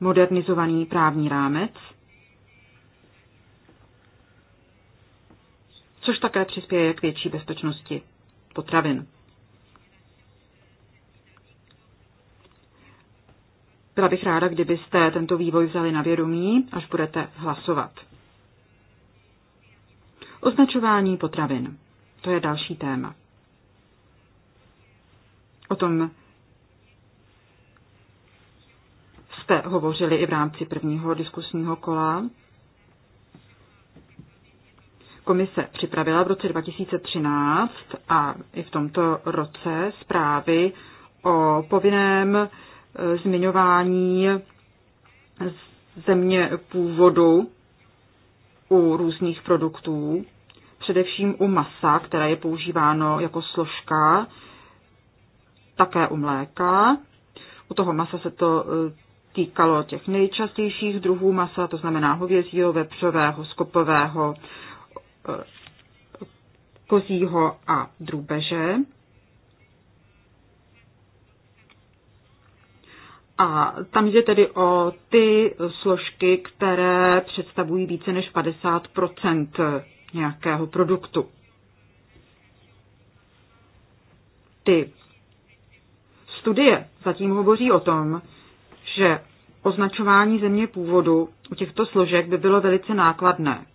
[SPEAKER 2] modernizovaný právní rámec, což také přispěje k větší bezpečnosti potravin. Byla bych ráda, kdybyste tento vývoj vzali na vědomí, až budete hlasovat. Označování potravin. To je další téma. O tom jste hovořili i v rámci prvního diskusního kola. Komise připravila v roce 2013 a i v tomto roce zprávy o povinném e, zmiňování země původu u různých produktů, především u masa, které je používáno jako složka, také u mléka. U toho masa se to e, týkalo těch nejčastějších druhů masa, to znamená hovězího, vepřového, skopového, eh, kozího a drůbeže. A tam jde tedy o ty složky, které představují více než 50 nějakého produktu. Ty studie zatím hovoří o tom, že označování země původu u těchto složek by bylo velice nákladné.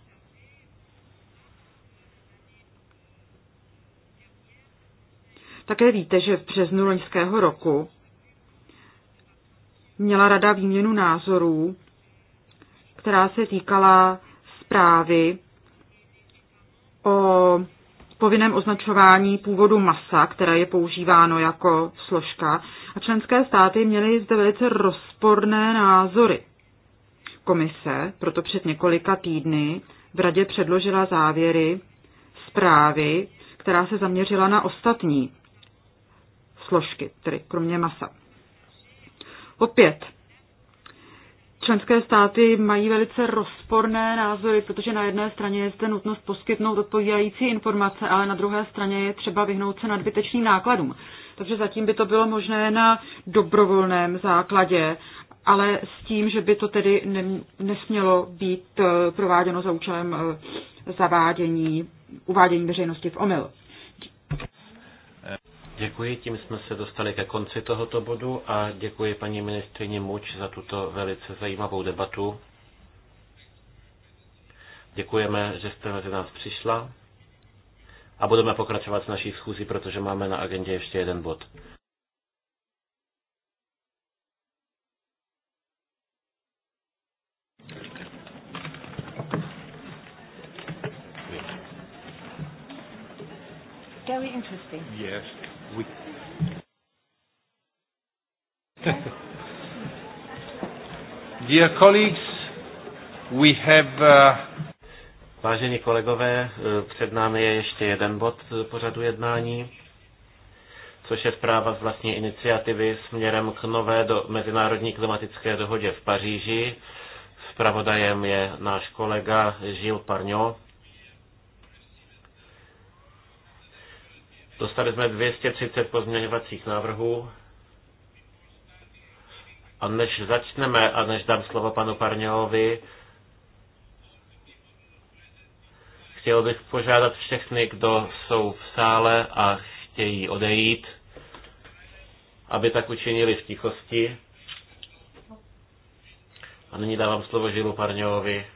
[SPEAKER 2] Také víte, že v březnu loňského roku měla rada výměnu názorů, která se týkala zprávy o povinném označování původu masa, které je používáno jako složka. A členské státy měly zde velice rozporné názory. Komise proto před několika týdny v radě předložila závěry zprávy, která se zaměřila na ostatní složky, tedy kromě masa. Opět členské státy mají velice rozporné názory, protože na jedné straně je zde nutnost poskytnout odpovídající informace, ale na druhé straně je třeba vyhnout se nadbytečným nákladům. Takže zatím by to bylo možné na dobrovolném základě, ale s tím, že by to tedy ne, nesmělo být eh, prováděno za účelem eh, zavádění, uvádění veřejnosti v omyl.
[SPEAKER 1] Děkuji, tím jsme se dostali ke konci tohoto bodu a děkuji paní ministrině Muč za tuto velice zajímavou debatu. Děkujeme, že jste mezi nás přišla a budeme pokračovat s naší schůzí, protože máme na agendě ještě jeden bod.
[SPEAKER 3] Very interesting. Yes. Oui.
[SPEAKER 1] Dear colleagues, we have... Uh... Vážení kolegové, eh, před námi je ještě jeden bod pořadu jednání, což je zpráva z vlastní iniciativy směrem k nové do mezinárodní klimatické dohodě v Paříži. Zpravodajem je náš kolega Žil Parňo. Dostali jsme 230 pozměňovacích návrhů. A než začneme a než dám slovo panu Parňovi, chtěl bych požádat všechny, kdo jsou v sále a chtějí odejít, aby tak učinili v tichosti. A nyní dávám slovo Žilu Parňovi,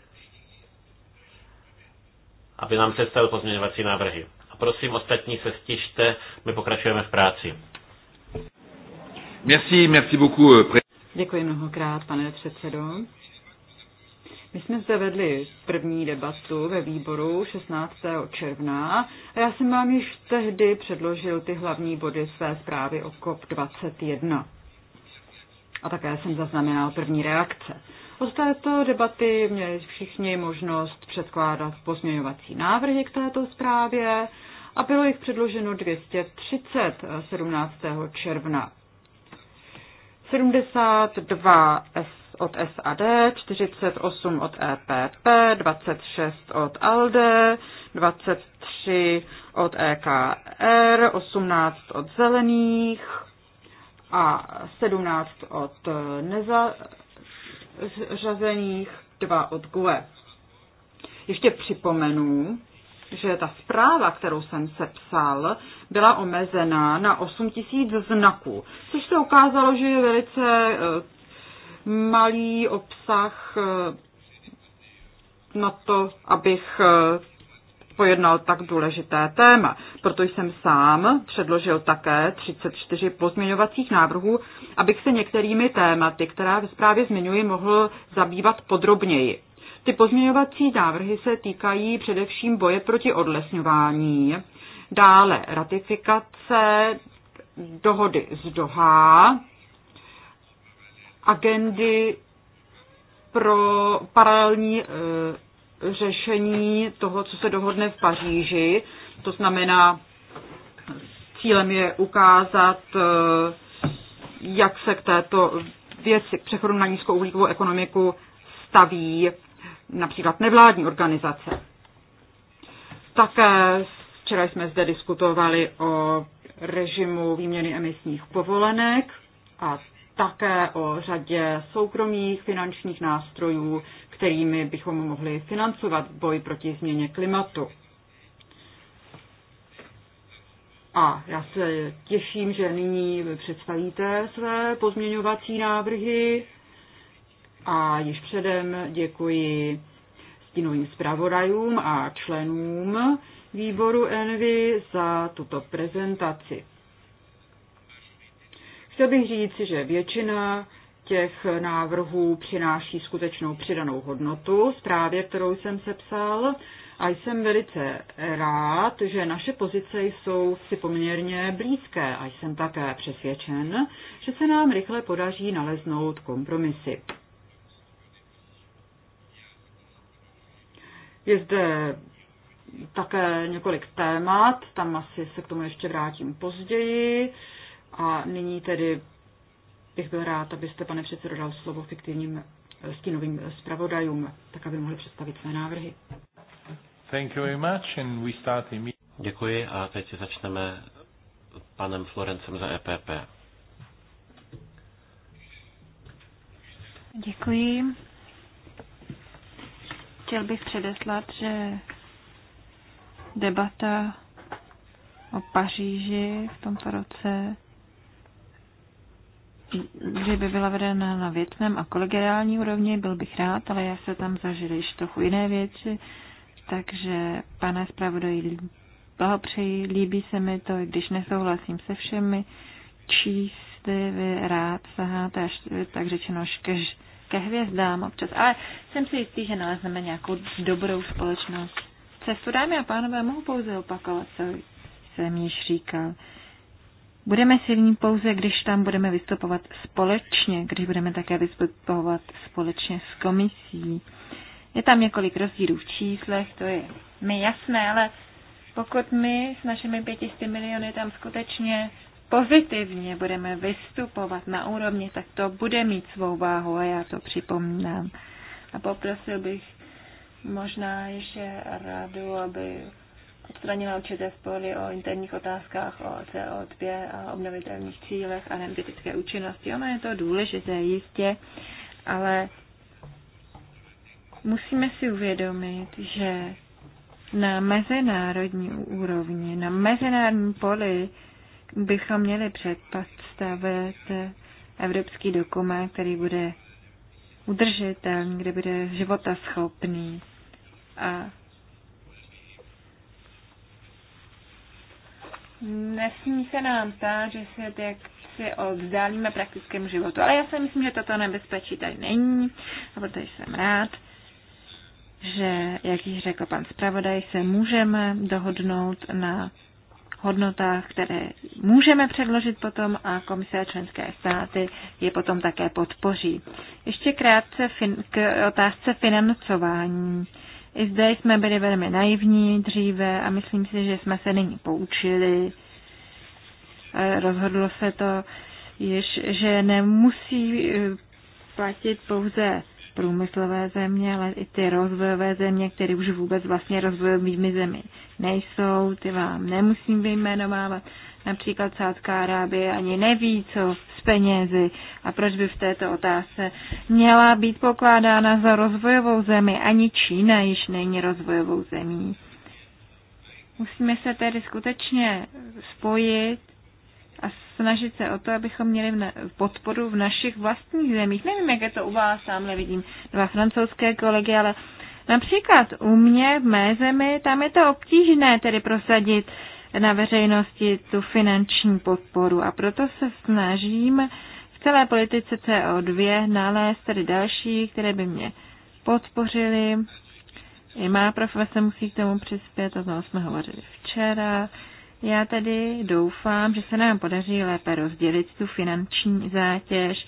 [SPEAKER 1] aby nám představil pozměňovací návrhy. A prosím, ostatní se stižte, my pokračujeme v práci. Merci, merci beaucoup. Euh,
[SPEAKER 2] Děkuji mnohokrát, pane předsedo. My jsme zde vedli první debatu ve výboru 16. června a já jsem vám již tehdy předložil ty hlavní body své zprávy o COP21. A také jsem zaznamenal první reakce. Od této debaty měli všichni možnost předkládat pozměňovací návrhy k této zprávě a bylo jich předloženo 230 17. Eh, června. 72 od SAD, 48 od EPP, 26 od ALDE, 23 od EKR, 18 od Zelených a 17 od eh, nezařazených, 2 od GUE. Ještě připomenu, že ta zpráva, kterou jsem sepsal, byla omezená na 8 tisíc znaků, což se ukázalo, že je velice e, malý obsah e, na to, abych e, pojednal tak důležité téma. Proto jsem sám předložil také 34 pozměňovacích návrhů, abych se některými tématy, která ve zprávě zmiňuji, mohl zabývat podrobněji. Ty pozměňovací návrhy se týkají především boje proti odlesňování, dále ratifikace dohody z Doha, agendy pro paralelní e, řešení toho, co se dohodne v Paříži. To znamená, cílem je ukázat, e, jak se k této věci k přechodu na nízkouhlíkovou ekonomiku staví například nevládní organizace. Také včera jsme zde diskutovali o režimu výměny emisních povolenek a také o řadě soukromých finančních nástrojů, kterými bychom mohli financovat boj proti změně klimatu. A já se těším, že nyní představíte své pozměňovací návrhy a již předem děkuji stínovým zpravodajům a členům výboru Envy za tuto prezentaci. Chtěl bych říci, že většina těch návrhů přináší skutečnou přidanou hodnotu zprávě, kterou jsem sepsal. A jsem velice rád, že naše pozice jsou si poměrně blízké a jsem také přesvědčen, že se nám rychle podaří naleznout kompromisy. Je zde také několik témat, tam asi se k tomu ještě vrátím později. A nyní tedy bych byl rád, abyste, pane předsedo, dal slovo fiktivním eh, stínovým zpravodajům, tak aby mohli představit své návrhy.
[SPEAKER 1] Thank you very much and we start Děkuji a teď začneme panem Florencem za EPP.
[SPEAKER 3] Děkuji. Chtěl bych předeslat, že debata o Paříži v tomto roce, kdyby byla vedena na věcném a kolegiální úrovni, byl bych rád, ale já se tam zažil již trochu jiné věci, takže pane zpravodaji, blahopřeji, líbí se mi to, když nesouhlasím se všemi číst vy rád saháte až tak řečeno škež ke hvězdám občas, ale jsem si jistý, že nalezneme nějakou dobrou společnost. cestu. Dámy a pánové, mohu pouze opakovat, co jsem již říkal. Budeme silní pouze, když tam budeme vystupovat společně, když budeme také vystupovat společně s komisí. Je tam několik rozdílů v číslech, to je mi jasné, ale pokud my s našimi 500 miliony tam skutečně pozitivně budeme vystupovat na úrovni, tak to bude mít svou váhu a já to připomínám. A poprosil bych možná ještě radu, aby odstranila určité spory o interních otázkách, o CO2 a obnovitelných cílech a energetické účinnosti. Ono je to důležité, jistě, ale musíme si uvědomit, že na mezinárodní úrovni, na mezinárodním poli bychom měli představit evropský dokument, který bude udržitelný, kde bude života schopný a nesmí se nám stát, že se jak si oddálíme praktickému životu. Ale já si myslím, že toto nebezpečí tady není, a protože jsem rád, že, jak již řekl pan zpravodaj, se můžeme dohodnout na hodnotách, které můžeme předložit potom a komise a členské státy je potom také podpoří. Ještě krátce k otázce financování. I zde jsme byli velmi naivní dříve a myslím si, že jsme se nyní poučili. Rozhodlo se to že nemusí eh, platit pouze průmyslové země, ale i ty rozvojové země, které už vůbec vlastně rozvojovými zemi nejsou, ty vám nemusím vyjmenovávat. Například Sádská Arábie ani neví, co s penězi a proč by v této otázce měla být pokládána za rozvojovou zemi. Ani Čína již není rozvojovou zemí. Musíme se tedy skutečně spojit a snažit se o to, abychom měli v podporu v našich vlastních zemích. Nevím, jak je to u vás, tamhle vidím dva francouzské kolegy, ale například u mě, v mé zemi, tam je to obtížné tedy prosadit na veřejnosti tu finanční podporu a proto se snažím v celé politice CO2 nalézt tedy další, které by mě podpořily. I má profesor musí k tomu přispět, o tom jsme hovořili včera. Já tedy doufám, že se nám podaří lépe rozdělit tu finanční zátěž.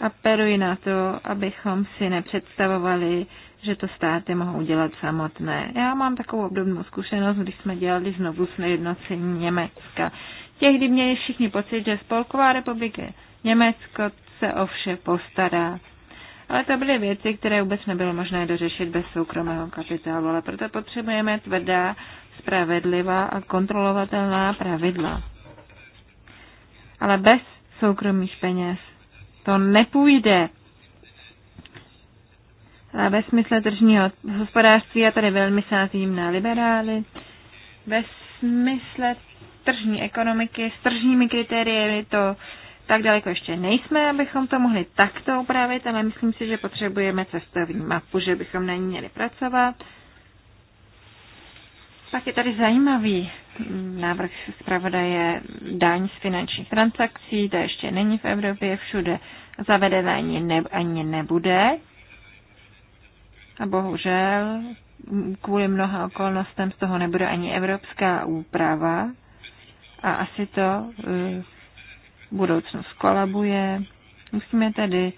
[SPEAKER 3] Aperuji na to, abychom si nepředstavovali, že to státy mohou dělat samotné. Já mám takovou obdobnou zkušenost, když jsme dělali znovu sjednocení Německa. Tehdy měli všichni pocit, že Spolková republika Německo se o vše postará. Ale to byly věci, které vůbec nebylo možné dořešit bez soukromého kapitálu, ale proto potřebujeme tvrdá spravedlivá a kontrolovatelná pravidla. Ale bez soukromých peněz to nepůjde. A ve smysle tržního hospodářství, já tady velmi sázím na liberály, ve smysle tržní ekonomiky s tržními kritérii to tak daleko ještě nejsme, abychom to mohli takto upravit, ale myslím si, že potřebujeme cestovní mapu, že bychom na ní měli pracovat pak je tady zajímavý návrh zpravodaje daň z finančních transakcí, to ještě není v Evropě, všude zavedené ani, ne, ani nebude. A bohužel kvůli mnoha okolnostem z toho nebude ani evropská úprava a asi to eh, v budoucnu skolabuje. Musíme tedy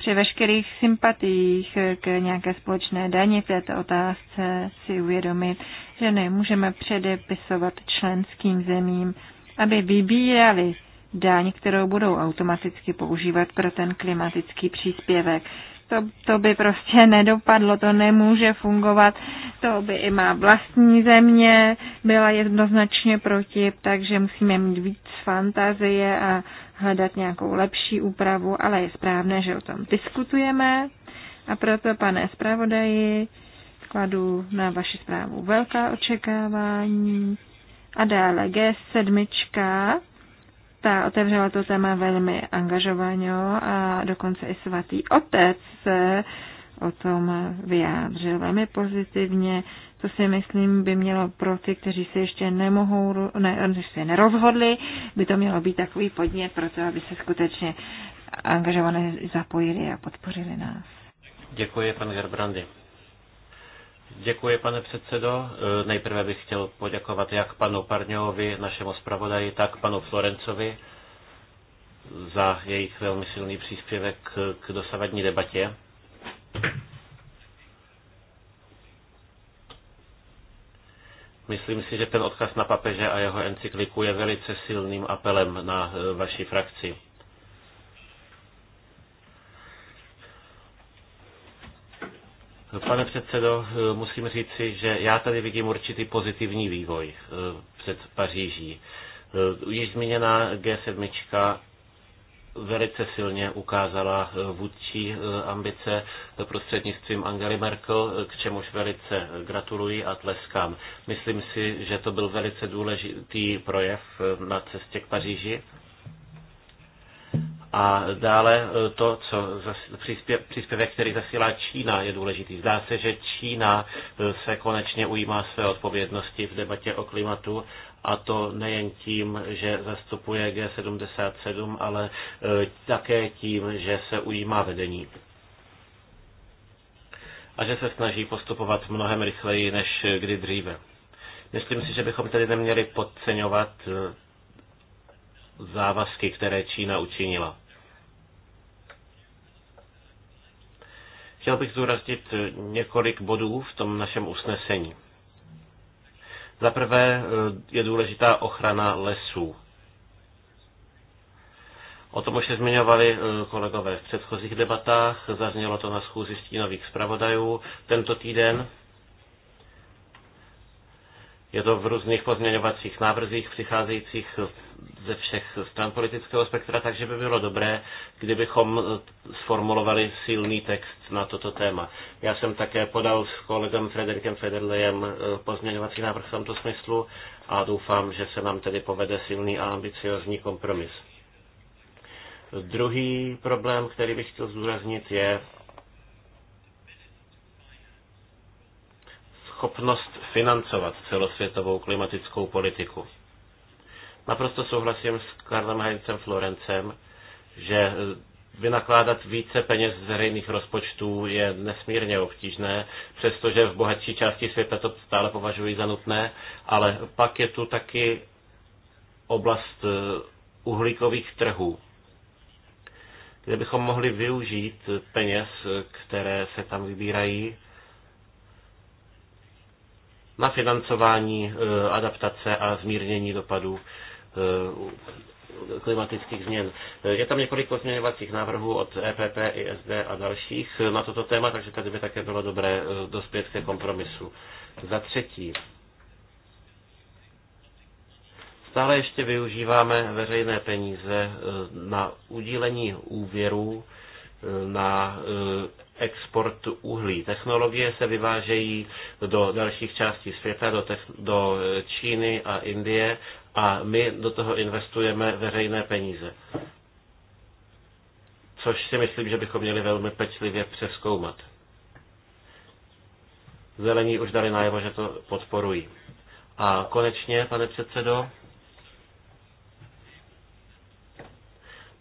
[SPEAKER 3] při veškerých sympatiích k nějaké společné daní v této otázce si uvědomit, že nemůžeme předepisovat členským zemím, aby vybírali daň, kterou budou automaticky používat pro ten klimatický příspěvek. To, to by prostě nedopadlo, to nemůže fungovat, to by i má vlastní země byla jednoznačně proti, takže musíme mít víc fantazie a hledat nějakou lepší úpravu, ale je správné, že o tom diskutujeme a proto, pane zpravodaji, kladu na vaši zprávu velká očekávání. A dále G7, ta otevřela to téma velmi angažovaně a dokonce i svatý otec se o tom vyjádřil velmi pozitivně. To si myslím by mělo pro ty, kteří se ještě nemohou, ne, se nerozhodli, by to mělo být takový podnět pro to, aby se skutečně angažované zapojili a podpořili nás.
[SPEAKER 1] Děkuji, pan Gerbrandy. Děkuji, pane předsedo. E, nejprve bych chtěl poděkovat jak panu Parňovi, našemu zpravodaji, tak panu Florencovi za jejich velmi silný příspěvek k dosavadní debatě. Myslím si, že ten odkaz na papeže a jeho encykliku je velice silným apelem na e, vaši frakci. Pane předsedo, e, musím říci, že já tady vidím určitý pozitivní vývoj e, před Paříží. Již zmíněná G7 velice silně ukázala eh, vůdčí eh, ambice prostřednictvím Angely Merkel, eh, k čemuž velice gratuluji a tleskám. Myslím si, že to byl velice důležitý projev na cestě k Paříži. A dále to, co příspěvek, který zasílá Čína, je důležitý. Zdá se, že Čína se konečně ujímá své odpovědnosti v debatě o klimatu a to nejen tím, že zastupuje G77, ale e, také tím, že se ujímá vedení a že se snaží postupovat mnohem rychleji než kdy dříve. Myslím si, že bychom tedy neměli podceňovat e, závazky, které Čína učinila. Chtěl bych zúraznit e, několik bodů v tom našem usnesení. Za prvé e, je důležitá ochrana lesů. O tom už se zmiňovali e, kolegové v předchozích debatách, zaznělo to na schůzi stínových zpravodajů tento týden. Je to v různých pozměňovacích návrzích přicházejících ze všech stran politického spektra, takže by bylo dobré, kdybychom eh, sformulovali silný text na toto téma. Já jsem také podal s kolegem Frederikem Federlejem eh, pozměňovací návrh v tomto smyslu a doufám, že se nám tedy povede silný a ambiciozní kompromis. Druhý problém, který bych chtěl zdůraznit, je schopnost financovat celosvětovou klimatickou politiku. Naprosto souhlasím s Karlem Heincem Florencem, že eh, vynakládat více peněz z veřejných rozpočtů je nesmírně obtížné, přestože v bohatší části světa to stále považují za nutné, ale pak je tu taky oblast eh, uhlíkových trhů, kde bychom mohli využít eh, peněz, které se tam vybírají, na financování adaptace a zmírnění dopadů Eh, klimatických změn. Je tam několik pozměňovacích návrhů od EPP, ISD a dalších na toto téma, takže tady by také bylo dobré eh, dospět ke kompromisu. Za třetí, stále ještě využíváme veřejné peníze eh, na udílení úvěrů na eh, export uhlí. Technologie se vyvážejí do dalších částí světa, do, do eh, Číny a Indie a my do toho investujeme veřejné peníze. Což si myslím, že bychom měli velmi pečlivě přeskoumat. Zelení už dali najevo, že to podporují. A konečně, pane předsedo,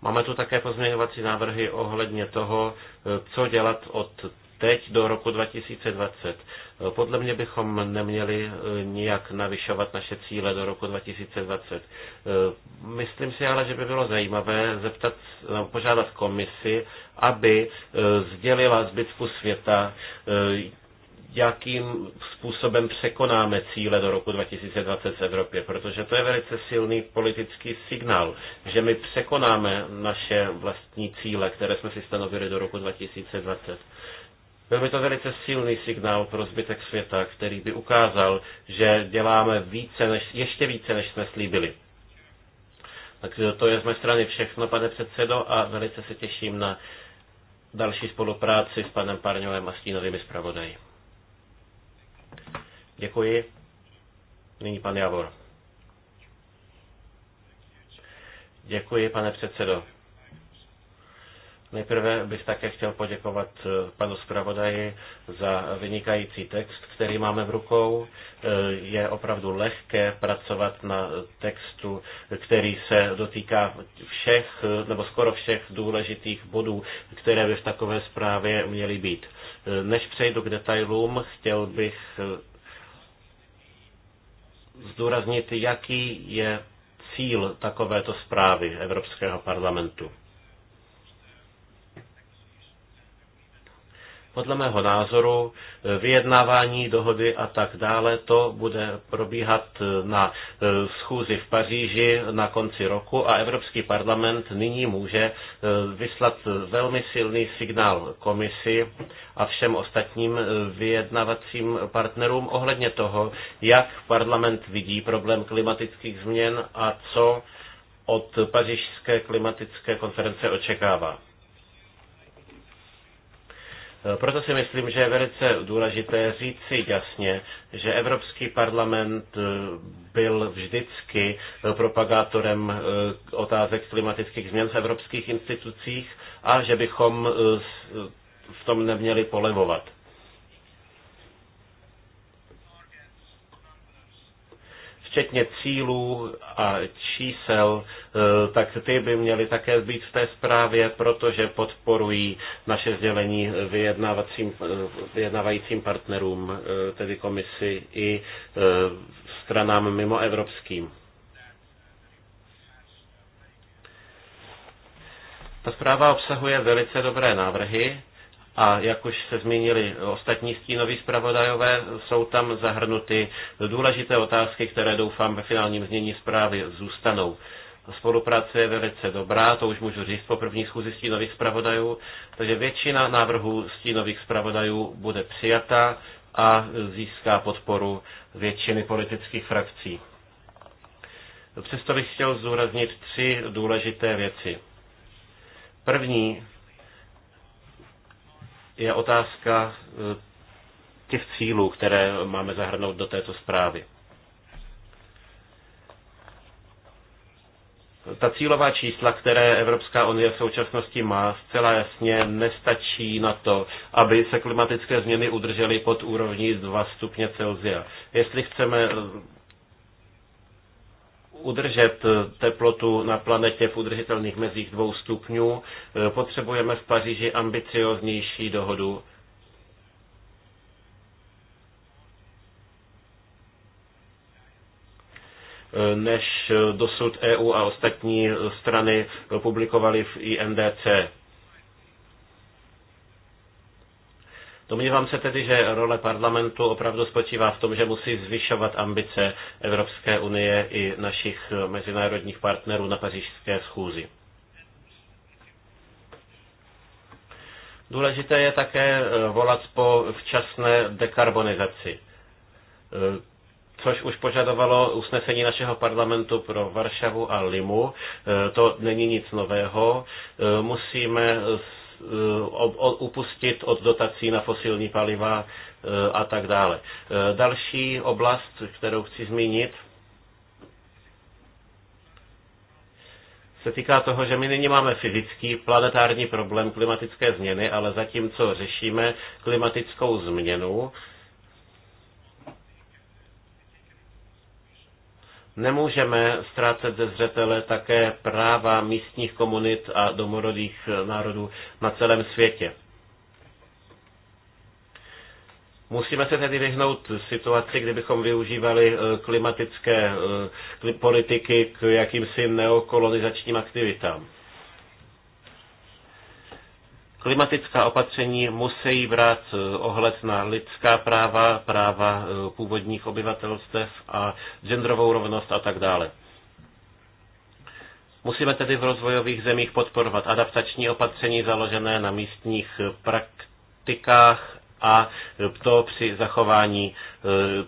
[SPEAKER 1] Máme tu také pozměňovací návrhy ohledně toho, eh, co dělat od teď do roku 2020. Eh, podle mě bychom neměli eh, nijak navyšovat naše cíle do roku 2020. Myslím si ale, že by bylo zajímavé zeptat, no, požádat komisi, aby sdělila zbytku světa, jakým způsobem překonáme cíle do roku 2020 v Evropě, protože to je velice silný politický signál, že my překonáme naše vlastní cíle, které jsme si stanovili do roku 2020. Byl by to velice silný signál pro zbytek světa, který by ukázal, že děláme více než, ještě více, než jsme slíbili. Takže to je z mé strany všechno, pane předsedo, a velice se těším na další spolupráci s panem Parňovem a stínovými zpravodaji. Děkuji. Nyní pan Javor. Děkuji, pane předsedo. Nejprve bych také chtěl poděkovat eh, panu zpravodaji za vynikající text, který máme v rukou. Eh, je opravdu lehké pracovat na textu, který se dotýká všech, eh, nebo skoro všech důležitých bodů, které by v takové zprávě měly být. Než přejdu k detailům, chtěl bych zdůraznit, jaký je cíl takovéto zprávy Evropského parlamentu. Podle mého názoru e, vyjednávání, dohody a tak dále, to bude probíhat e, na e, schůzi v Paříži na konci roku a Evropský parlament nyní může vyslat velmi silný signál komisi a všem ostatním vyjednavacím partnerům ohledně toho, jak parlament vidí problém klimatických změn a co od pařížské klimatické konference očekává. Eh, proto si myslím, že je velice důležité říci jasně, že Evropský parlament eh, byl vždycky eh, propagátorem otázek klimatických změn v evropských institucích a že bychom v tom neměli polevovat. včetně cílů a čísel, eh, tak ty by měly také být v té zprávě, protože podporují naše sdělení vyjednávacím, eh, vyjednávajícím partnerům, eh, tedy komisi i stranám mimo evropským. Ta zpráva obsahuje velice dobré návrhy, a jak už se zmínili ostatní stínoví zpravodajové, jsou tam zahrnuty důležité otázky, které doufám ve finálním znění zprávy zůstanou. Spolupráce je velice dobrá, to už můžu říct po první schůzi stínových zpravodajů, takže většina návrhů stínových zpravodajů bude přijata a získá podporu většiny politických frakcí. Přesto bych chtěl zúraznit tři důležité věci. První je otázka eh, těch cílů, které máme zahrnout do této zprávy. ta cílová čísla, které Evropská unie v současnosti má, zcela jasně nestačí na to, aby se klimatické změny udržely pod úrovní 2 stupně Celsia. Jestli chceme eh, udržet eh, teplotu na planetě v udržitelných mezích dvou stupňů, eh, potřebujeme v Paříži ambicioznější dohodu. Eh, než dosud EU a ostatní strany publikovali v INDC. Domnívám se tedy, že role parlamentu opravdu spočívá v tom, že musí zvyšovat ambice Evropské unie i našich mezinárodních partnerů na pařížské schůzi. Důležité je také eh, volat po včasné dekarbonizaci, eh, což už požadovalo usnesení našeho parlamentu pro Varšavu a Limu. Eh, to není nic nového. Musíme Eh, upustit od dotací na fosilní paliva eh, a tak dále. Eh, další oblast, kterou chci zmínit, se týká toho, že my nyní máme fyzický planetární problém klimatické změny, ale zatímco řešíme klimatickou změnu, Nemůžeme ztrácet ze zřetele také práva místních komunit a domorodých národů na celém světě. Musíme se tedy vyhnout situaci, kdybychom využívali eh, klimatické eh, politiky k jakýmsi neokolonizačním aktivitám. Klimatická opatření musí brát eh, ohled na lidská práva, práva eh, původních obyvatelstev a genderovou rovnost a tak dále. Musíme tedy v rozvojových zemích podporovat adaptační opatření založené na místních eh, praktikách a to při zachování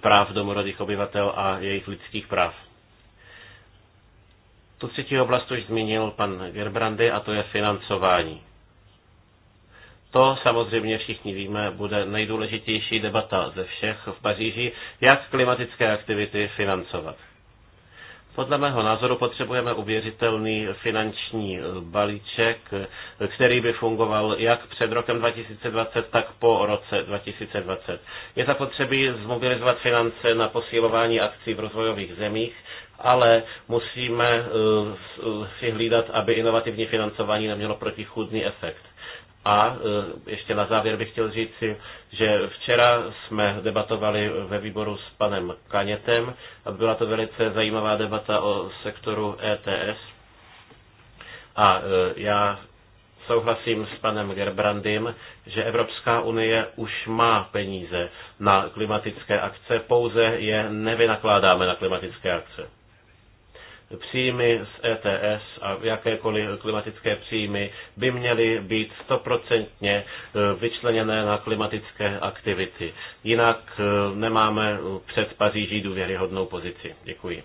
[SPEAKER 1] práv domorodých obyvatel a jejich lidských práv. Tu třetí oblast už zmínil pan Gerbrandy a to je financování. To samozřejmě všichni víme, bude nejdůležitější debata ze všech v Paříži, jak klimatické aktivity financovat. Podle mého názoru potřebujeme uvěřitelný finanční balíček, který by fungoval jak před rokem 2020, tak po roce 2020. Je zapotřebí zmobilizovat finance na posilování akcí v rozvojových zemích, ale musíme eh, eh, si hlídat, aby inovativní financování nemělo protichůdný efekt. A e, ještě na závěr bych chtěl říci, že včera jsme debatovali ve výboru s panem Kanětem a byla to velice zajímavá debata o sektoru ETS. A e, já souhlasím s panem Gerbrandym, že Evropská unie už má peníze na klimatické akce, pouze je nevynakládáme na klimatické akce příjmy z ETS a jakékoliv klimatické příjmy by měly být stoprocentně e, vyčleněné na klimatické aktivity. Jinak e, nemáme před Paříží důvěryhodnou pozici. Děkuji.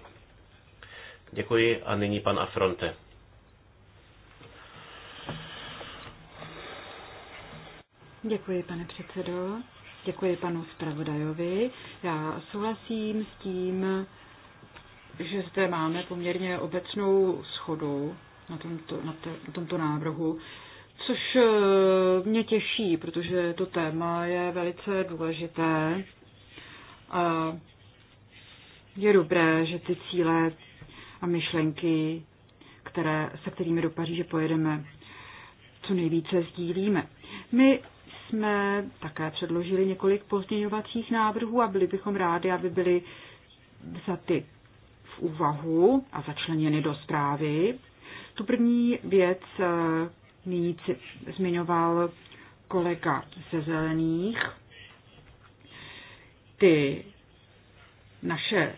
[SPEAKER 1] Děkuji a nyní pan Afronte.
[SPEAKER 2] Děkuji, pane předsedo. Děkuji panu zpravodajovi. Já souhlasím s tím, že zde máme poměrně obecnou schodu na tomto, na, te, na tomto návrhu, což e, mě těší, protože to téma je velice důležité a je dobré, že ty cíle a myšlenky, které, se kterými do Paříže pojedeme, co nejvíce sdílíme. My jsme také předložili několik pozměňovacích návrhů a byli bychom rádi, aby byly ty v úvahu a začleněny do zprávy. Tu první věc eh, nyní zmiňoval kolega ze Zelených. Ty naše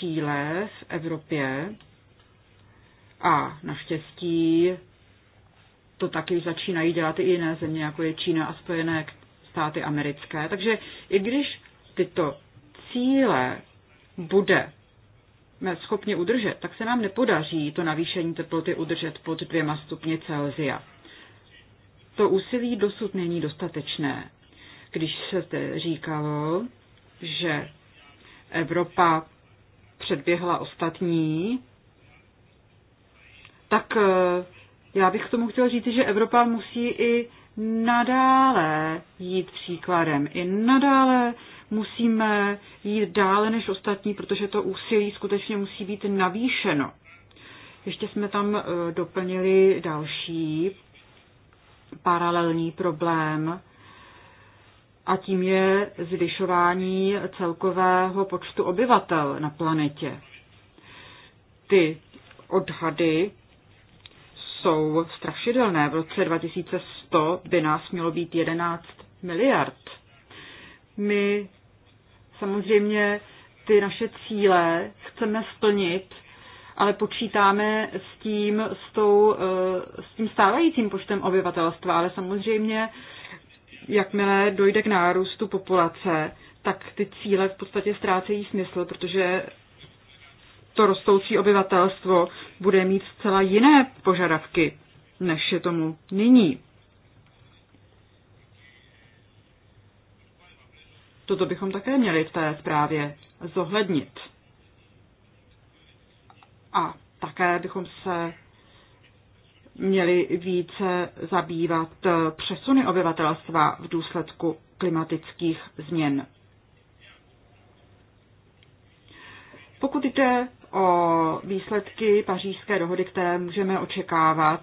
[SPEAKER 2] cíle v Evropě a naštěstí to taky začínají dělat i jiné země, jako je Čína a Spojené státy americké. Takže i když tyto cíle bude schopni udržet, tak se nám nepodaří to navýšení teploty udržet pod dvěma stupně Celsia. To úsilí dosud není dostatečné. Když se zde říkalo, že Evropa předběhla ostatní, tak eh, já bych k tomu chtěl říct, že Evropa musí i nadále jít příkladem. I nadále musíme jít dále než ostatní, protože to úsilí skutečně musí být navýšeno. Ještě jsme tam e, doplnili další paralelní problém a tím je zvyšování celkového počtu obyvatel na planetě. Ty odhady jsou strašidelné. V roce 2100 by nás mělo být 11 miliard. My Samozřejmě ty naše cíle chceme splnit, ale počítáme s tím, s, tou, eh, s tím stávajícím počtem obyvatelstva, ale samozřejmě, jakmile dojde k nárůstu populace, tak ty cíle v podstatě ztrácejí smysl, protože to rostoucí obyvatelstvo bude mít zcela jiné požadavky, než je tomu nyní. Toto bychom také měli v té zprávě zohlednit. A také bychom se měli více zabývat přesuny obyvatelstva v důsledku klimatických změn. Pokud jde o výsledky pařížské dohody, které můžeme očekávat,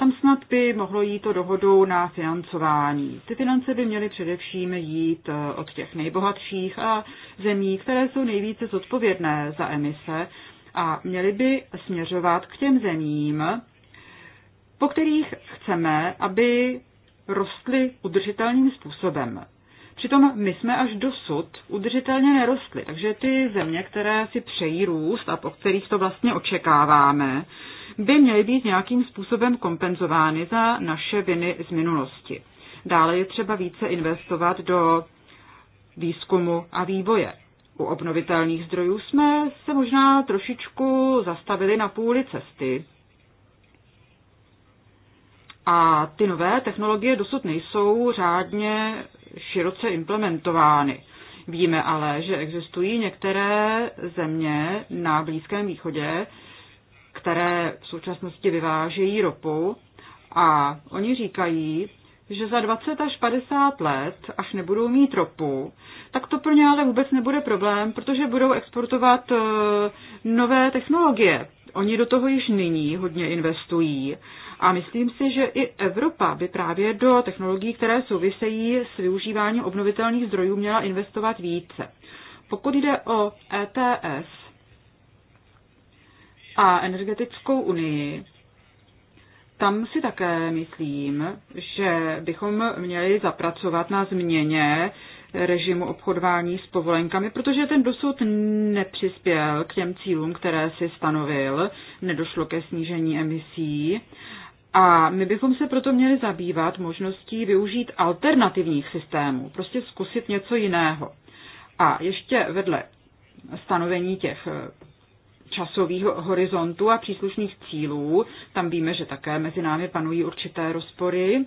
[SPEAKER 2] tam snad by mohlo jít o dohodu na financování. Ty finance by měly především jít eh, od těch nejbohatších a zemí, které jsou nejvíce zodpovědné za emise a měly by směřovat k těm zemím, po kterých chceme, aby rostly udržitelným způsobem. Přitom my jsme až dosud udržitelně nerostli, takže ty země, které si přejí růst a po kterých to vlastně očekáváme, by měly být nějakým způsobem kompenzovány za naše viny z minulosti. Dále je třeba více investovat do výzkumu a vývoje. U obnovitelných zdrojů jsme se možná trošičku zastavili na půli cesty. A ty nové technologie dosud nejsou řádně široce implementovány. Víme ale, že existují některé země na Blízkém východě, které v současnosti vyvážejí ropu a oni říkají, že za 20 až 50 let, až nebudou mít ropu, tak to pro ně ale vůbec nebude problém, protože budou exportovat e, nové technologie. Oni do toho již nyní hodně investují a myslím si, že i Evropa by právě do technologií, které souvisejí s využíváním obnovitelných zdrojů, měla investovat více. Pokud jde o ETS, a energetickou unii, tam si také myslím, že bychom měli zapracovat na změně režimu obchodování s povolenkami, protože ten dosud nepřispěl k těm cílům, které si stanovil, nedošlo ke snížení emisí. A my bychom se proto měli zabývat možností využít alternativních systémů, prostě zkusit něco jiného. A ještě vedle stanovení těch časových horizontů a příslušných cílů, tam víme, že také mezi námi panují určité rozpory,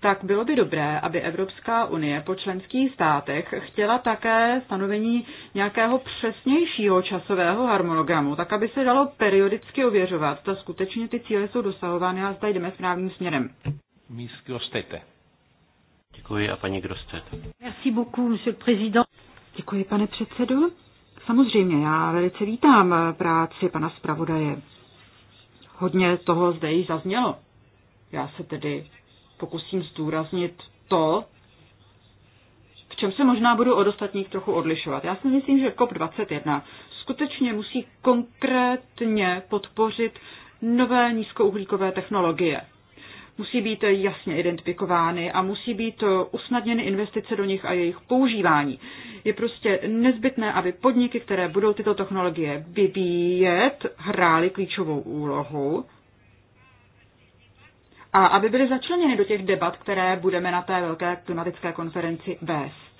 [SPEAKER 2] tak bylo by dobré, aby Evropská unie po členských státech chtěla také stanovení nějakého přesnějšího časového harmonogramu, tak aby se dalo periodicky ověřovat, zda skutečně ty cíle jsou dosahovány a zda jdeme správným směrem.
[SPEAKER 1] Děkuji a paní Grostet.
[SPEAKER 2] Merci beaucoup, monsieur le président. Děkuji, pane předsedo. Samozřejmě, já velice vítám eh, práci pana zpravodaje. Hodně toho zde již zaznělo. Já se tedy pokusím zdůraznit to, v čem se možná budu od ostatních trochu odlišovat. Já si myslím, že COP21 skutečně musí konkrétně podpořit nové nízkouhlíkové technologie. Musí být jasně identifikovány a musí být eh, usnadněny investice do nich a jejich používání. Je prostě nezbytné, aby podniky, které budou tyto technologie vybíjet, hrály klíčovou úlohu a aby byly začleněny do těch debat, které budeme na té velké klimatické konferenci vést.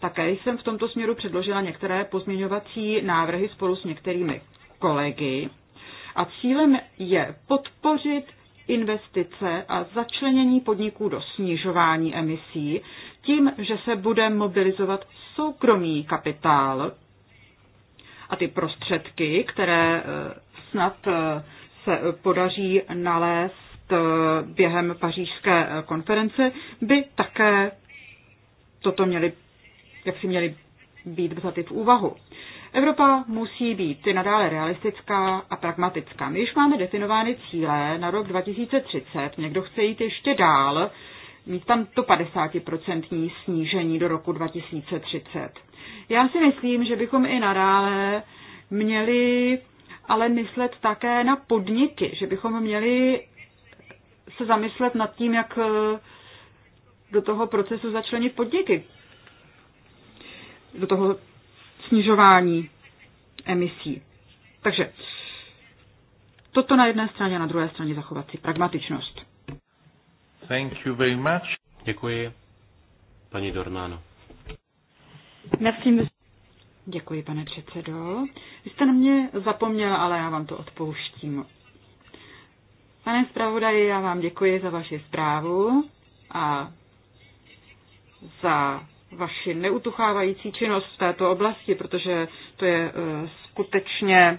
[SPEAKER 2] Také jsem v tomto směru předložila některé pozměňovací návrhy spolu s některými kolegy. A cílem je podpořit investice a začlenění podniků do snižování emisí, tím, že se bude mobilizovat soukromý kapitál a ty prostředky, které eh, snad eh, se podaří nalézt eh, během pařížské konference, by také toto měly, jak si měly být vzaty v úvahu. Evropa musí být i nadále realistická a pragmatická. My už máme definovány cíle na rok 2030, někdo chce jít ještě dál, mít tam to 50% snížení do roku 2030. Já si myslím, že bychom i nadále měli ale myslet také na podniky, že bychom měli se zamyslet nad tím, jak eh, do toho procesu začlenit podniky, do toho snižování emisí. Takže toto na jedné straně, na druhé straně zachovat si pragmatičnost.
[SPEAKER 1] Thank you very much. Děkuji. Paní Dornáno.
[SPEAKER 2] Merci, Děkuji, pane předsedo. Vy jste na mě zapomněl, ale já vám to odpouštím. Pane zpravodaji, já vám děkuji za vaši zprávu a za vaši neutuchávající činnost v této oblasti, protože to je eh, skutečně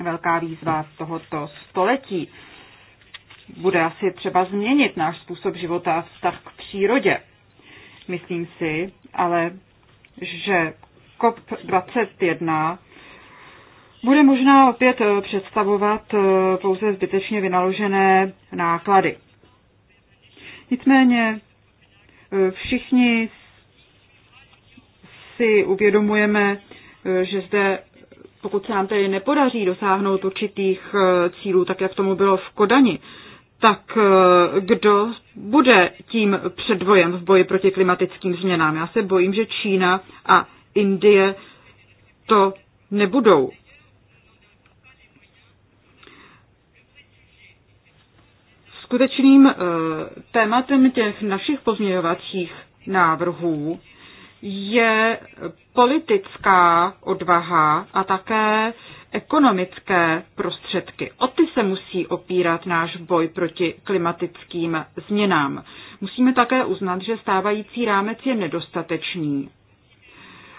[SPEAKER 2] velká výzva tohoto století bude asi třeba změnit náš způsob života a vztah k přírodě. Myslím si ale, že COP21 bude možná opět eh, představovat eh, pouze zbytečně vynaložené náklady. Nicméně eh, všichni si uvědomujeme, že zde, pokud se nám tedy nepodaří dosáhnout určitých cílů, tak jak tomu bylo v Kodani, tak eh, kdo bude tím předvojem v boji proti klimatickým změnám? Já se bojím, že Čína a Indie to nebudou. Skutečným eh, tématem těch našich pozměňovacích návrhů je politická odvaha a také ekonomické prostředky. O ty se musí opírat náš boj proti klimatickým změnám. Musíme také uznat, že stávající rámec je nedostatečný.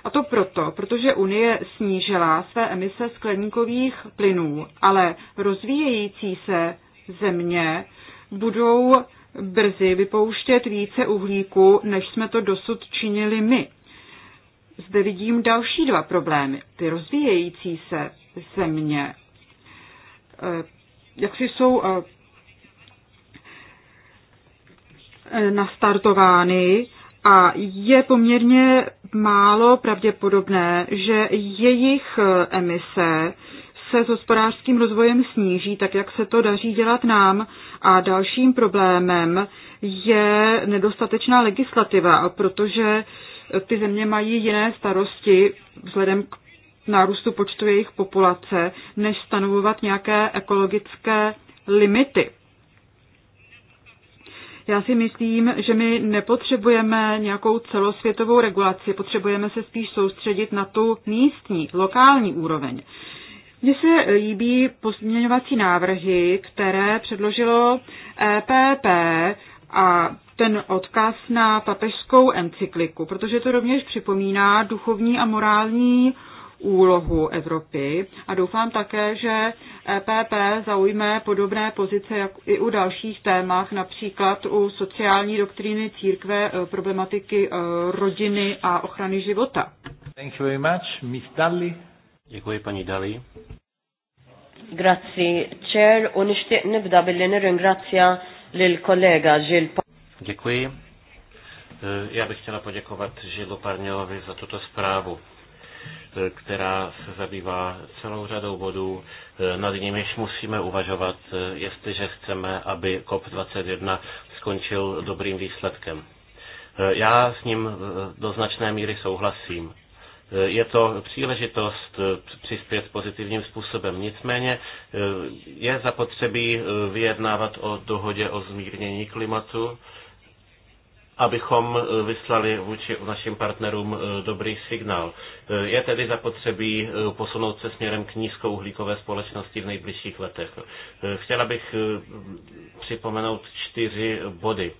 [SPEAKER 2] A to proto, protože Unie snížila své emise skleníkových plynů, ale rozvíjející se země budou brzy vypouštět více uhlíku, než jsme to dosud činili my. Zde vidím další dva problémy. Ty rozvíjející se země. Eh, jak si jsou eh, eh, nastartovány a je poměrně málo pravděpodobné, že jejich emise se s hospodářským rozvojem sníží, tak jak se to daří dělat nám. A dalším problémem je nedostatečná legislativa, protože ty země mají jiné starosti vzhledem k nárůstu počtu jejich populace, než stanovovat nějaké ekologické limity. Já si myslím, že my nepotřebujeme nějakou celosvětovou regulaci, potřebujeme se spíš soustředit na tu místní, lokální úroveň. Mně se líbí pozměňovací návrhy, které předložilo EPP a ten odkaz na papežskou encykliku, protože to rovněž připomíná duchovní a morální úlohu Evropy a doufám také, že EPP zaujme podobné pozice jak i u dalších témach, například u sociální doktríny církve, e, problematiky e, rodiny a ochrany života.
[SPEAKER 1] Thank you very much, Miss Dali. Děkuji, paní Dali.
[SPEAKER 2] Grazie,
[SPEAKER 3] Chair, u nixtieq nibda billi lil kolega Gil.
[SPEAKER 1] Děkuji. E, já bych chtěla poděkovat Žilu Parňovi za tuto zprávu která se zabývá celou řadou bodů, eh, nad nimiž musíme uvažovat, eh, jestliže chceme, aby COP21 skončil dobrým výsledkem. Eh, já s ním do značné míry souhlasím. Je to příležitost přispět pozitivním způsobem. Nicméně je zapotřebí vyjednávat o dohodě o zmírnění klimatu, abychom eh, vyslali vůči našim partnerům eh, dobrý signál. Eh, je tedy zapotřebí posunout se směrem k nízkouhlíkové společnosti v nejbližších letech. Chtěla bych připomenout čtyři body.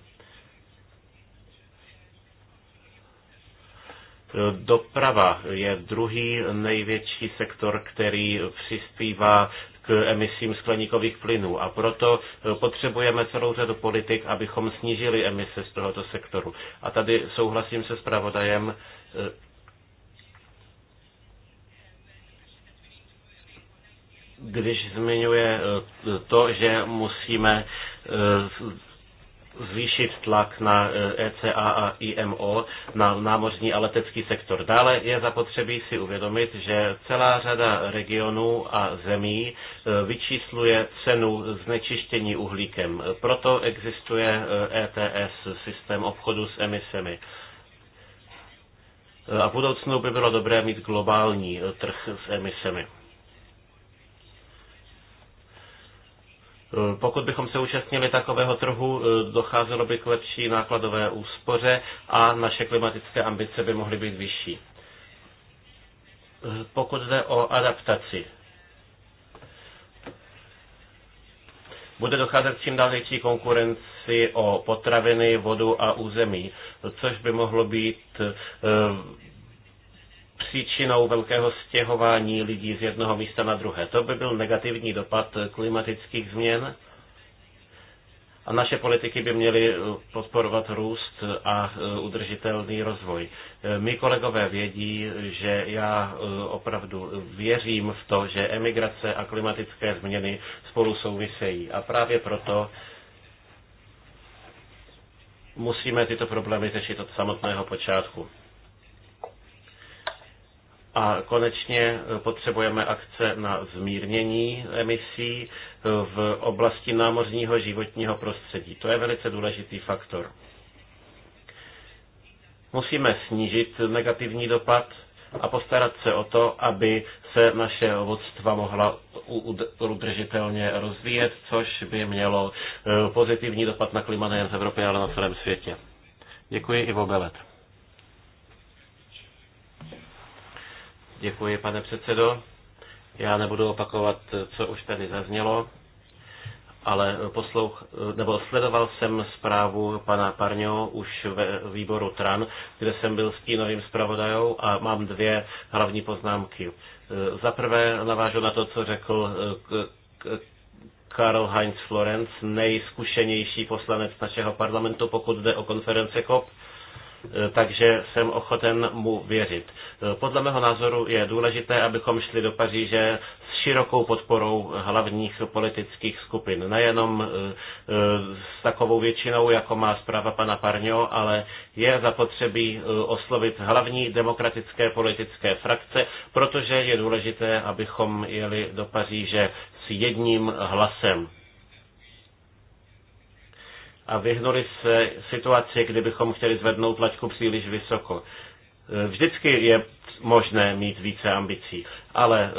[SPEAKER 1] Doprava je druhý největší sektor, který přispívá emisím skleníkových plynů. A proto e, potřebujeme celou řadu politik, abychom snížili emise z tohoto sektoru. A tady souhlasím se zpravodajem, e, když zmiňuje e, to, že musíme zvýšit tlak na ECA eh, e a IMO, na námořní a letecký sektor. Dále je zapotřebí si uvědomit, že celá řada regionů a zemí eh, vyčísluje cenu znečištění uhlíkem. Proto existuje ETS, eh, e systém obchodu s emisemi. A v budoucnu by bylo dobré mít globální trh s emisemi. Eh, pokud bychom se účastnili takového trhu, eh, docházelo by k lepší nákladové úspoře a naše klimatické ambice by mohly být vyšší. Eh, pokud jde o adaptaci, bude docházet k čím dál větší konkurenci o potraviny, vodu a území, což by mohlo být příčinou velkého stěhování lidí z jednoho místa na druhé. To by byl negativní dopad klimatických změn a naše politiky by měly eh, podporovat růst a eh, udržitelný rozvoj. Eh, my kolegové vědí, že já opravdu věřím v to, že emigrace a klimatické změny spolu souvisejí. A právě proto musíme tyto problémy řešit od samotného počátku. A konečně eh, potřebujeme akce na zmírnění emisí eh, v oblasti námořního životního prostředí. To je velice důležitý faktor. Musíme snížit negativní dopad a postarat se o to, aby se naše ovoctva mohla udržitelně rozvíjet, což by mělo eh, pozitivní dopad na klima nejen v Evropě, ale na celém světě. Děkuji, Ivo Belet. Děkuji, pane předsedo. Já nebudu opakovat, co už tady zaznělo, ale poslouch, nebo sledoval jsem zprávu pana Parňo už ve výboru TRAN, kde jsem byl stínovým zpravodajou a mám dvě hlavní poznámky. Za prvé navážu na to, co řekl eh, Karl Heinz Florenz, nejzkušenější poslanec našeho parlamentu, pokud jde o konference COP Eh, takže jsem ochoten mu věřit. Eh, podle mého názoru je důležité, abychom šli do Paříže s širokou podporou hlavních politických skupin. Nejenom eh, s takovou většinou, jako má zpráva pana Parňo, ale je zapotřebí oslovit hlavní demokratické politické frakce, protože je důležité, abychom jeli do Paříže s jedním hlasem a vyhnuli se situaci, kdybychom chtěli zvednout laťku příliš vysoko. E, vždycky je možné mít více ambicí, ale e,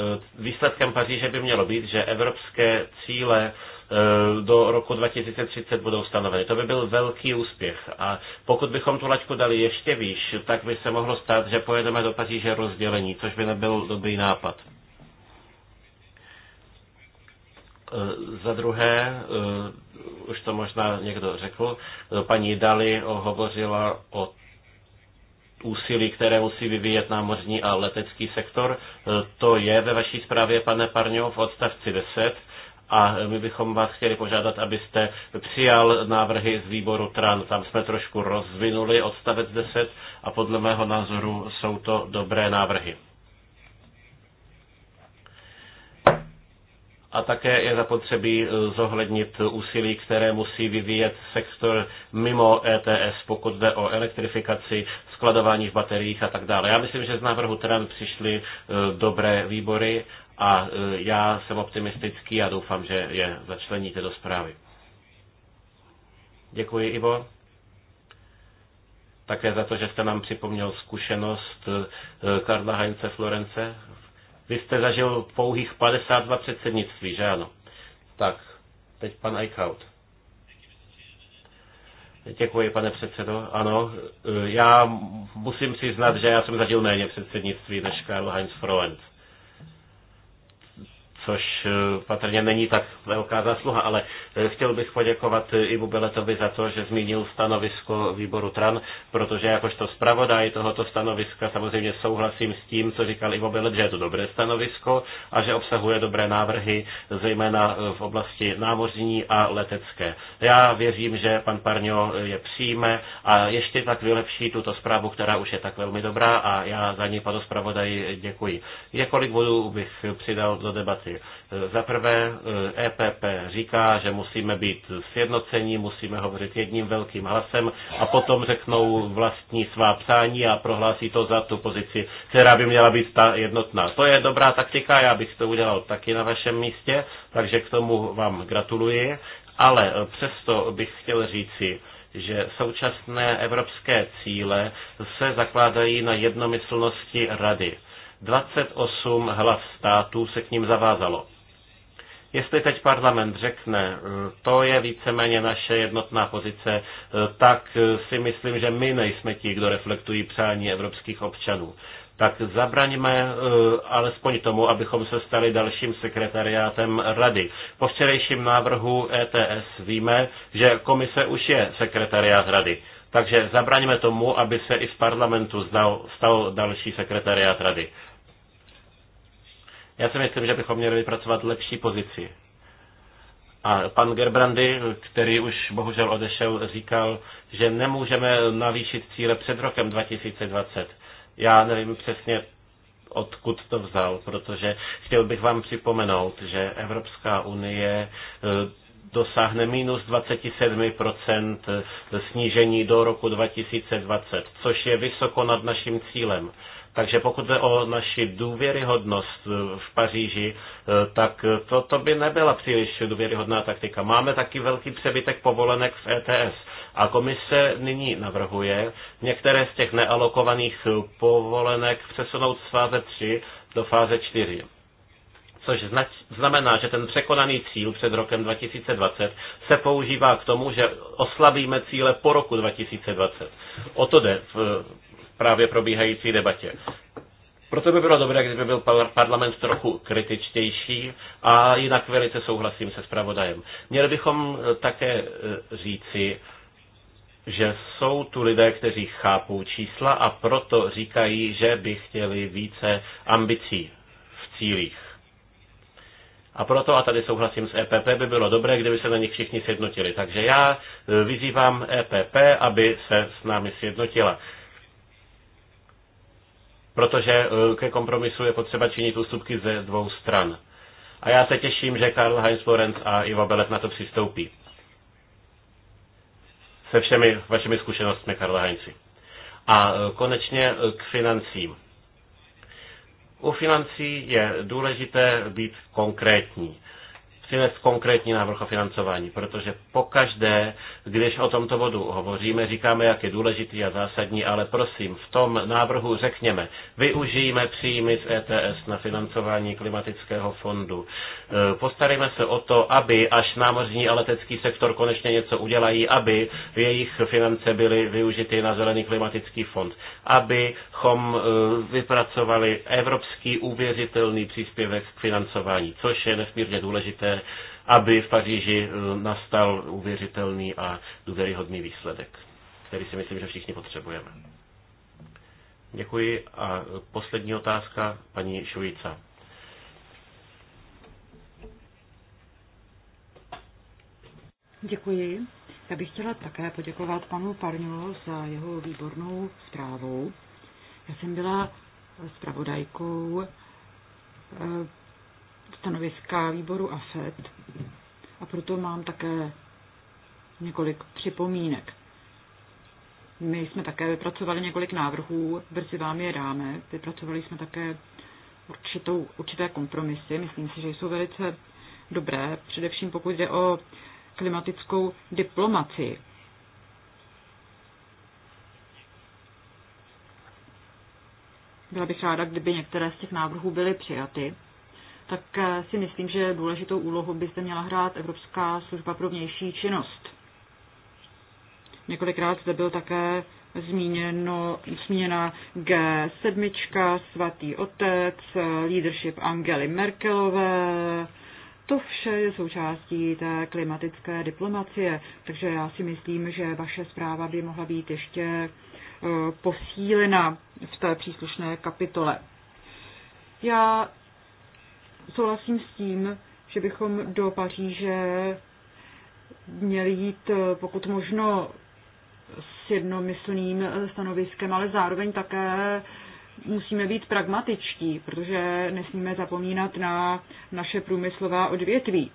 [SPEAKER 1] výsledkem Paříže by mělo být, že evropské cíle e, do roku 2030 budou stanoveny. To by byl velký úspěch. A pokud bychom tu laťku dali ještě výš, tak by se mohlo stát, že pojedeme do Paříže rozdělení, což by nebyl dobrý nápad. Za druhé, už to možná někdo řekl, paní Dali hovořila o úsilí, které musí vyvíjet námořní a letecký sektor. To je ve vaší zprávě, pane Parňov, v odstavci 10 a my bychom vás chtěli požádat, abyste přijal návrhy z výboru TRAN. Tam jsme trošku rozvinuli odstavec 10 a podle mého názoru jsou to dobré návrhy. A také je zapotřebí eh, zohlednit úsilí, které musí vyvíjet sektor mimo ETS, pokud jde o elektrifikaci, skladování v bateriích a tak dále. Já myslím, že z návrhu TRAN přišly eh, dobré výbory a eh, já jsem optimistický a doufám, že je začleníte do zprávy. Děkuji, Ivo. Také za to, že jste nám připomněl zkušenost Karla Heinze Florence vy jste zažil pouhých 52 předsednictví, že ano? Tak, teď pan Eichhout. Děkuji, pane předsedo. Ano, e, já musím přiznat, že já jsem zažil méně předsednictví než Karl Heinz Freund což eh, patrně není tak velká zásluha, ale eh, chtěl bych poděkovat Ivu Beletovi za to, že zmínil stanovisko výboru TRAN, protože jakožto zpravodaj tohoto stanoviska samozřejmě souhlasím s tím, co říkal Ivo Belet, že je to dobré stanovisko a že obsahuje dobré návrhy, zejména eh, v oblasti námořní a letecké. Já věřím, že pan Parňo je přijme a ještě tak vylepší tuto zprávu, která už je tak velmi dobrá a já za ní panu zpravodaji děkuji. Jakolik bodů bych přidal do debaty. Eh, za prvé EPP eh, e říká, že musíme být sjednocení, musíme hovořit jedním velkým hlasem a potom řeknou vlastní svá přání a prohlásí to za tu pozici, která by měla být ta jednotná. To je dobrá taktika, já bych to udělal taky na vašem místě, takže k tomu vám gratuluji. Ale eh, přesto bych chtěl říci, že současné evropské cíle se zakládají na jednomyslnosti rady. 28 hlav států se k ním zavázalo. Jestli teď parlament řekne, eh, to je víceméně naše jednotná pozice, eh, tak eh, si myslím, že my nejsme ti, kdo reflektují přání evropských občanů. Tak zabraňme alespoň tomu, abychom se stali dalším sekretariátem rady. Po včerejším návrhu ETS víme, že komise už je sekretariát rady. Takže zabraňme tomu, aby se i v parlamentu zdal, stal další sekretariát rady. Já si myslím, že bychom měli vypracovat lepší pozici. A pan Gerbrandy, který už bohužel odešel, říkal, že nemůžeme navýšit cíle před rokem 2020. Já nevím přesně, odkud to vzal, protože chtěl bych vám připomenout, že Evropská unie eh, dosáhne minus 27% snížení do roku 2020, což je vysoko nad naším cílem. Takže pokud jde o naši důvěryhodnost v Paříži, tak to, to by nebyla příliš důvěryhodná taktika. Máme taky velký přebytek povolenek v ETS. A komise nyní navrhuje některé z těch nealokovaných povolenek přesunout z fáze 3 do fáze 4 což znamená, že ten překonaný cíl před rokem 2020 se používá k tomu, že oslabíme cíle po roku 2020. O to jde v právě probíhající debatě. Proto by bylo dobré, kdyby byl parlament trochu kritičtější a jinak velice souhlasím se zpravodajem. Měli bychom eh, také eh, říci, že jsou tu lidé, kteří chápou čísla a proto říkají, že by chtěli více ambicí v cílích. A proto, a tady souhlasím s EPP, by bylo dobré, kdyby se na nich všichni sjednotili. Takže já e, vyzývám EPP, aby se s námi sjednotila. Protože e, ke kompromisu je potřeba činit ústupky ze dvou stran. A já se těším, že Karl Heinz Lorenz a Ivo Belet na to přistoupí. Se všemi vašimi zkušenostmi, Karla Heinzi. A e, konečně k financím. U financí je důležité být konkrétní přinést konkrétní návrh o financování, protože pokaždé, když o tomto bodu hovoříme, říkáme, jak je důležitý a zásadní, ale prosím, v tom návrhu řekněme, využijeme příjmy z ETS na financování klimatického fondu. E, postarejme se o to, aby až námořní a letecký sektor konečně něco udělají, aby jejich finance byly využity na zelený klimatický fond, abychom e, vypracovali evropský uvěřitelný příspěvek k financování, což je nesmírně důležité aby v Paříži eh, nastal uvěřitelný a důvěryhodný výsledek, který si myslím, že všichni potřebujeme. Děkuji. A eh, poslední otázka, paní Šujica.
[SPEAKER 2] Děkuji. Já bych chtěla také poděkovat panu Parňu za jeho výbornou zprávou. Já jsem byla zpravodajkou eh, stanoviska výboru AFED a proto mám také několik připomínek. My jsme také vypracovali několik návrhů, brzy vám je dáme. Vypracovali jsme také určitou, určité kompromisy. Myslím si, že jsou velice dobré, především pokud jde o klimatickou diplomaci. Byla bych ráda, kdyby některé z těch návrhů byly přijaty tak eh, si myslím, že důležitou úlohu by zde měla hrát Evropská služba pro vnější činnost. Několikrát zde byl také zmíněno, zmíněna G7, svatý otec, leadership Angely Merkelové. To vše je součástí té klimatické diplomacie, takže já si myslím, že vaše zpráva by mohla být ještě eh, posílena v té příslušné kapitole. Já souhlasím s tím, že bychom do Paříže měli jít eh, pokud možno s jednomyslným eh, stanoviskem, ale zároveň také musíme být pragmatičtí, protože nesmíme zapomínat na naše průmyslová odvětví.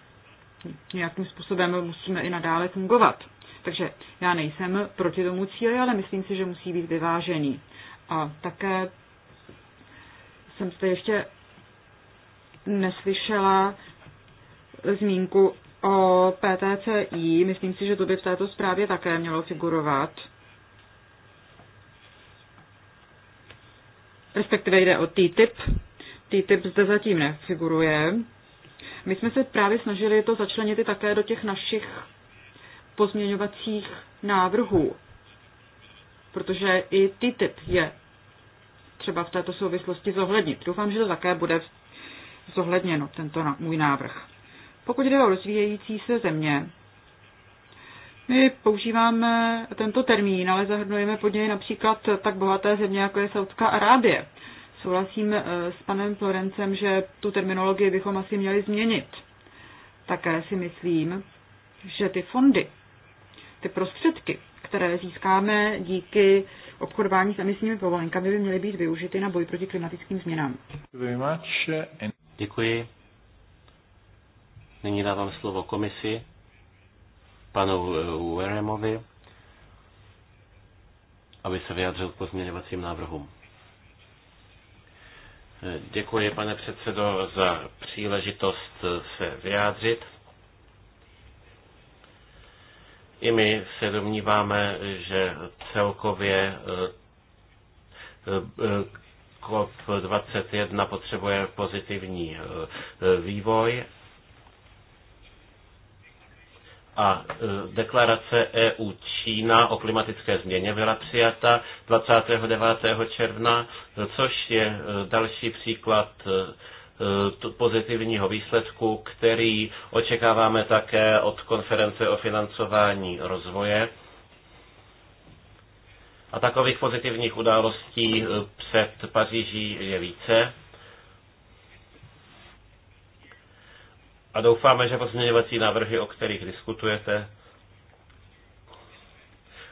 [SPEAKER 2] Nějakým způsobem musíme i nadále fungovat. Takže já nejsem proti tomu cíli, ale myslím si, že musí být vyvážený. A také jsem zde ještě neslyšela zmínku o PTCI. Myslím si, že to by v této zprávě také mělo figurovat. Respektive jde o TTIP. TTIP zde zatím nefiguruje. My jsme se právě snažili to začlenit i také do těch našich pozměňovacích návrhů, protože i TTIP je třeba v této souvislosti zohlednit. Doufám, že to také bude v zohledněno tento můj návrh. Pokud jde o rozvíjející se země, my používáme tento termín, ale zahrnujeme pod něj například tak bohaté země, jako je Saudská Arábie. Souhlasím eh, s panem Florencem, že tu terminologii bychom asi měli změnit. Také si myslím, že ty fondy, ty prostředky, které získáme díky obchodování s emisními povolenkami, by měly být využity na boj proti klimatickým změnám.
[SPEAKER 1] Děkuji. Nyní dávám slovo komisi, panu eh, Weremovi, aby se vyjádřil k pozměňovacím návrhům. Eh, děkuji, pane předsedo, za příležitost eh, se vyjádřit. I my se domníváme, že celkově COP21 potřebuje pozitivní e, e, vývoj a e, deklarace EU Čína o klimatické změně byla přijata 29. června, což je další příklad pozitivního výsledku, který očekáváme také od konference o financování rozvoje a takových pozitivních událostí eh, před Paříží je více. A doufáme, že pozměňovací návrhy, o kterých diskutujete,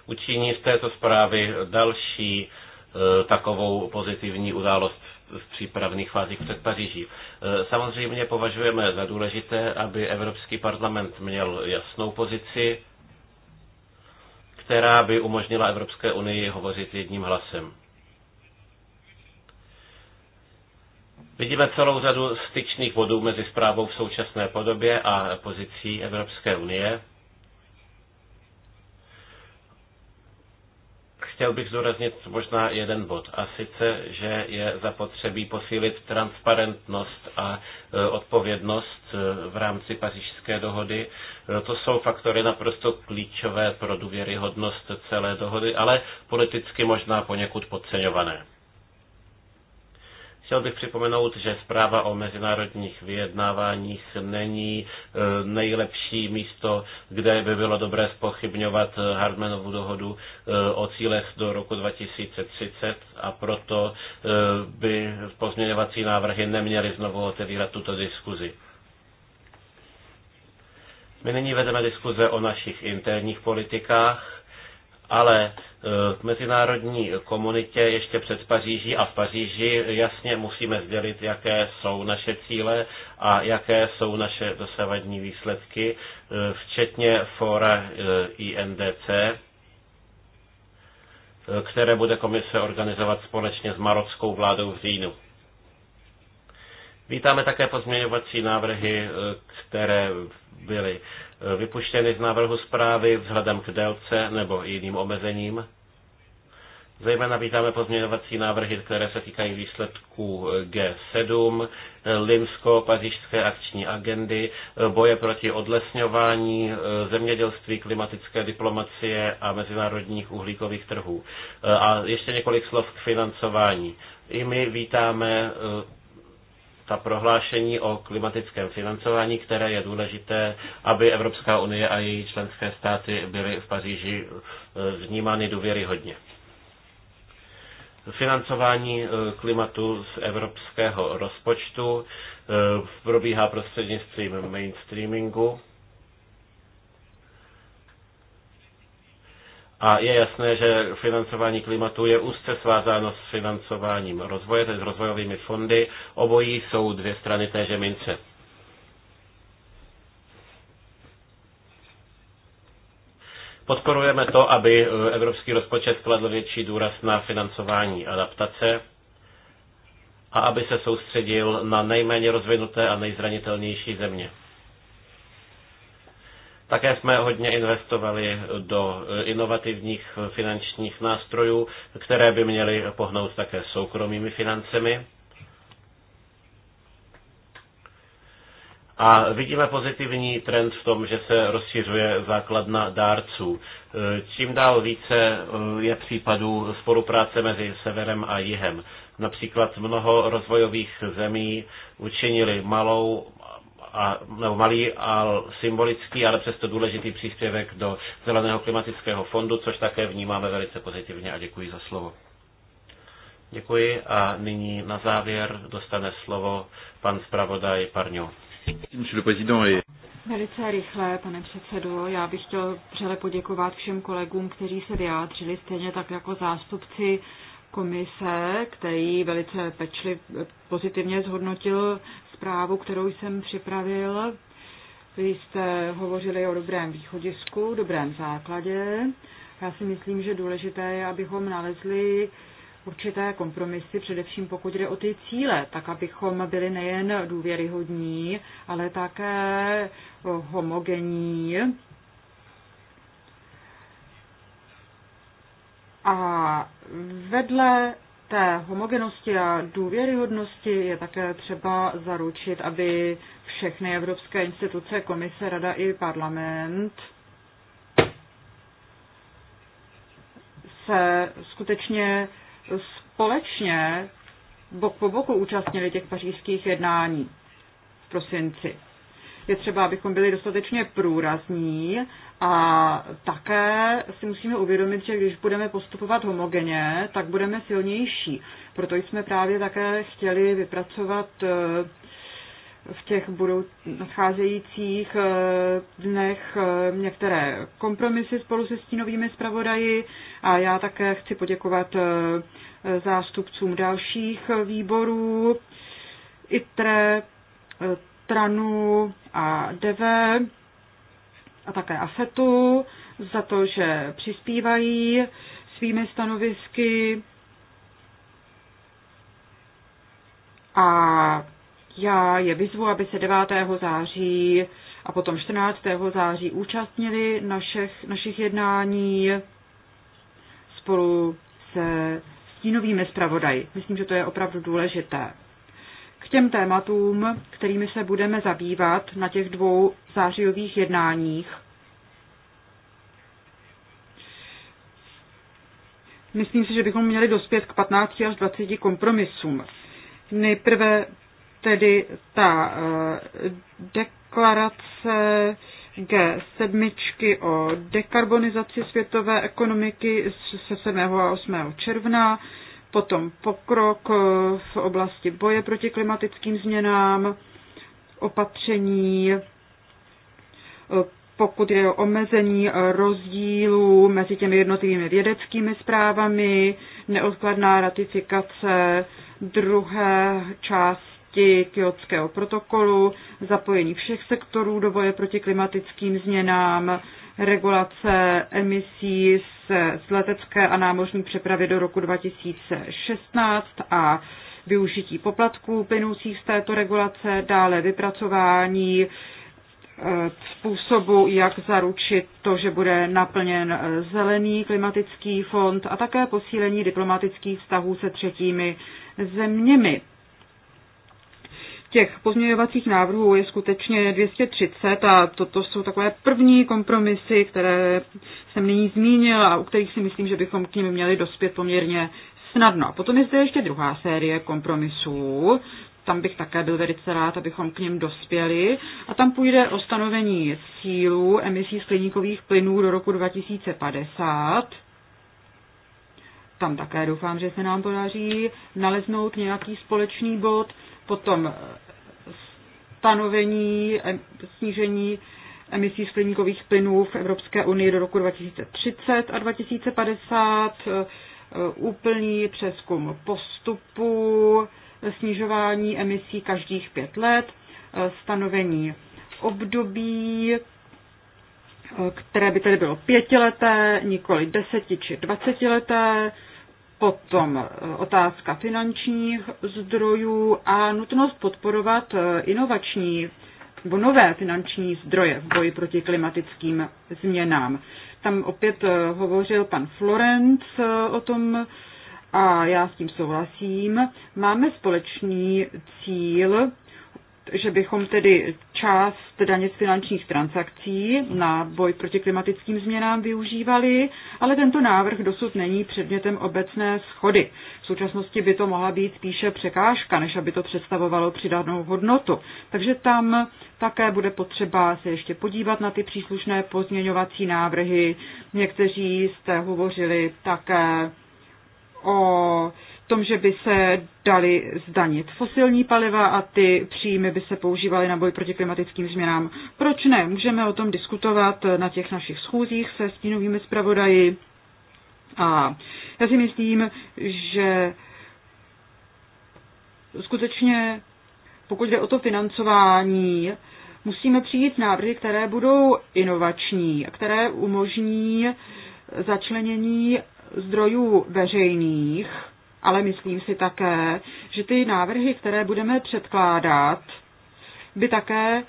[SPEAKER 1] učiní z této zprávy další eh, takovou pozitivní událost v přípravných fázích před Paříží. Eh, samozřejmě považujeme za důležité, aby Evropský parlament měl jasnou pozici která by umožnila Evropské unii hovořit jedním hlasem. Vidíme celou řadu styčných bodů mezi zprávou v současné podobě a pozicí Evropské unie. chtěl bych zdůraznit možná jeden bod, a sice, že je zapotřebí posílit transparentnost a e, odpovědnost e, v rámci pařížské dohody. E, to jsou faktory naprosto klíčové pro důvěryhodnost celé dohody, ale politicky možná poněkud podceňované. Chtěl bych připomenout, že zpráva o mezinárodních vyjednáváních není e, nejlepší místo, kde by bylo dobré spochybňovat Hardmanovu dohodu e, o cílech do roku 2030 a proto e, by pozměňovací návrhy neměly znovu otevírat tuto diskuzi. My nyní vedeme diskuze o našich interních politikách ale v e, mezinárodní komunitě ještě před Paříží a v Paříži jasně musíme sdělit, jaké jsou naše cíle a jaké jsou naše dosavadní výsledky, e, včetně fora e, INDC, které bude komise organizovat společně s marockou vládou v říjnu. Vítáme také pozměňovací návrhy, které byly vypuštěny z návrhu zprávy vzhledem k délce nebo jiným omezením. Zejména vítáme pozměňovací návrhy, které se týkají výsledků G7, Limsko-pařížské akční agendy, boje proti odlesňování, zemědělství, klimatické diplomacie a mezinárodních uhlíkových trhů. A ještě několik slov k financování. I my vítáme ta prohlášení o klimatickém financování, které je důležité, aby Evropská unie a její členské státy byly v Paříži e, vnímány důvěryhodně. Financování e, klimatu z evropského rozpočtu e, probíhá prostřednictvím mainstreamingu A je jasné, že financování klimatu je úzce svázáno s financováním rozvoje, tedy s rozvojovými fondy. Obojí jsou dvě strany téže mince. Podporujeme to, aby eh, evropský rozpočet kladl větší důraz na financování adaptace a aby se soustředil na nejméně rozvinuté a nejzranitelnější země. Také jsme hodně investovali do inovativních finančních nástrojů, které by měly pohnout také soukromými financemi. A vidíme pozitivní trend v tom, že se rozšiřuje základna dárců. Čím dál více je případů spolupráce mezi severem a jihem. Například mnoho rozvojových zemí učinili malou a, nebo malý a symbolický, ale přesto důležitý příspěvek do Zeleného klimatického fondu, což také vnímáme velice pozitivně a děkuji za slovo. Děkuji a nyní na závěr dostane slovo pan zpravodaj Parňo.
[SPEAKER 2] Velice rychle, pane předsedo. Já bych chtěl přele poděkovat všem kolegům, kteří se vyjádřili, stejně tak jako zástupci komise, který velice pečli, pozitivně zhodnotil zprávu, kterou jsem připravil. Vy jste hovořili o dobrém východisku, dobrém základě. Já si myslím, že důležité je, abychom nalezli určité kompromisy, především pokud jde o ty cíle, tak abychom byli nejen důvěryhodní, ale také homogenní. A vedle té homogenosti a důvěryhodnosti je také třeba zaručit, aby všechny evropské instituce, komise, rada i parlament se skutečně společně bok po boku účastnili těch pařížských jednání v prosinci je třeba, abychom byli dostatečně průrazní a také si musíme uvědomit, že když budeme postupovat homogeně, tak budeme silnější. Proto jsme právě také chtěli vypracovat eh, v těch budou nadcházejících eh, dnech eh, některé kompromisy spolu se stínovými zpravodaji a já také chci poděkovat zástupcům dalších výborů, ITRE, stranu a DV a také AFETu za to, že přispívají svými stanovisky a já je vyzvu, aby se 9. září a potom 14. září účastnili našich, našich jednání spolu se stínovými zpravodaji. Myslím, že to je opravdu důležité těm tématům, kterými se budeme zabývat na těch dvou zářijových jednáních. Myslím si, že bychom měli dospět k 15 až 20 kompromisům. Nejprve tedy ta eh, deklarace G7 o dekarbonizaci světové ekonomiky z 7. a 8. června potom pokrok eh, v oblasti boje proti klimatickým změnám, opatření, eh, pokud jde o omezení rozdílů mezi těmi jednotlivými vědeckými zprávami, neodkladná ratifikace druhé části Kyotského protokolu, zapojení všech sektorů do boje proti klimatickým změnám, regulace emisí z, z letecké a námořní přepravy do roku 2016 a využití poplatků plynoucích z této regulace, dále vypracování e, způsobu, jak zaručit to, že bude naplněn e, zelený klimatický fond a také posílení diplomatických vztahů se třetími zeměmi. Těch pozměňovacích návrhů je skutečně 230 a toto jsou takové první kompromisy, které jsem nyní zmínil a u kterých si myslím, že bychom k ním měli dospět poměrně snadno. A potom je zde ještě druhá série kompromisů, tam bych také byl velice rád, abychom k něm dospěli. A tam půjde o stanovení cílů emisí skleníkových plynů do roku 2050. Tam také doufám, že se nám podaří naleznout nějaký společný bod potom eh, stanovení, snížení emisí skleníkových plynů v Evropské unii do roku 2030 a 2050, eh, úplný přeskum postupu, eh, snižování emisí každých pět let, stanovení období, které by tedy bylo pětileté, nikoli deseti či dvacetileté, potom e, otázka finančních zdrojů a nutnost podporovat e, inovační nebo nové finanční zdroje v boji proti klimatickým změnám. Tam opět e, hovořil pan Florenc o tom a já s tím souhlasím. Máme společný cíl že bychom tedy část daně z finančních transakcí na boj proti klimatickým změnám využívali, ale tento návrh dosud není předmětem obecné schody. V současnosti by to mohla být spíše překážka, než aby to představovalo přidanou hodnotu. Takže tam také bude potřeba se ještě podívat na ty příslušné pozměňovací návrhy. Někteří jste hovořili také o tom, že by se dali zdanit fosilní paliva a ty příjmy by se používaly na boj proti klimatickým změnám. Proč ne? Můžeme o tom diskutovat na těch našich schůzích se stínovými zpravodaji. A já si myslím, že skutečně, pokud jde o to financování, musíme přijít návrhy, které budou inovační, které umožní začlenění zdrojů veřejných ale myslím si také, že ty návrhy, které budeme předkládat, by také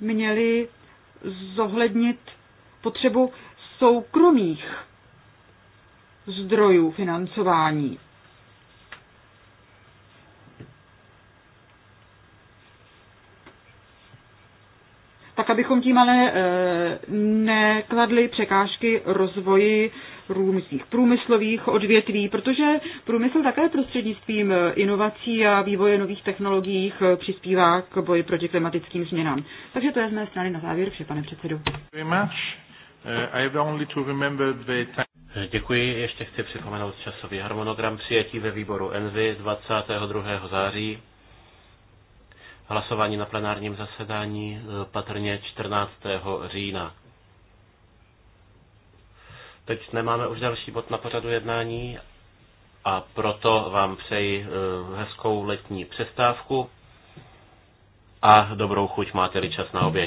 [SPEAKER 2] měly zohlednit potřebu soukromých zdrojů financování. tak abychom tím ale eh, nekladli překážky rozvoji různých průmyslových odvětví, protože průmysl také prostřednictvím eh, inovací a vývoje nových technologií eh, přispívá k boji proti klimatickým změnám. Takže to je z mé strany na závěr vše, pane předsedu.
[SPEAKER 1] Eh, děkuji, ještě chci připomenout časový harmonogram přijetí ve výboru ENVY 22. září. Hlasování na plenárním zasedání patrně 14. října. Teď nemáme už další bod na pořadu jednání a proto vám přeji eh, hezkou letní přestávku a dobrou chuť, máte-li čas na oběť.